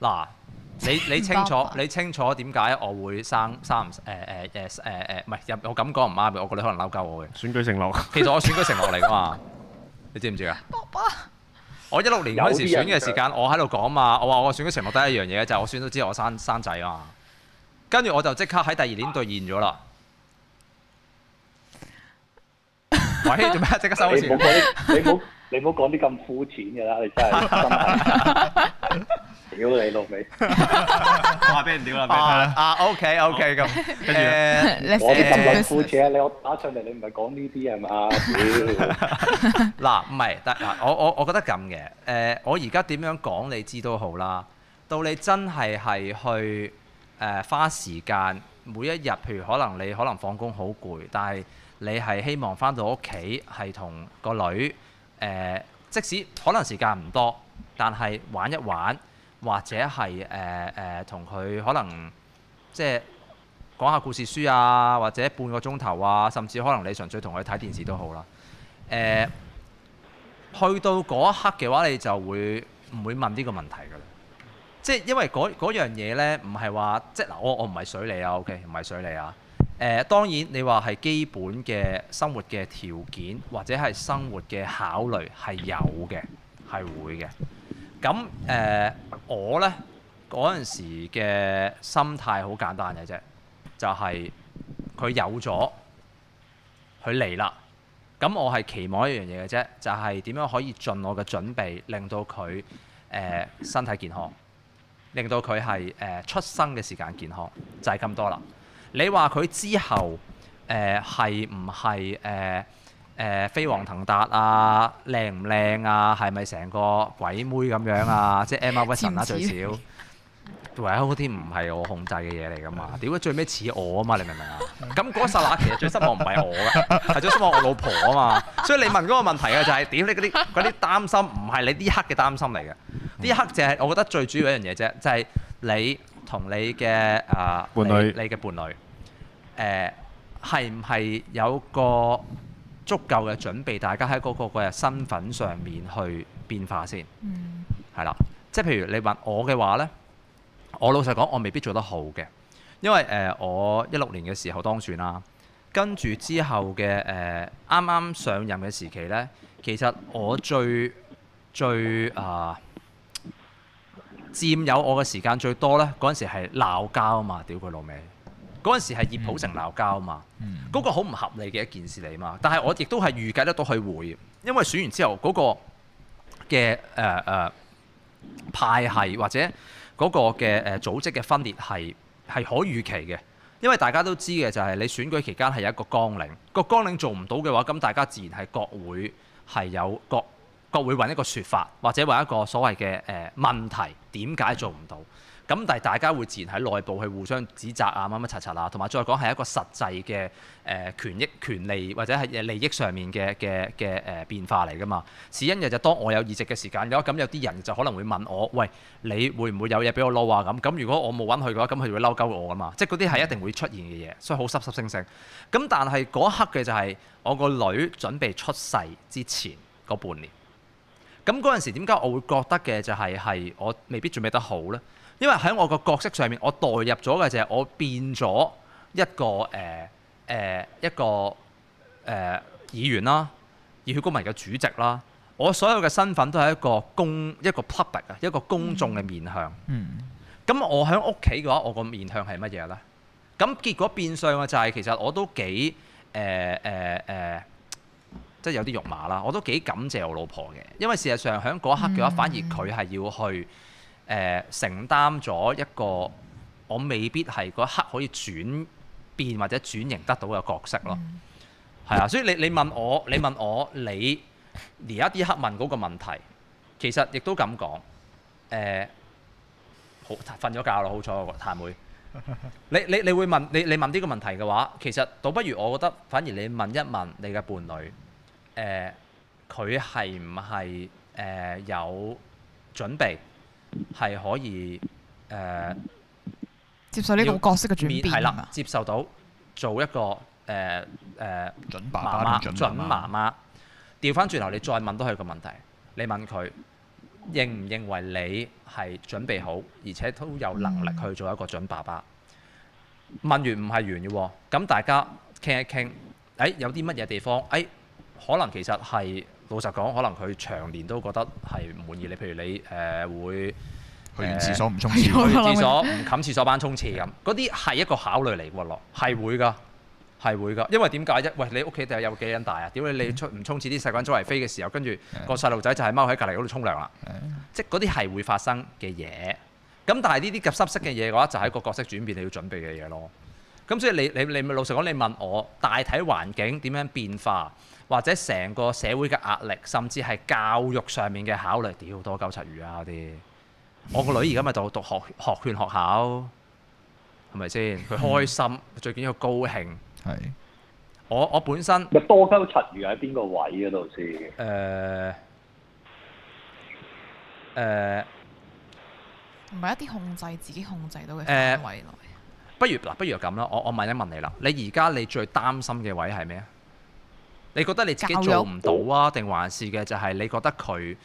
嗱，你你清楚，你清楚點解我會生生唔誒誒誒誒誒唔係入？我咁講唔啱嘅，我覺得可能嬲鳩我嘅。選舉承諾，其實我選舉承諾嚟噶嘛， 你知唔知啊？爸爸，我一六年嗰時選嘅時間，我喺度講嘛，我話我選舉承諾得一樣嘢，就係、是、我選到之後我生生仔啊嘛，跟住我就即刻喺第二年兌現咗啦。喂，做咩？即刻收線！ 你唔好講你唔好你唔好講啲咁膚淺嘅啦！你真係，屌 你老味！話俾人屌啦！啊啊，OK OK，咁跟住我啲咁嘅膚淺，你我打上嚟，你唔係講呢啲係嘛？屌！嗱，唔係，但嗱，我我我覺得咁嘅，誒、呃，我而家點樣講你知都好啦。到你真係係去誒花時間，每一日，譬如可能你可能放工好攰，但係。你係希望翻到屋企係同個女誒、呃，即使可能時間唔多，但係玩一玩，或者係誒誒同佢可能即係講下故事書啊，或者半個鐘頭啊，甚至可能你純粹同佢睇電視都好啦。誒、呃，去到嗰一刻嘅話，你就會唔會問呢個問題㗎啦？即係因為嗰樣嘢咧，唔係話即嗱，我我唔係水你啊，OK，唔係水你啊。誒、呃、當然，你話係基本嘅生活嘅條件或者係生活嘅考慮係有嘅，係會嘅。咁誒、呃、我呢，嗰陣時嘅心態好簡單嘅啫，就係、是、佢有咗佢嚟啦。咁我係期望一樣嘢嘅啫，就係、是、點樣可以盡我嘅準備，令到佢誒、呃、身體健康，令到佢係誒出生嘅時間健康，就係、是、咁多啦。你話佢之後誒係唔係誒誒飛黃騰達啊？靚唔靚啊？係咪成個鬼妹咁樣啊？即係 Emma Watson 啦，最少，唯一嗰啲唔係我控制嘅嘢嚟噶嘛？點解最尾似我啊嘛？你明唔明啊？咁嗰一剎那其實最失望唔係我嘅，係 最失望我老婆啊嘛。 所以你問嗰個問題嘅就係屌你嗰啲啲擔心唔係你呢刻嘅擔心嚟嘅，呢、嗯、刻就係我覺得最主要一樣嘢啫，就係你。同你嘅啊、呃、伴侶侶，你嘅伴侶，誒係唔係有個足夠嘅準備？大家喺嗰個嘅身份上面去變化先，嗯，係啦，即係譬如你問我嘅話呢，我老實講，我未必做得好嘅，因為誒、呃、我一六年嘅時候當選啦、啊，跟住之後嘅誒啱啱上任嘅時期呢，其實我最最啊～、呃佔有我嘅時間最多呢，嗰陣時係鬧交啊嘛！屌佢老味。嗰陣時係葉普成鬧交啊嘛。嗰、嗯、個好唔合理嘅一件事嚟啊嘛。但係我亦都係預計得到佢會，因為選完之後嗰、嗰個嘅誒誒派系或者嗰個嘅誒組織嘅分裂係係可預期嘅，因為大家都知嘅就係你選舉期間係一個綱領，嗰個綱領做唔到嘅話，咁大家自然係各會係有各國會揾一個説法或者揾一個所謂嘅誒、呃、問題。點解做唔到？咁但係大家會自然喺內部去互相指責啊，乜乜嚓嚓啊，同埋再講係一個實際嘅誒權益、權利或者係利益上面嘅嘅嘅誒變化嚟噶嘛？始因是因為就當我有議席嘅時間嘅話，咁有啲人就可能會問我：喂，你會唔會有嘢俾我撈啊？咁咁如果我冇揾佢嘅話，咁佢會嬲鳩我噶嘛？即係嗰啲係一定會出現嘅嘢，所以好濕濕聲聲。咁但係嗰一刻嘅就係我個女準備出世之前嗰半年。咁嗰陣時點解我會覺得嘅就係、係、係我未必準備得好呢？因為喺我個角色上面，我代入咗嘅就係我變咗一個誒誒、呃呃、一個誒、呃、議員啦，熱血公民嘅主席啦。我所有嘅身份都係一個公，一個 public 啊，一個公眾嘅面向。嗯。咁我喺屋企嘅話，我個面向係乜嘢呢？咁結果變相嘅就係其實我都幾誒誒誒。呃呃呃即係有啲肉麻啦，我都幾感謝我老婆嘅，因為事實上喺嗰一刻嘅話，嗯、反而佢係要去誒、呃、承擔咗一個我未必係嗰一刻可以轉變或者轉型得到嘅角色咯。係啊、嗯，所以你你問我，你問我，你而家一刻問嗰個問題，其實亦都咁講誒，好瞓咗覺咯，好彩我嘆會。你你你會問你你問呢個問題嘅話，其實倒不如我覺得反而你問一問你嘅伴侶。誒，佢係唔係誒有準備，係可以誒接受呢個角色嘅轉變係啦免，接受到做一個誒誒、呃呃、準爸爸媽媽、準媽媽。調翻轉頭，你再問多佢個問題。你問佢認唔認為你係準備好，而且都有能力去做一個準爸爸？嗯、問完唔係完嘅喎，咁大家傾一傾，誒、哎、有啲乜嘢地方誒？哎可能其實係老實講，可能佢長年都覺得係唔滿意你。你譬如你誒、呃、會、呃、去完廁所唔沖廁， 去廁所唔冚廁所板沖廁咁，嗰啲係一個考慮嚟嘅咯，係會㗎，係會㗎。因為點解啫？餵你屋企第有幾人大啊？點解你出唔沖廁啲細菌周圍飛嘅時候，跟住個細路仔就係踎喺隔離嗰度沖涼啦？ 即嗰啲係會發生嘅嘢。咁但係呢啲及濕濕嘅嘢嘅話，就係一個角色轉變你要準備嘅嘢咯。咁所以你你你咪老實講，你問我大體環境點樣變化？或者成個社會嘅壓力，甚至係教育上面嘅考慮，屌多鳩柒魚啊！嗰啲，我個女而家咪讀讀學、嗯、學券學校，係咪先？佢開心，嗯、最緊要高興。係是，我我本身多鳩柒魚喺邊個位嗰度先？誒誒、呃，唔、呃、係一啲控制自己控制到嘅範圍內。不如嗱，不如咁啦，我我問一問你啦，你而家你最擔心嘅位係咩啊？你覺得你自己做唔到啊？定還是嘅就係你覺得佢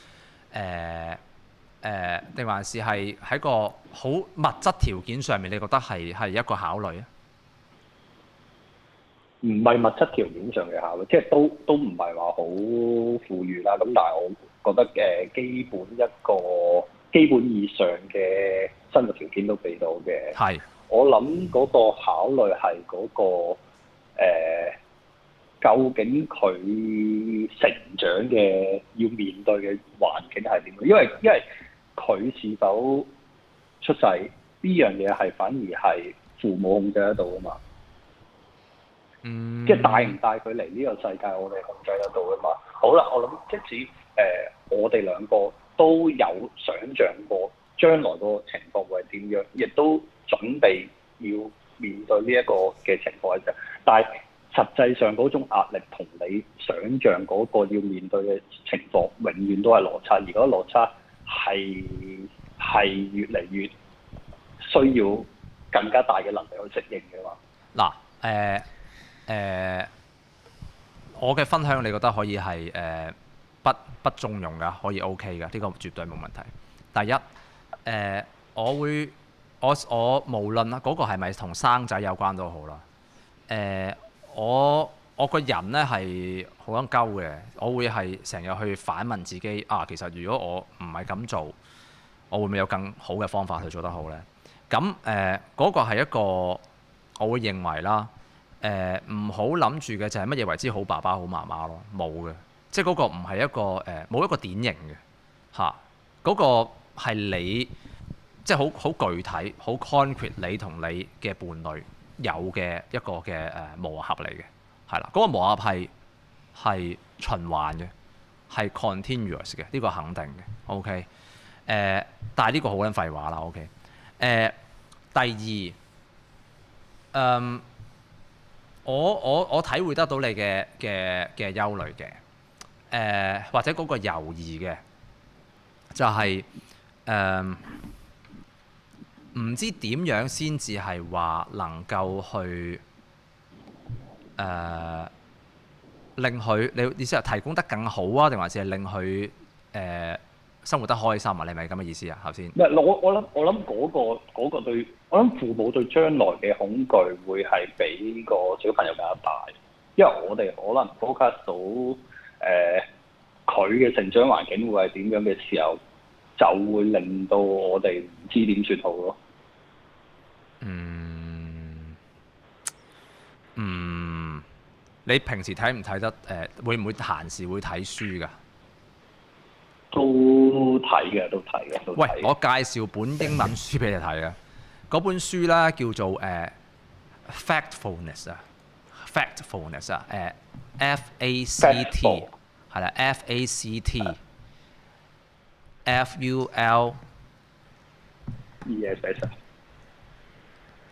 誒誒？定、呃呃、還是係喺個好物質條件上面？你覺得係係一個考慮啊？唔係物質條件上嘅考慮，即係都都唔係話好富裕啦。咁但係我覺得誒基本一個基本以上嘅生活條件都俾到嘅。係。我諗嗰個考慮係嗰、嗰個、誒。究竟佢成長嘅要面對嘅環境係點？因為因為佢是否出世呢樣嘢係反而係父母控制得到啊嘛，嗯，即係帶唔帶佢嚟呢個世界，我哋控制得到啊嘛。好啦，我諗即使誒、呃、我哋兩個都有想像過將來個情況會係點樣，亦都準備要面對呢一個嘅情況嘅時候，但係，實際上嗰種壓力同你想像嗰個要面對嘅情況，永遠都係落差。而嗰個落差係係越嚟越需要更加大嘅能力去適應嘅話。嗱，誒、呃、誒、呃，我嘅分享你覺得可以係誒、呃、不不縱容㗎，可以 OK 㗎，呢、這個絕對冇問題。第一，誒、呃，我會我我無論嗰、那個係咪同生仔有關都好啦，誒、呃。我我個人呢係好緊揪嘅，我會係成日去反問自己啊，其實如果我唔係咁做，我會唔會有更好嘅方法去做得好呢？咁誒嗰個係一個，我會認為啦，呃，唔好諗住嘅就係乜嘢為之好爸爸好媽媽咯，冇嘅，即係嗰個唔係一個誒冇、呃、一個典型嘅嚇，嗰個係你即係好好具體好 concrete 你同你嘅伴侶。有嘅一個嘅誒磨合嚟嘅，係啦，嗰個磨合係係循環嘅，係 continuous 嘅，呢個肯定嘅，OK，誒，但係呢個好撚廢話啦，OK，誒，第二，嗯，我我我體會得到你嘅嘅嘅憂慮嘅，誒，或者嗰個猶豫嘅，就係誒。嗯唔知點樣先至係話能夠去誒、呃、令佢你意思係提供得更好啊，定還是係令佢誒、呃、生活得開心啊？你係咪咁嘅意思啊？頭先我我諗我諗嗰個嗰個對我諗父母對將來嘅恐懼會係比個小朋友比較大，因為我哋可能 focus 到誒佢嘅成長環境會係點樣嘅時候，就會令到我哋唔知點算好咯。嗯，嗯，你平時睇唔睇得誒？會唔會閒時會睇書噶？都睇嘅，都睇嘅，都睇。喂，我介紹本英文書俾你睇嘅！嗰本書啦，叫做誒《Factfulness》啊，《Factfulness》啊，誒，F A C T 係啦，F A C T F U L，依個仔細。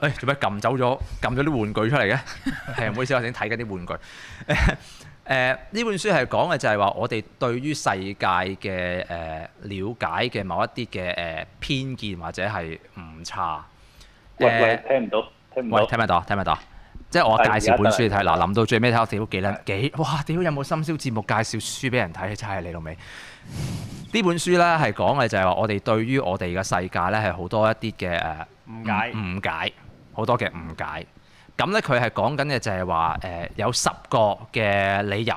誒做咩撳走咗撳咗啲玩具出嚟嘅？係 唔好意思，我正睇緊啲玩具。誒 呢、呃、本書係講嘅就係話，我哋對於世界嘅誒瞭解嘅某一啲嘅誒偏見或者係誤差。呃、喂，聽唔到，喂聽唔到，聽唔到。聽聽即係我介紹本書你睇嗱，臨、就是、到最尾睇到幾撚的幾哇！屌有冇深宵節目介紹書俾人睇？真係你老味。呢本書咧係講嘅就係話，我哋對於我哋嘅世界咧係好多一啲嘅誒誤解誤解。好多嘅誤解，咁呢，佢係講緊嘅就係話誒有十個嘅理由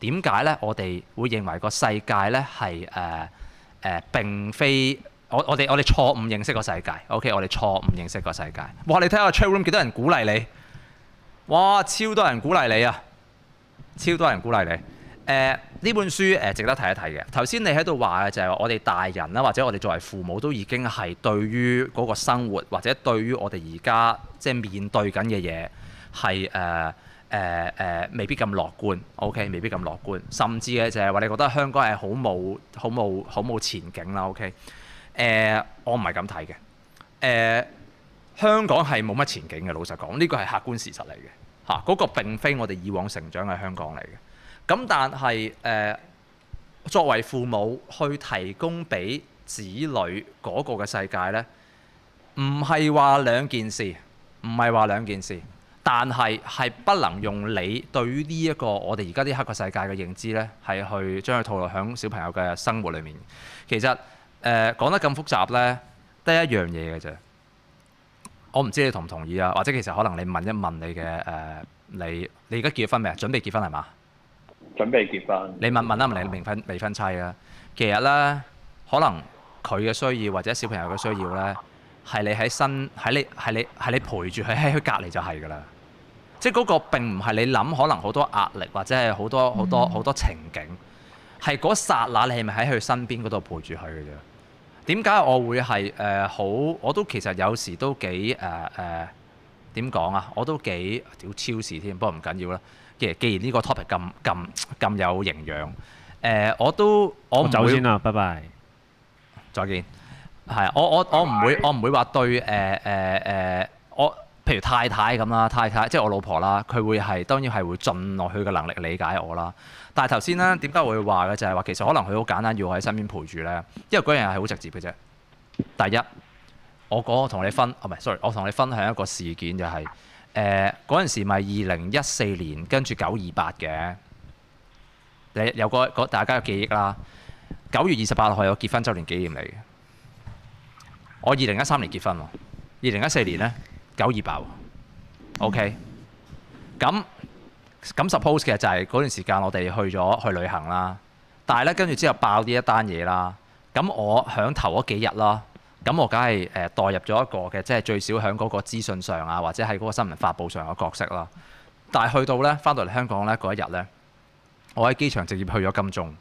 點解呢？我哋會認為個世界呢係誒誒並非我我哋我哋錯誤認識個世界。OK，我哋錯誤認識個世界。哇！你睇下 Chatroom 幾多人鼓勵你？哇！超多人鼓勵你啊！超多人鼓勵你。誒呢、呃、本書誒值得睇一睇嘅。頭先你喺度話嘅就係我哋大人啦，或者我哋作為父母都已經係對於嗰個生活或者對於我哋而家即係面對緊嘅嘢係誒誒誒，未必咁樂觀。OK，未必咁樂觀，甚至咧就係話你覺得香港係好冇好冇好冇前景啦。OK，誒、呃、我唔係咁睇嘅。誒、呃、香港係冇乜前景嘅，老實講呢個係客觀事實嚟嘅嚇。嗰、啊那個並非我哋以往成長嘅香港嚟嘅。咁但係誒、呃，作為父母去提供俾子女嗰個嘅世界呢，唔係話兩件事，唔係話兩件事，但係係不能用你對於呢一個我哋而家啲黑嘅世界嘅認知呢，係去將佢套落響小朋友嘅生活裡面。其實誒講、呃、得咁複雜呢，得一樣嘢嘅啫。我唔知你同唔同意啊？或者其實可能你問一問你嘅誒、呃、你你而家結婚未啊？準備結婚係嘛？準備結婚？你問問啊，唔係你未婚未婚妻啊？其實咧，可能佢嘅需要或者小朋友嘅需要咧，係你喺身喺你喺你喺你陪住佢喺佢隔離就係㗎啦。即係嗰個並唔係你諗，可能好多壓力或者係好多好多好多情景，係嗰剎那你係咪喺佢身邊嗰度陪住佢嘅啫？點解我會係誒、呃、好？我都其實有時都幾誒誒點講啊？我都幾屌超時添，不過唔緊要啦。既然呢個 topic 咁咁咁有營養，誒、呃，我都我，我走先啦，拜拜，再見。係，我我拜拜我唔會，我唔會話對誒誒誒，我譬如太太咁啦，太太即係我老婆啦，佢會係當然係會盡落去嘅能力理解我啦。但係頭先咧，點解我會話嘅就係話，其實可能佢好簡單，要喺身邊陪住咧，因為嗰樣係好直接嘅啫。第一，我嗰個同你分啊，唔係， sorry，我同你分享一個事件就係。誒嗰陣時咪二零一四年，跟住九二八嘅，你有個，個大家嘅記憶啦。九月二十八號係我結婚周年紀念嚟嘅，我二零一三年結婚喎，二零一四年呢，九二八喎，OK。咁咁 suppose 其實就係嗰段時間我哋去咗去旅行啦，但係呢跟住之後爆呢一單嘢啦，咁我響頭嗰幾日啦。咁我梗係誒代入咗一個嘅，即係最少喺嗰個資訊上啊，或者喺嗰個新聞發佈上嘅角色咯。但係去到咧，翻到嚟香港咧嗰一日咧，我喺機場直接去咗金鐘，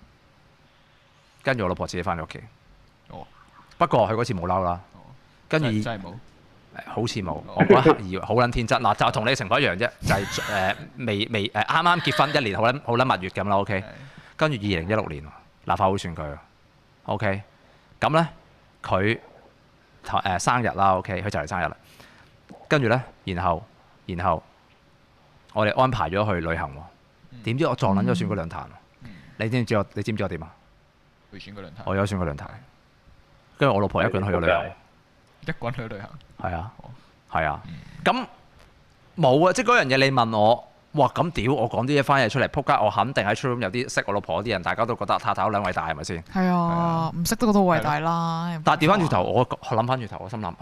跟住我老婆自己翻咗屋企。哦。不過佢嗰次冇嬲啦。跟住真係冇。好似冇。我嗰一刻要好撚天真。嗱，就同你嘅情況一樣啫，就係誒未未誒啱啱結婚一年，好撚好撚蜜月咁啦。O K。跟住二零一六年立法會選舉。O K。咁咧佢。誒生日啦，OK，佢就嚟生日啦，跟住咧，然後，然後我哋安排咗去旅行，點、嗯、知我撞撚咗選舉論壇、嗯、論壇，你知唔知我？你知唔知我點啊？會選舉論壇我有選舉論壇，跟住對我老婆一個人去咗旅行，對一個人去咗旅行。係啊，係好啊，咁冇啊，即係嗰樣嘢你問我。哇！咁屌，我講啲嘢翻嘢出嚟，撲街！我肯定喺出邊有啲識我老婆啲人，大家都覺得太太兩位大係咪先？係啊，唔、嗯、識都覺得偉大啦。啊、但係調翻轉頭，我我諗翻轉頭，我心諗，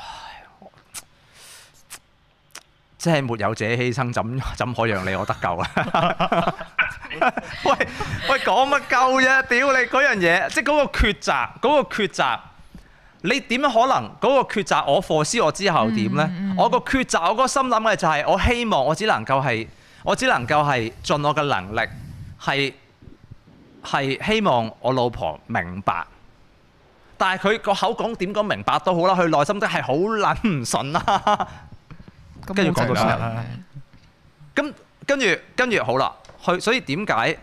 即係沒有自己犧牲，怎怎可讓你我得救咧？喂喂，講乜鳩啫？屌你嗰樣嘢，即係嗰個抉擇，嗰、那個抉擇，你點可能嗰、那個抉擇？我駁絲我之後點呢？嗯嗯、 我個抉擇，我個心諗嘅就係，我希望我只能夠係。我只能夠係盡我嘅能力，係係希望我老婆明白。但係佢個口講點講明白都好啦，佢內心都係好撚唔順啦、啊。 跟住講到先啦。咁跟住跟住好啦，佢所以點解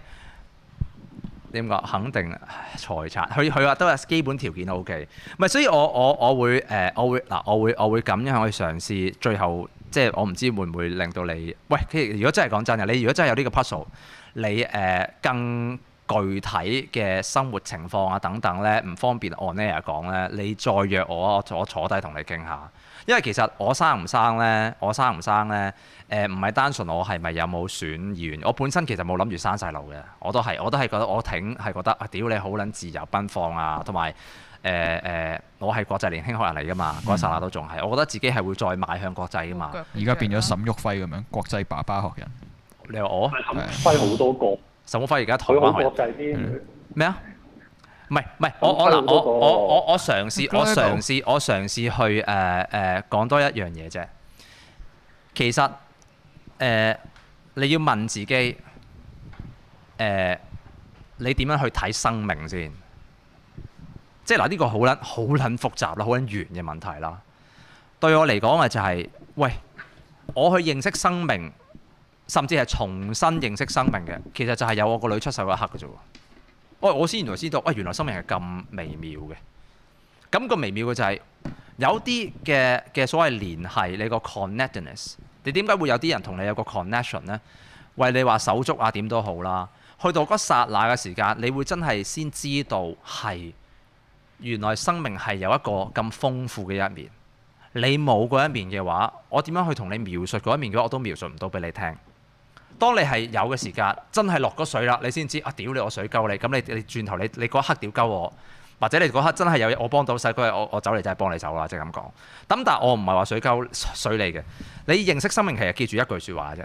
點講肯定財產？佢佢話都係基本條件 OK。唔係，所以我我我會誒，我會嗱，我會我會咁樣去嘗試，最後。即係我唔知會唔會令到你喂？如果真係講真嘅，你如果真係有呢個 puzzle，你誒、呃、更具體嘅生活情況啊等等呢，唔方便 online 講呢，你再約我，我我坐低同你傾下。因為其實我生唔生呢？我生唔生呢？誒、呃，唔係單純我係咪有冇選議員？我本身其實冇諗住生細路嘅，我都係，我都係覺得我挺係覺得，屌、啊、你好撚自由奔放啊，同埋。誒誒，uh, uh, 我係國際年輕學人嚟噶嘛？嗰一剎那都仲係，我覺得自己係會再邁向國際噶嘛。而家變咗沈旭輝咁樣國際爸爸學人，你話我啊？輝好多個。沈旭輝而家台灣學人。國際啲咩啊？唔係唔係，我我嗱我我我我，我嘗試、嗯、我嘗試我嘗試，我嘗試去誒誒、呃呃、講多一樣嘢啫。其實誒、呃，你要問自己誒、呃，你點樣去睇生命先？即係嗱，呢個好撚好撚複雜啦，好撚圓嘅問題啦。對我嚟講啊，就係喂，我去認識生命，甚至係重新認識生命嘅，其實就係有我個女出世嗰刻嘅啫。喂，我先原來知道，喂，原來生命係咁微妙嘅。咁個微妙嘅就係有啲嘅嘅所謂聯繫，你個 connectedness，你點解會有啲人同你有個 connection 呢？為你話手足啊，點都好啦。去到嗰剎那嘅時間，你會真係先知道係。原來生命係有一個咁豐富嘅一面，你冇嗰一面嘅話，我點樣去同你描述嗰一面嘅話，我都描述唔到俾你聽。當你係有嘅時間，真係落嗰水啦，你先知啊！屌你，我水溝你，咁你你轉頭你你嗰刻屌鳩我，或者你嗰刻真係有嘢，我幫到世哥我我走嚟真係幫你走啦，即係咁講。咁但係我唔係話水溝水你嘅，你認識生命其實記住一句説話啫。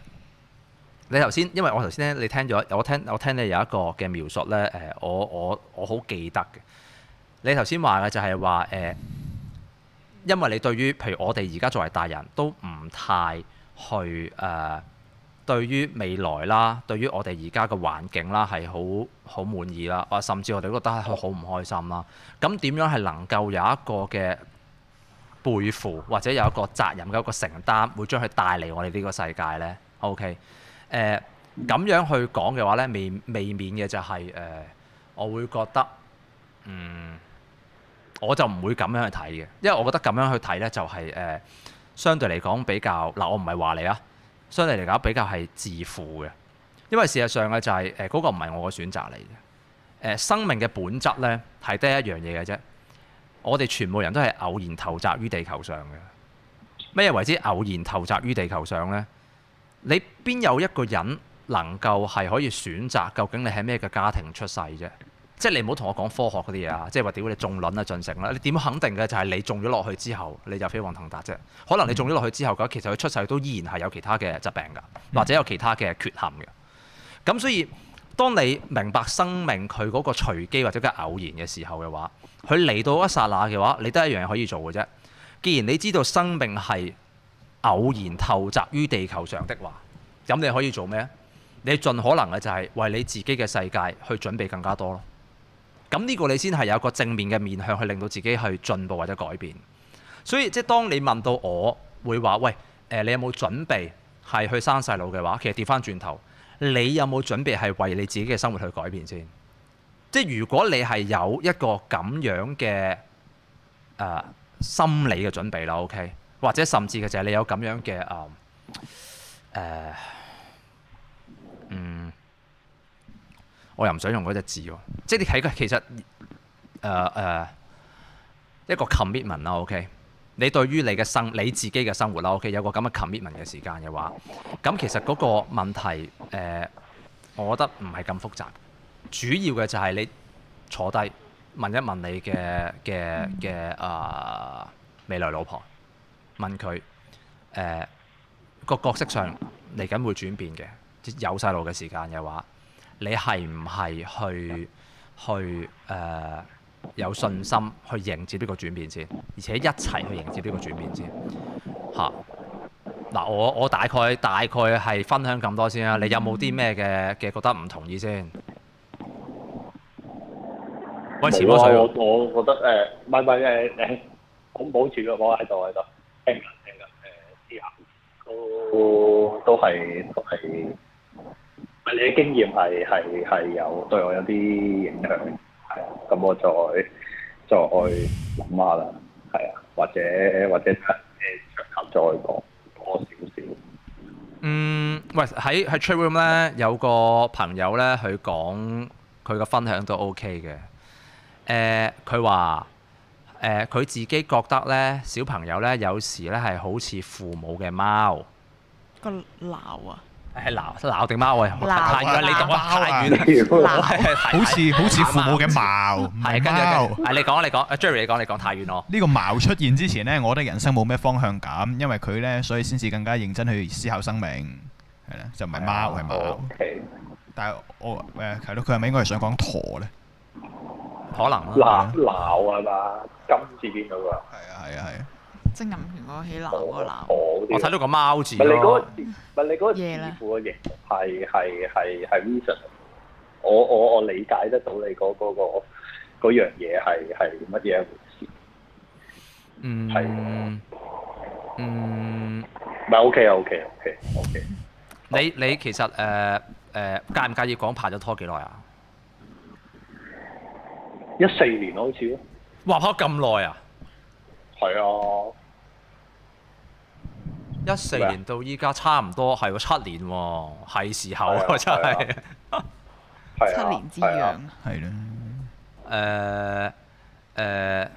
你頭先，因為我頭先咧，你聽咗，我聽我聽咧有一個嘅描述呢。誒，我我我好記得嘅。你頭先話嘅就係話誒，因為你對於譬如我哋而家作為大人都唔太去誒、呃，對於未來啦，對於我哋而家嘅環境啦，係好好滿意啦，或甚至我哋都覺得係好唔開心啦。咁點樣係能夠有一個嘅背負或者有一個責任嘅一個承擔，會將佢帶嚟我哋呢個世界呢？OK，誒咁樣去講嘅話呢，未未免嘅就係、是、誒、呃，我會覺得嗯。我就唔會咁樣去睇嘅，因為我覺得咁樣去睇呢、就係，就係誒相對嚟講比較嗱，我唔係話你啊，相對嚟講比較係、呃、自負嘅，因為事實上嘅就係誒嗰個唔係我嘅選擇嚟嘅、呃。生命嘅本質呢，係得一樣嘢嘅啫，我哋全部人都係偶然投擲於地球上嘅。咩係為之偶然投擲於地球上呢？你邊有一個人能夠係可以選擇究竟你喺咩嘅家庭出世啫？即係你唔好同我講科學嗰啲嘢啊！即係話屌你中卵啊，進城啦！你點肯定嘅就係你中咗落去之後你就飛黃騰達啫？可能你中咗落去之後嘅，其實佢出世都依然係有其他嘅疾病㗎，或者有其他嘅缺陷嘅。咁所以當你明白生命佢嗰個隨機或者嘅偶然嘅時候嘅話，佢嚟到一剎那嘅話，你得一樣嘢可以做嘅啫。既然你知道生命係偶然投擲於地球上的話，咁你可以做咩？你盡可能嘅就係為你自己嘅世界去準備更加多咯。咁呢個你先係有一個正面嘅面向去令到自己去進步或者改變，所以即係當你問到我會話喂，誒，你有冇準備係去生細路嘅話，其實調翻轉頭，你有冇準備係為你自己嘅生活去改變先？即係如果你係有一個咁樣嘅誒、呃、心理嘅準備啦，OK，或者甚至嘅就係你有咁樣嘅誒、呃，嗯。我又唔想用嗰隻字喎，即係你睇佢其實誒誒、呃呃、一個 commitment 啦，OK？你對於你嘅生你自己嘅生活啦，OK？有個咁嘅 commitment 嘅時間嘅話，咁其實嗰個問題、呃、我覺得唔係咁複雜，主要嘅就係你坐低問一問你嘅嘅嘅誒未來老婆，問佢誒、呃、個角色上嚟緊會轉變嘅，有細路嘅時間嘅話。你係唔係去去誒、呃、有信心去迎接呢個轉變先？而且一齊去迎接呢個轉變先嚇。嗱、啊，我我大概大概係分享咁多先啦。你有冇啲咩嘅嘅覺得唔同意先？啊、喂，前波係我，我覺得誒，唔係唔係好保持嘅，我喺度喺度聽緊聽緊誒，都都係都係。都你嘅經驗係係係有對我有啲影響，係啊，咁我再再諗下啦，係啊，或者或者咧，長頭再講多少少。嗯，喂，喺喺 Chatroom 咧有個朋友咧，佢講佢嘅分享都 OK 嘅。誒、呃，佢話誒，佢、呃、自己覺得咧，小朋友咧有時咧係好似父母嘅貓個鬧啊！係鬧鬧定貓啊？太遠，你講得太遠，鬧好似好似父母嘅矛，係跟住。係你講，你講，Jerry 你講，你講，太遠咯。呢個矛出現之前呢，我覺得人生冇咩方向感，因為佢呢，所以先至更加認真去思考生命。係啦，就唔係貓係矛。但係我誒係咯，佢係咪應該係想講陀呢？可能鬧鬧啊嘛，今次見到個。係啊係啊係啊。曾蔭權嗰個起樓嗰個樓，我睇到個貓字咯。唔係你嗰個，咪你嗰個字庫嗰個字，係係係係 Vision。我我我理解得到你嗰嗰個嗰樣嘢係係乜嘢一回事。嗯，係，嗯，咪 OK 啊 OK 啊 OK 啊 OK。你你其實誒誒介唔介意講拍咗拖幾耐啊？一四年咯，好似咯。哇，拍咁耐啊！係啊，一四年到依家差唔多，係七年喎，係時候啊，真係七年之癢，係咯、 啊，誒誒、啊，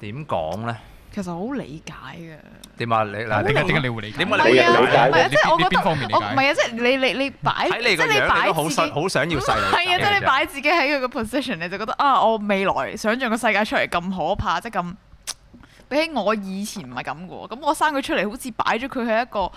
點講呢？其實好理解嘅。點啊？你嗱點解點解你會理？解？你問你會理解？唔係啊，即係、啊、哪我覺得我唔係啊，即、就、係、是、你你你擺你即你擺好想好想要細路仔係啊，即係你擺自己喺佢個 position，你就覺得啊，我未來想像個世界出嚟咁可怕，即係咁。比起我以前唔係咁嘅喎，咁我生佢出嚟好似擺咗佢係一個。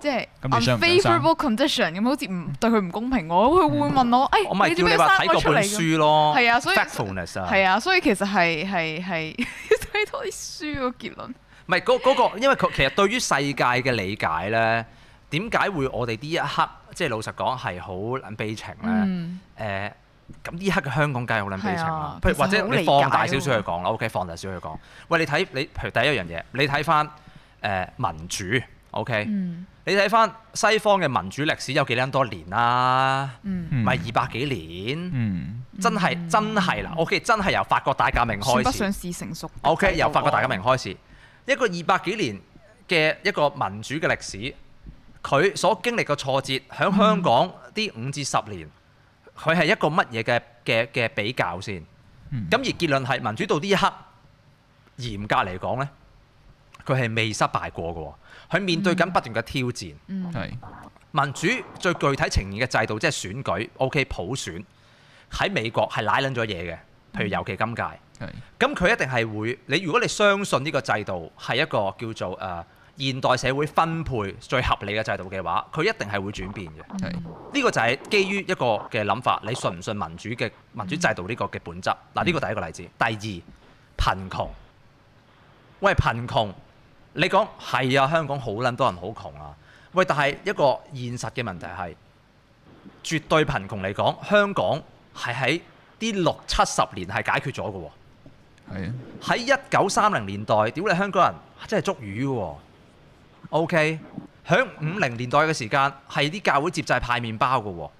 即係 unfavorable condition 咁，好似唔對佢唔公平喎。佢會問我，誒，你話睇過本書囉。係啊，所以，係啊，所以其實係係係睇多啲書個結論。唔係嗰個，因為佢其實對於世界嘅理解咧，點解會我哋呢一刻即係老實講係好撚悲情咧？誒，咁呢刻嘅香港梗係好撚悲情啦。譬如或者你放大少少去講，我 OK 放大少少去講。喂，你睇你譬如第一樣嘢，你睇翻誒民主，OK。你睇翻西方嘅民主歷史有幾多、啊嗯、多年啦？咪二百幾年？真係、嗯、真係嗱，O K，真係由法國大革命開始。尚成熟。O Okay , K，由法國大革命開始，一個二百幾年嘅一個民主嘅歷史，佢所經歷嘅挫折，喺香港啲五至十年，佢係一個乜嘢嘅嘅嘅比較先？咁、嗯、而結論係民主到呢一刻嚴格嚟講呢，佢係未失敗過嘅。佢面對緊不斷嘅挑戰，係、嗯、民主最具體呈現嘅制度，即係選舉，OK 普選喺美國係奶撚咗嘢嘅。譬如尤其今屆，咁佢、嗯、一定係會你如果你相信呢個制度係一個叫做誒、呃、現代社會分配最合理嘅制度嘅話，佢一定係會轉變嘅。呢、嗯、個就係基於一個嘅諗法，你信唔信民主嘅民主制度呢個嘅本質？嗱、嗯，呢個第一個例子。第二貧窮，喂貧窮。你講係啊，香港好撚多人好窮啊。喂，但係一個現實嘅問題係，絕對貧窮嚟講，香港係喺啲六七十年係解決咗嘅喎。係啊。喺一九三零年代，屌你香港人真係捉魚喎。OK，響五零年代嘅時間係啲教會接濟派麵包嘅喎。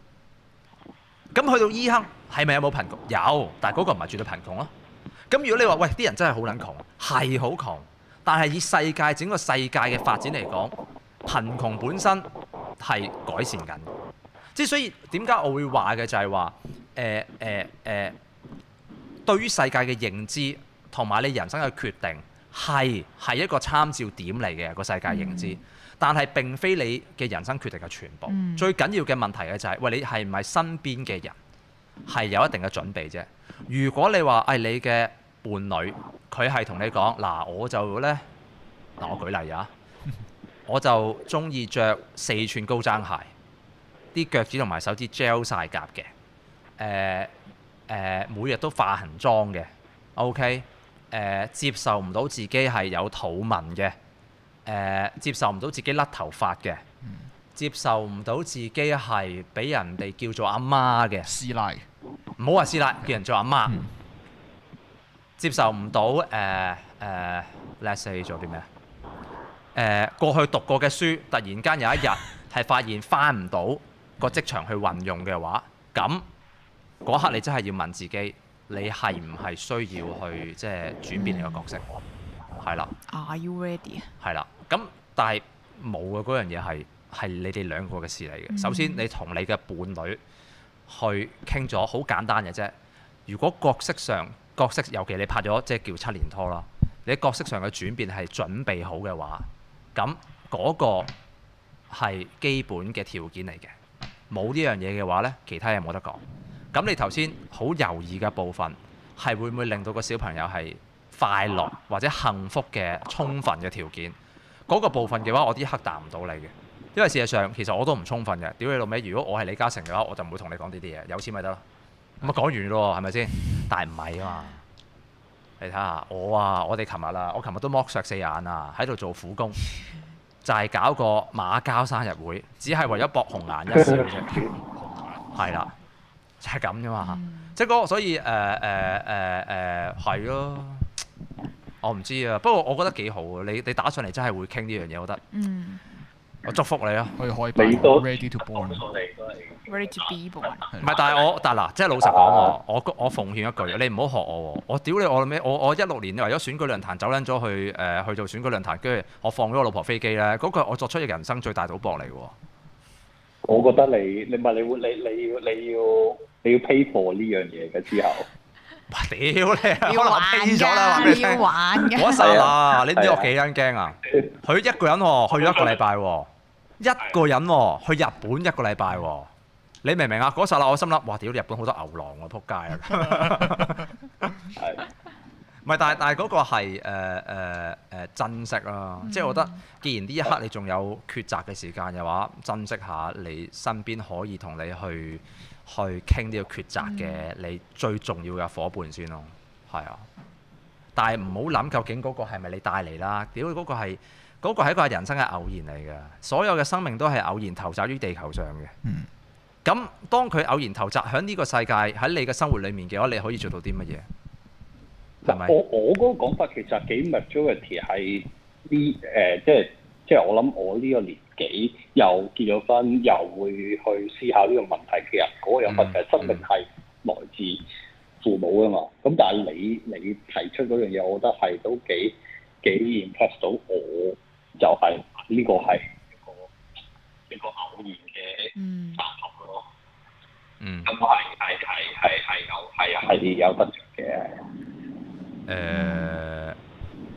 咁去到依刻係咪有冇貧窮？有，但係嗰個唔係絕對貧窮咯。咁如果你話喂啲人真係好撚窮，係好窮。但係以世界整個世界嘅發展嚟講，貧窮本身係改善緊。即所以點解我會話嘅就係、是、話，誒誒誒，對於世界嘅認知同埋你人生嘅決定係係一個參照點嚟嘅個世界認知，嗯、但係並非你嘅人生決定嘅全部。嗯、最緊要嘅問題嘅就係、是、喂，你係唔係身邊嘅人係有一定嘅準備啫？如果你話誒、哎、你嘅伴侶佢係同你講嗱，我就呢，嗱，我舉例啊，我就中意着四寸高踭鞋，啲腳趾同埋手指 gel 晒甲嘅，誒、呃呃、每日都化痕妝嘅，OK，、呃、接受唔到自己係有肚紋嘅，誒接受唔到自己甩頭髮嘅，接受唔到自己係俾人哋叫做阿媽嘅師奶，唔好話師奶 Okay. 叫人做阿媽，媽。嗯接受唔到誒，誒、呃呃、let's say 做啲咩誒，過去讀過嘅書，突然間有一日係發現翻唔到個職場去運用嘅話，咁嗰刻你真係要問自己，你係唔係需要去即係轉變你個角色？係啦、mm. 了，Are you ready？係啦，咁但係冇嘅樣嘢係係你哋兩個嘅事嚟嘅。Mm. 首先，你同你嘅伴侶去傾咗好簡單嘅啫。如果角色上，角色尤其你拍咗即係叫七年拖啦，你喺角色上嘅轉變係準備好嘅話，咁嗰個係基本嘅條件嚟嘅。冇呢樣嘢嘅話咧，其他嘢冇得講，咁你頭先好猶豫嘅部分，係會唔會令到個小朋友係快樂或者幸福嘅充分嘅條件？嗰個部分嘅話，我啲刻答唔到你嘅，因為事實上其實我都唔充分嘅。屌你老尾，如果我係李嘉誠嘅話，我就唔會同你講呢啲嘢，有錢咪得咯。咁啊，講完咯喎，係咪先？但係唔係啊嘛？你睇下我啊，我哋琴日啦，我琴日都剝削四眼啊，喺度做苦工，就係、是、搞個馬交生日會，只係為咗博紅顏一笑啫。係啦，就係咁啫嘛，即係嗰個，所以誒誒誒誒，係、呃、咯、呃呃。我唔知啊，不過我覺得幾好啊。你你打上嚟真係會傾呢樣嘢，我覺得。嗯、我祝福你啊，可以報。Ready to born。唔係，但係我，但係嗱，即係老實講我我奉勸一句，你唔好學我喎。我屌你，我咩？我我一六年為咗選舉論壇走撚咗去誒、呃、去做選舉論壇，跟住我放咗我老婆飛機咧。嗰、那個我作出嘅人生最大賭博嚟嘅。我覺得你你唔你會你你要你要，你要 pay f r 呢樣嘢嘅之後。屌你啊！要咗㗎！要玩嘅。我時啊，你知我幾驚啊？佢 一個人去咗一個禮拜，一個人去日本一個禮拜。你明唔明啊？嗰剎那我心諗，哇！屌，日本好多牛郎啊！撲街啊！係，唔係？但係但係嗰個係誒誒珍惜啦，嗯、即係我覺得，既然呢一刻你仲有抉擇嘅時間嘅話，珍惜下你身邊可以同你去去傾呢個抉擇嘅你最重要嘅伙伴先咯。係啊、嗯， 但係唔好諗究竟嗰個係咪你帶嚟啦？屌，嗰、嗰個係嗰個係一個人生嘅偶然嚟嘅，所有嘅生命都係偶然投擲於地球上嘅。嗯。 咁當佢偶然投擲喺呢個世界，喺你嘅生活裡面嘅話，你可以做到啲乜嘢？係咪？我我嗰個講法其實幾 majority 係呢誒，即係即係我諗，我呢個年紀又結咗婚，又會去思考呢個問題嘅人，嗰個嘢其實問題，嗯嗯、生命係來自父母啊嘛。咁但係你你提出嗰樣嘢，我覺得係都幾幾 impress 到我，我就係、是、呢、呢個係一個一個偶然嘅巧合。嗯。嗯，咁係係係係係有係係有得嘅。誒、呃，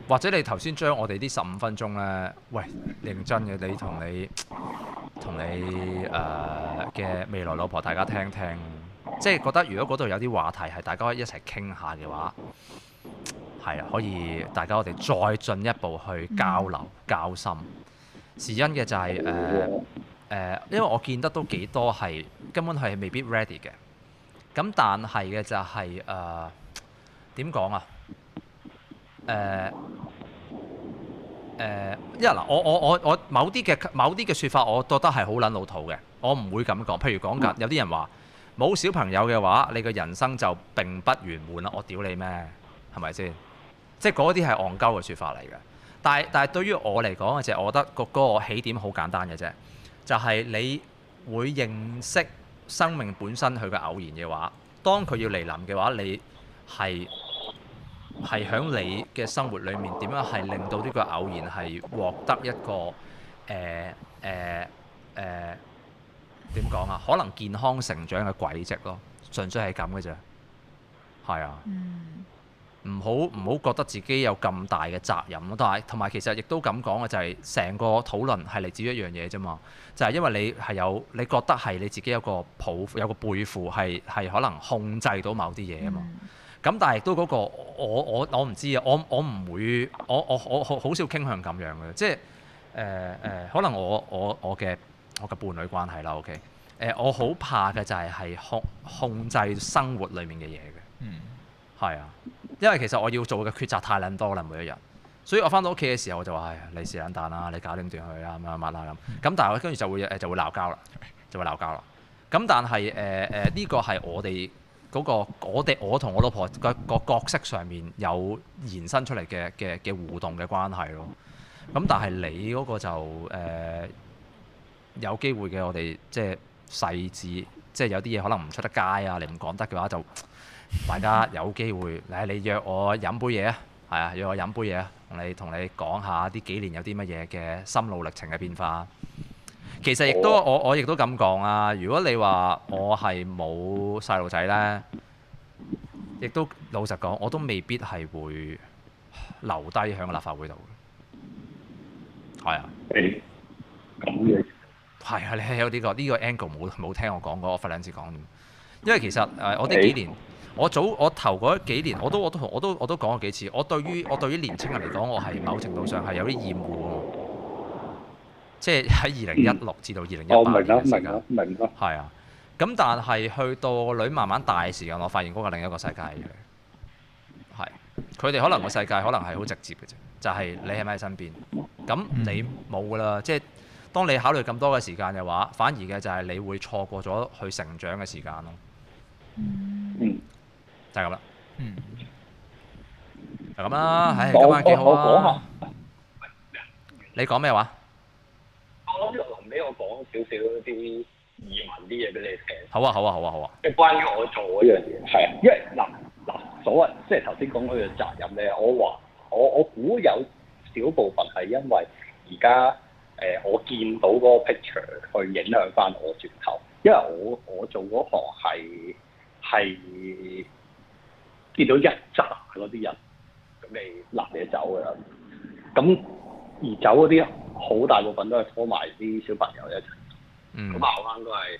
或者你頭先將我哋啲十五分鐘咧，喂，認真嘅，你同你同你誒嘅、呃、未來老婆大家聽聽，即係覺得如果嗰度有啲話題係大家可以一齊傾下嘅話，係啊，可以大家我哋再進一步去交流、嗯、交心。事因就是因嘅就係誒。呃嗯誒，因為我見得都幾多係根本係未必 ready 嘅。咁但係嘅就係誒點講啊？誒、呃、誒，一、呃、嗱，我我我我某啲嘅某啲嘅説法，我覺得係好撚老土嘅。我唔會咁講。譬如講緊有啲人話冇小朋友嘅話，你嘅人生就並不圓滿啦。我屌你咩？係咪先？即係嗰啲係戇鳩嘅説法嚟嘅。但係但係，對於我嚟講嘅就，我覺得個嗰個起點好簡單嘅啫。就係你會認識生命本身佢嘅偶然嘅話，當佢要嚟臨嘅話，你係係喺你嘅生活裡面點樣係令到呢個偶然係獲得一個誒誒誒點講啊？可能健康成長嘅軌跡咯，純粹係咁嘅啫，係啊。嗯唔好唔好覺得自己有咁大嘅責任咯，但係同埋其實亦都咁講嘅就係、是、成個討論係嚟自一樣嘢啫嘛，就係、是、因為你係有你覺得係你自己有個抱有個背負係係可能控制到某啲嘢啊嘛，咁但係亦都嗰個我我我唔知啊，我我唔會我我我好少傾向咁樣嘅，即係誒誒可能我我我嘅我嘅伴侶關係啦，OK 誒、呃、我好怕嘅就係係控控制生活裡面嘅嘢嘅，嗯，係啊。因為其實我要做嘅抉擇太撚多啦，每一日，所以我翻到屋企嘅時候我就話：唉，你是冷淡啦，你搞點段去啦，咁樣乜啦咁。咁但係跟住就會誒就會鬧交啦，就會鬧交啦。咁但係誒誒呢個係我哋嗰個我哋我同我老婆個角色上面有延伸出嚟嘅嘅嘅互動嘅關係咯。咁但係你嗰個就誒、呃、有機會嘅我哋即係細緻，即係有啲嘢可能唔出得街啊，你唔講得嘅話就。大家有機會誒，你約我飲杯嘢啊，係啊，約我飲杯嘢啊，同你同你講下呢幾年有啲乜嘢嘅心路歷程嘅變化。其實亦都我我亦都咁講啊，如果你話我係冇細路仔呢，亦都老實講，我都未必係會留低喺個立法會度。係啊。誒。係啊，你有呢個呢個 angle 冇冇聽我講過，我分兩次講。因為其實我呢幾年。Hey. 我早我頭嗰幾年我都我都我都我都講過幾次，我對於我對於年青人嚟講，我係某程度上係有啲厭惡，即係喺二零一六至到二零一八，明啦，明啦，明啦，係啊，咁但係去到個女慢慢大嘅時間，我發現嗰個另一個世界嘅，係佢哋可能個世界可能係好直接嘅啫，就係、係、你係咪喺身邊，咁你冇噶啦。嗯、即係當你考慮咁多嘅時間嘅話，反而嘅就係你會錯過咗去成長嘅時間咯。嗯。就係咁啦。嗯，就咁啦。唉、哎，今晚幾好啊！你講咩話？我臨尾我講少少啲移民啲嘢俾你聽。你好啊，好啊，好啊，好啊。即係關於我做嗰樣嘢。係啊，因為嗱嗱所謂即係頭先講佢嘅責任咧，我話我我估有少部分係因為而家誒我見到嗰個 picture 去影響翻我轉頭，因為我我做嗰行係係。見到一紮嗰啲人，咁你立嘢走嘅啦。咁而走嗰啲，好大部分都係拖埋啲小朋友一齊。嗯。咁後班都係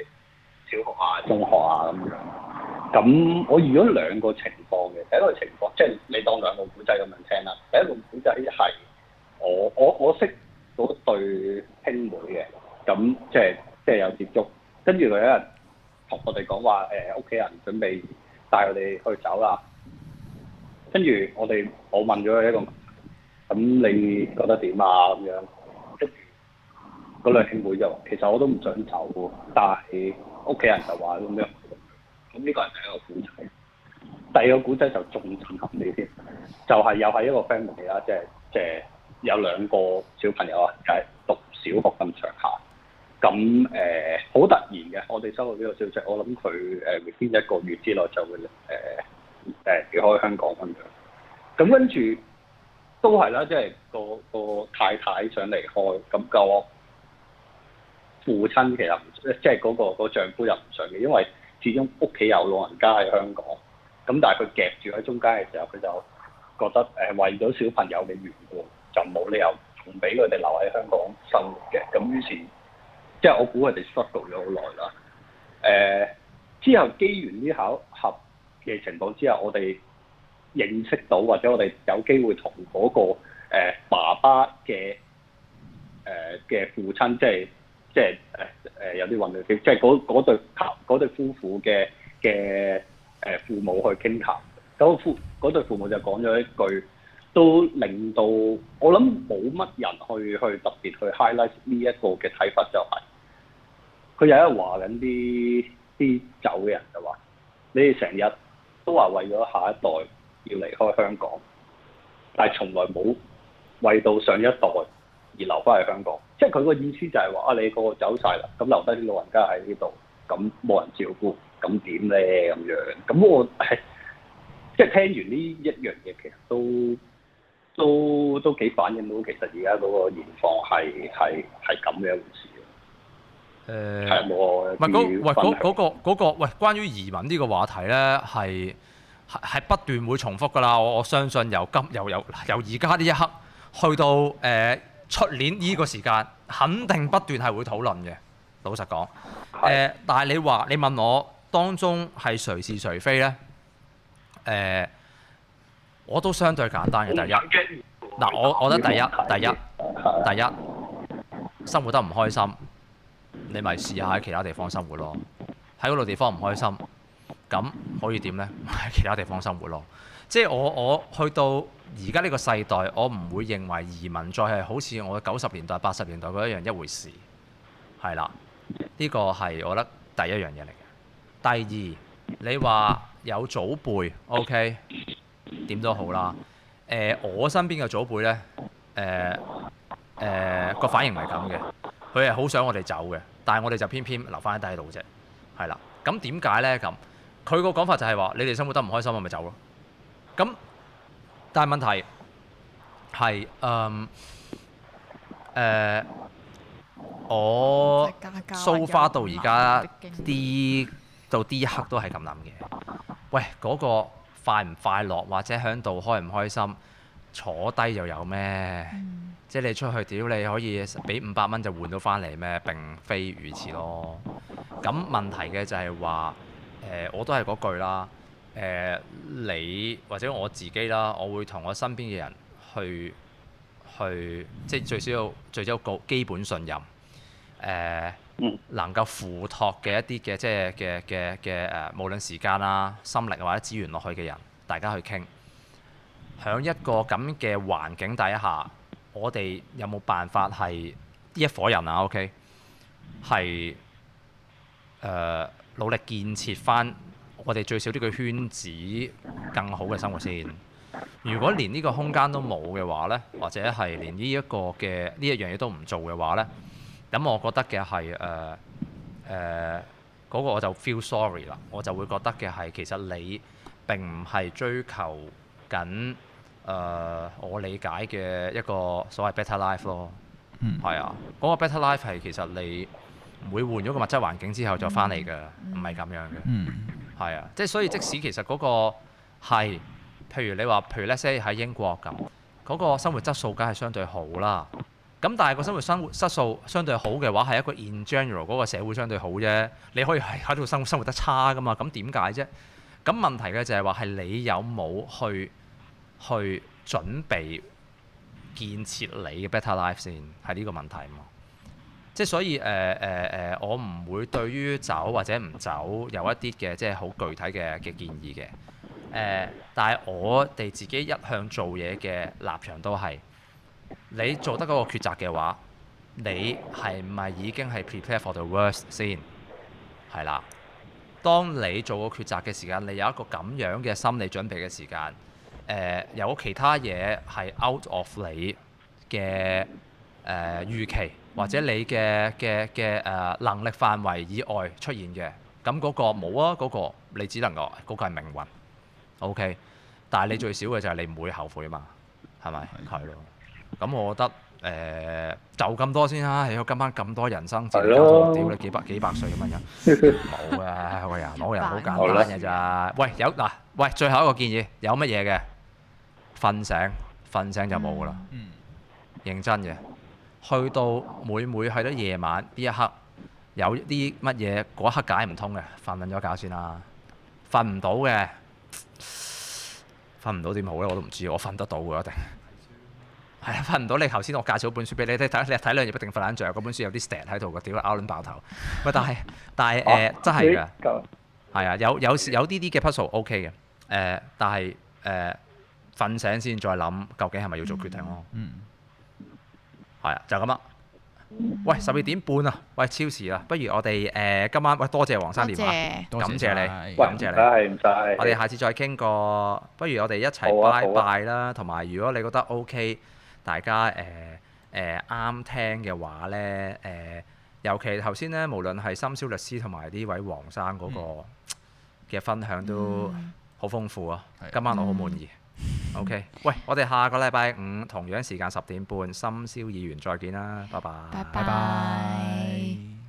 小學啊、中學啊咁樣。咁我遇咗兩個情況嘅，第一個情況即係你當兩個古仔咁樣聽啦。第一個古仔係我我我識嗰對兄妹嘅，咁即係即係有接觸，接跟住佢一日同我哋講話誒，屋企人準備帶佢哋去走啦。跟住我哋，我問咗一個問題，咁你覺得點啊？咁樣，跟住嗰兩兄妹就話，其實我都唔想走，但係屋企人就話咁樣。咁呢個係第一個古仔，第二個古仔就仲震撼你添，就係、是、又係一個 family 啦，即係即係有兩個小朋友啊，就係、是、讀小學咁長下。咁誒，好、呃、突然嘅，我哋收到呢個消息，我諗佢誒邊一個月之內就會誒。呃誒離開香港咁樣，咁跟住都係啦，即係個個太太想離開，咁我父親其實唔即係嗰、嗰個丈夫又唔想嘅，因為始終屋企有老人家喺香港，咁但係佢夾住喺中間嘅時候，佢就覺得誒、呃、為咗小朋友嘅緣故，就冇理由唔俾佢哋留喺香港生活嘅。咁於是即係我估佢哋失獨咗好耐啦。誒、呃、之後機緣呢巧合，嘅情況之下，我哋認識到或者我哋有機會同嗰、那個、呃、爸爸嘅誒嘅父親，即係即係誒誒有啲混亂 f 即係嗰嗰對夫婦嘅嘅誒父母去傾談，談。咁、那個、父嗰對父母就講咗一句，都令到我諗冇乜人去去特別去 highlight 呢一個嘅睇法、就是，就係佢有一度話緊啲啲走嘅人就話，你哋成日。都話為咗下一代要離開香港，但係從來冇為到上一代而留翻去香港，即係佢個意思就係話啊，你個走晒啦，咁留低啲老人家喺呢度，咁冇人照顧，咁點咧咁樣？咁我即係聽完呢一樣嘢，其實都都都幾反映到其實而家嗰個現況係係係咁嘅一回事。誒，唔係嗰喂嗰嗰、嗰個、嗰個、關於移民呢個話題呢，係係不斷會重複噶啦。我我相信由今又有由而家呢一刻去到誒出、呃、年呢個時間，肯定不斷係會討論嘅。老實講是的、呃、但係你話你問我當中係誰是誰非呢？誒、呃，我都相對簡單嘅。第一嗱，我我覺得第一第一第一，第一生活得唔開心。你咪試下喺其他地方生活咯，喺嗰度地方唔開心，咁可以點呢？喺其他地方生活咯。即係我我去到而家呢個世代，我唔會認為移民再係好似我九十年代、八十年代嗰一樣一回事，係啦。呢個係我覺得第一樣嘢嚟嘅。第二，你話有祖輩，OK，點都好啦。誒，我身邊嘅祖輩呢，誒、呃、個、呃、反應係咁嘅。佢係好想我哋走嘅，但係我哋就偏偏留翻喺底度啫，係啦。咁點解呢？咁？佢個講法就係話：你哋生活得唔開心，我咪走咯。咁但係問題係誒誒，我蘇花道而家啲到啲 一刻都係咁諗嘅。喂，嗰、嗰個快唔快樂，或者喺度開唔開心？坐低又有咩？嗯、即係你出去屌，你可以俾五百蚊就換到翻嚟咩？並非如此咯。咁問題嘅就係話誒，我都係嗰句啦。誒、呃，你或者我自己啦，我會同我身邊嘅人去去，即係最少要最少個基本信任。誒、呃，能夠付託嘅一啲嘅即係嘅嘅嘅誒，無論時間啦、心力或者資源落去嘅人，大家去傾。喺一個咁嘅環境底下，我哋有冇辦法係一伙人啊？OK，係、呃、努力建設翻我哋最少呢個圈子更好嘅生活先。如果連呢個空間都冇嘅話呢，或者係連呢一個嘅呢一樣嘢都唔做嘅話呢，咁我覺得嘅係誒誒嗰個我就 feel sorry 啦，我就會覺得嘅係其實你並唔係追求緊。誒，uh, 我理解嘅一個所謂 better life 咯，係、mm. 啊，嗰、那個 better life 係其實你唔會換咗個物質環境之後再翻嚟嘅，唔係咁樣嘅，係、mm. 啊，即係所以即使其實嗰個係，譬如你話，譬如 let's say 喺英國咁，嗰、那個生活質素梗係相對好啦，咁但係個生活生活質素相對好嘅話，係一個 in general 嗰個社會相對好啫，你可以喺度生活生活得差噶嘛，咁點解啫？咁問題嘅就係話係你有冇去？去準備建設你嘅 better life 先，係呢個問題嘛。即係所以誒誒誒，我唔會對於走或者唔走有一啲嘅即係好具體嘅嘅建議嘅。誒、呃，但係我哋自己一向做嘢嘅立場都係，你做得嗰個抉擇嘅話，你係咪已經係 prepare for the worst 先？係啦，當你做個抉擇嘅時間，你有一個咁樣嘅心理準備嘅時間。誒、呃、有其他嘢係 out of 你嘅誒預期，或者你嘅嘅嘅誒能力範圍以外出現嘅，咁嗰個冇啊，嗰、嗰個你只能夠嗰、嗰個係命運。O、okay? K.，但係你最少嘅就係你唔會後悔嘛，係咪？係咯。咁、嗯、我覺得誒、呃、就咁多先啦、啊。喺我今晚咁多人生哲學，屌你幾百幾百歲咁樣。冇的啊，我、哎、人我人好簡單嘅咋。了喂，有嗱，喂，最後一個建議有乜嘢嘅？瞓醒，瞓醒就冇㗎喇。嗯，認真嘅，去到每每去到夜晚呢一刻，有啲乜嘢嗰刻解唔通嘅，瞓瞓咗覺先啦。瞓唔到嘅，瞓唔到點好咧？我都唔知，我瞓得到嘅一定。係啊，瞓唔到你頭先我介紹本書俾你睇，睇兩頁不定瞓攬着嗰本書有啲 stat 喺度，嘅，屌 out 卵爆頭。喂，但係但係誒真係㗎，係啊，有有有啲啲嘅 puzzle OK 嘅，誒但係誒。嗯呃嗯呃瞓醒先再諗，究竟係咪要做決定咯、嗯？嗯，係啊，就咁啦。嗯、喂，十二點半啊，喂，超時啦，不如我哋誒、呃、今晚喂多謝黃生電話，謝感謝你，謝感謝你。唔該，我哋下次再傾過，不如我哋一齊拜拜啦。同埋、啊，啊、如果你覺得 O、OK, K，大家誒誒啱聽嘅話呢，誒、呃，尤其頭先呢，無論係深宵律師同埋呢位黃生嗰個嘅、嗯、分享都好豐富啊。嗯、今晚我好滿意。嗯。OK，喂，我哋下個禮拜五同樣時間十點半，深宵議員再見啦，拜拜，拜拜。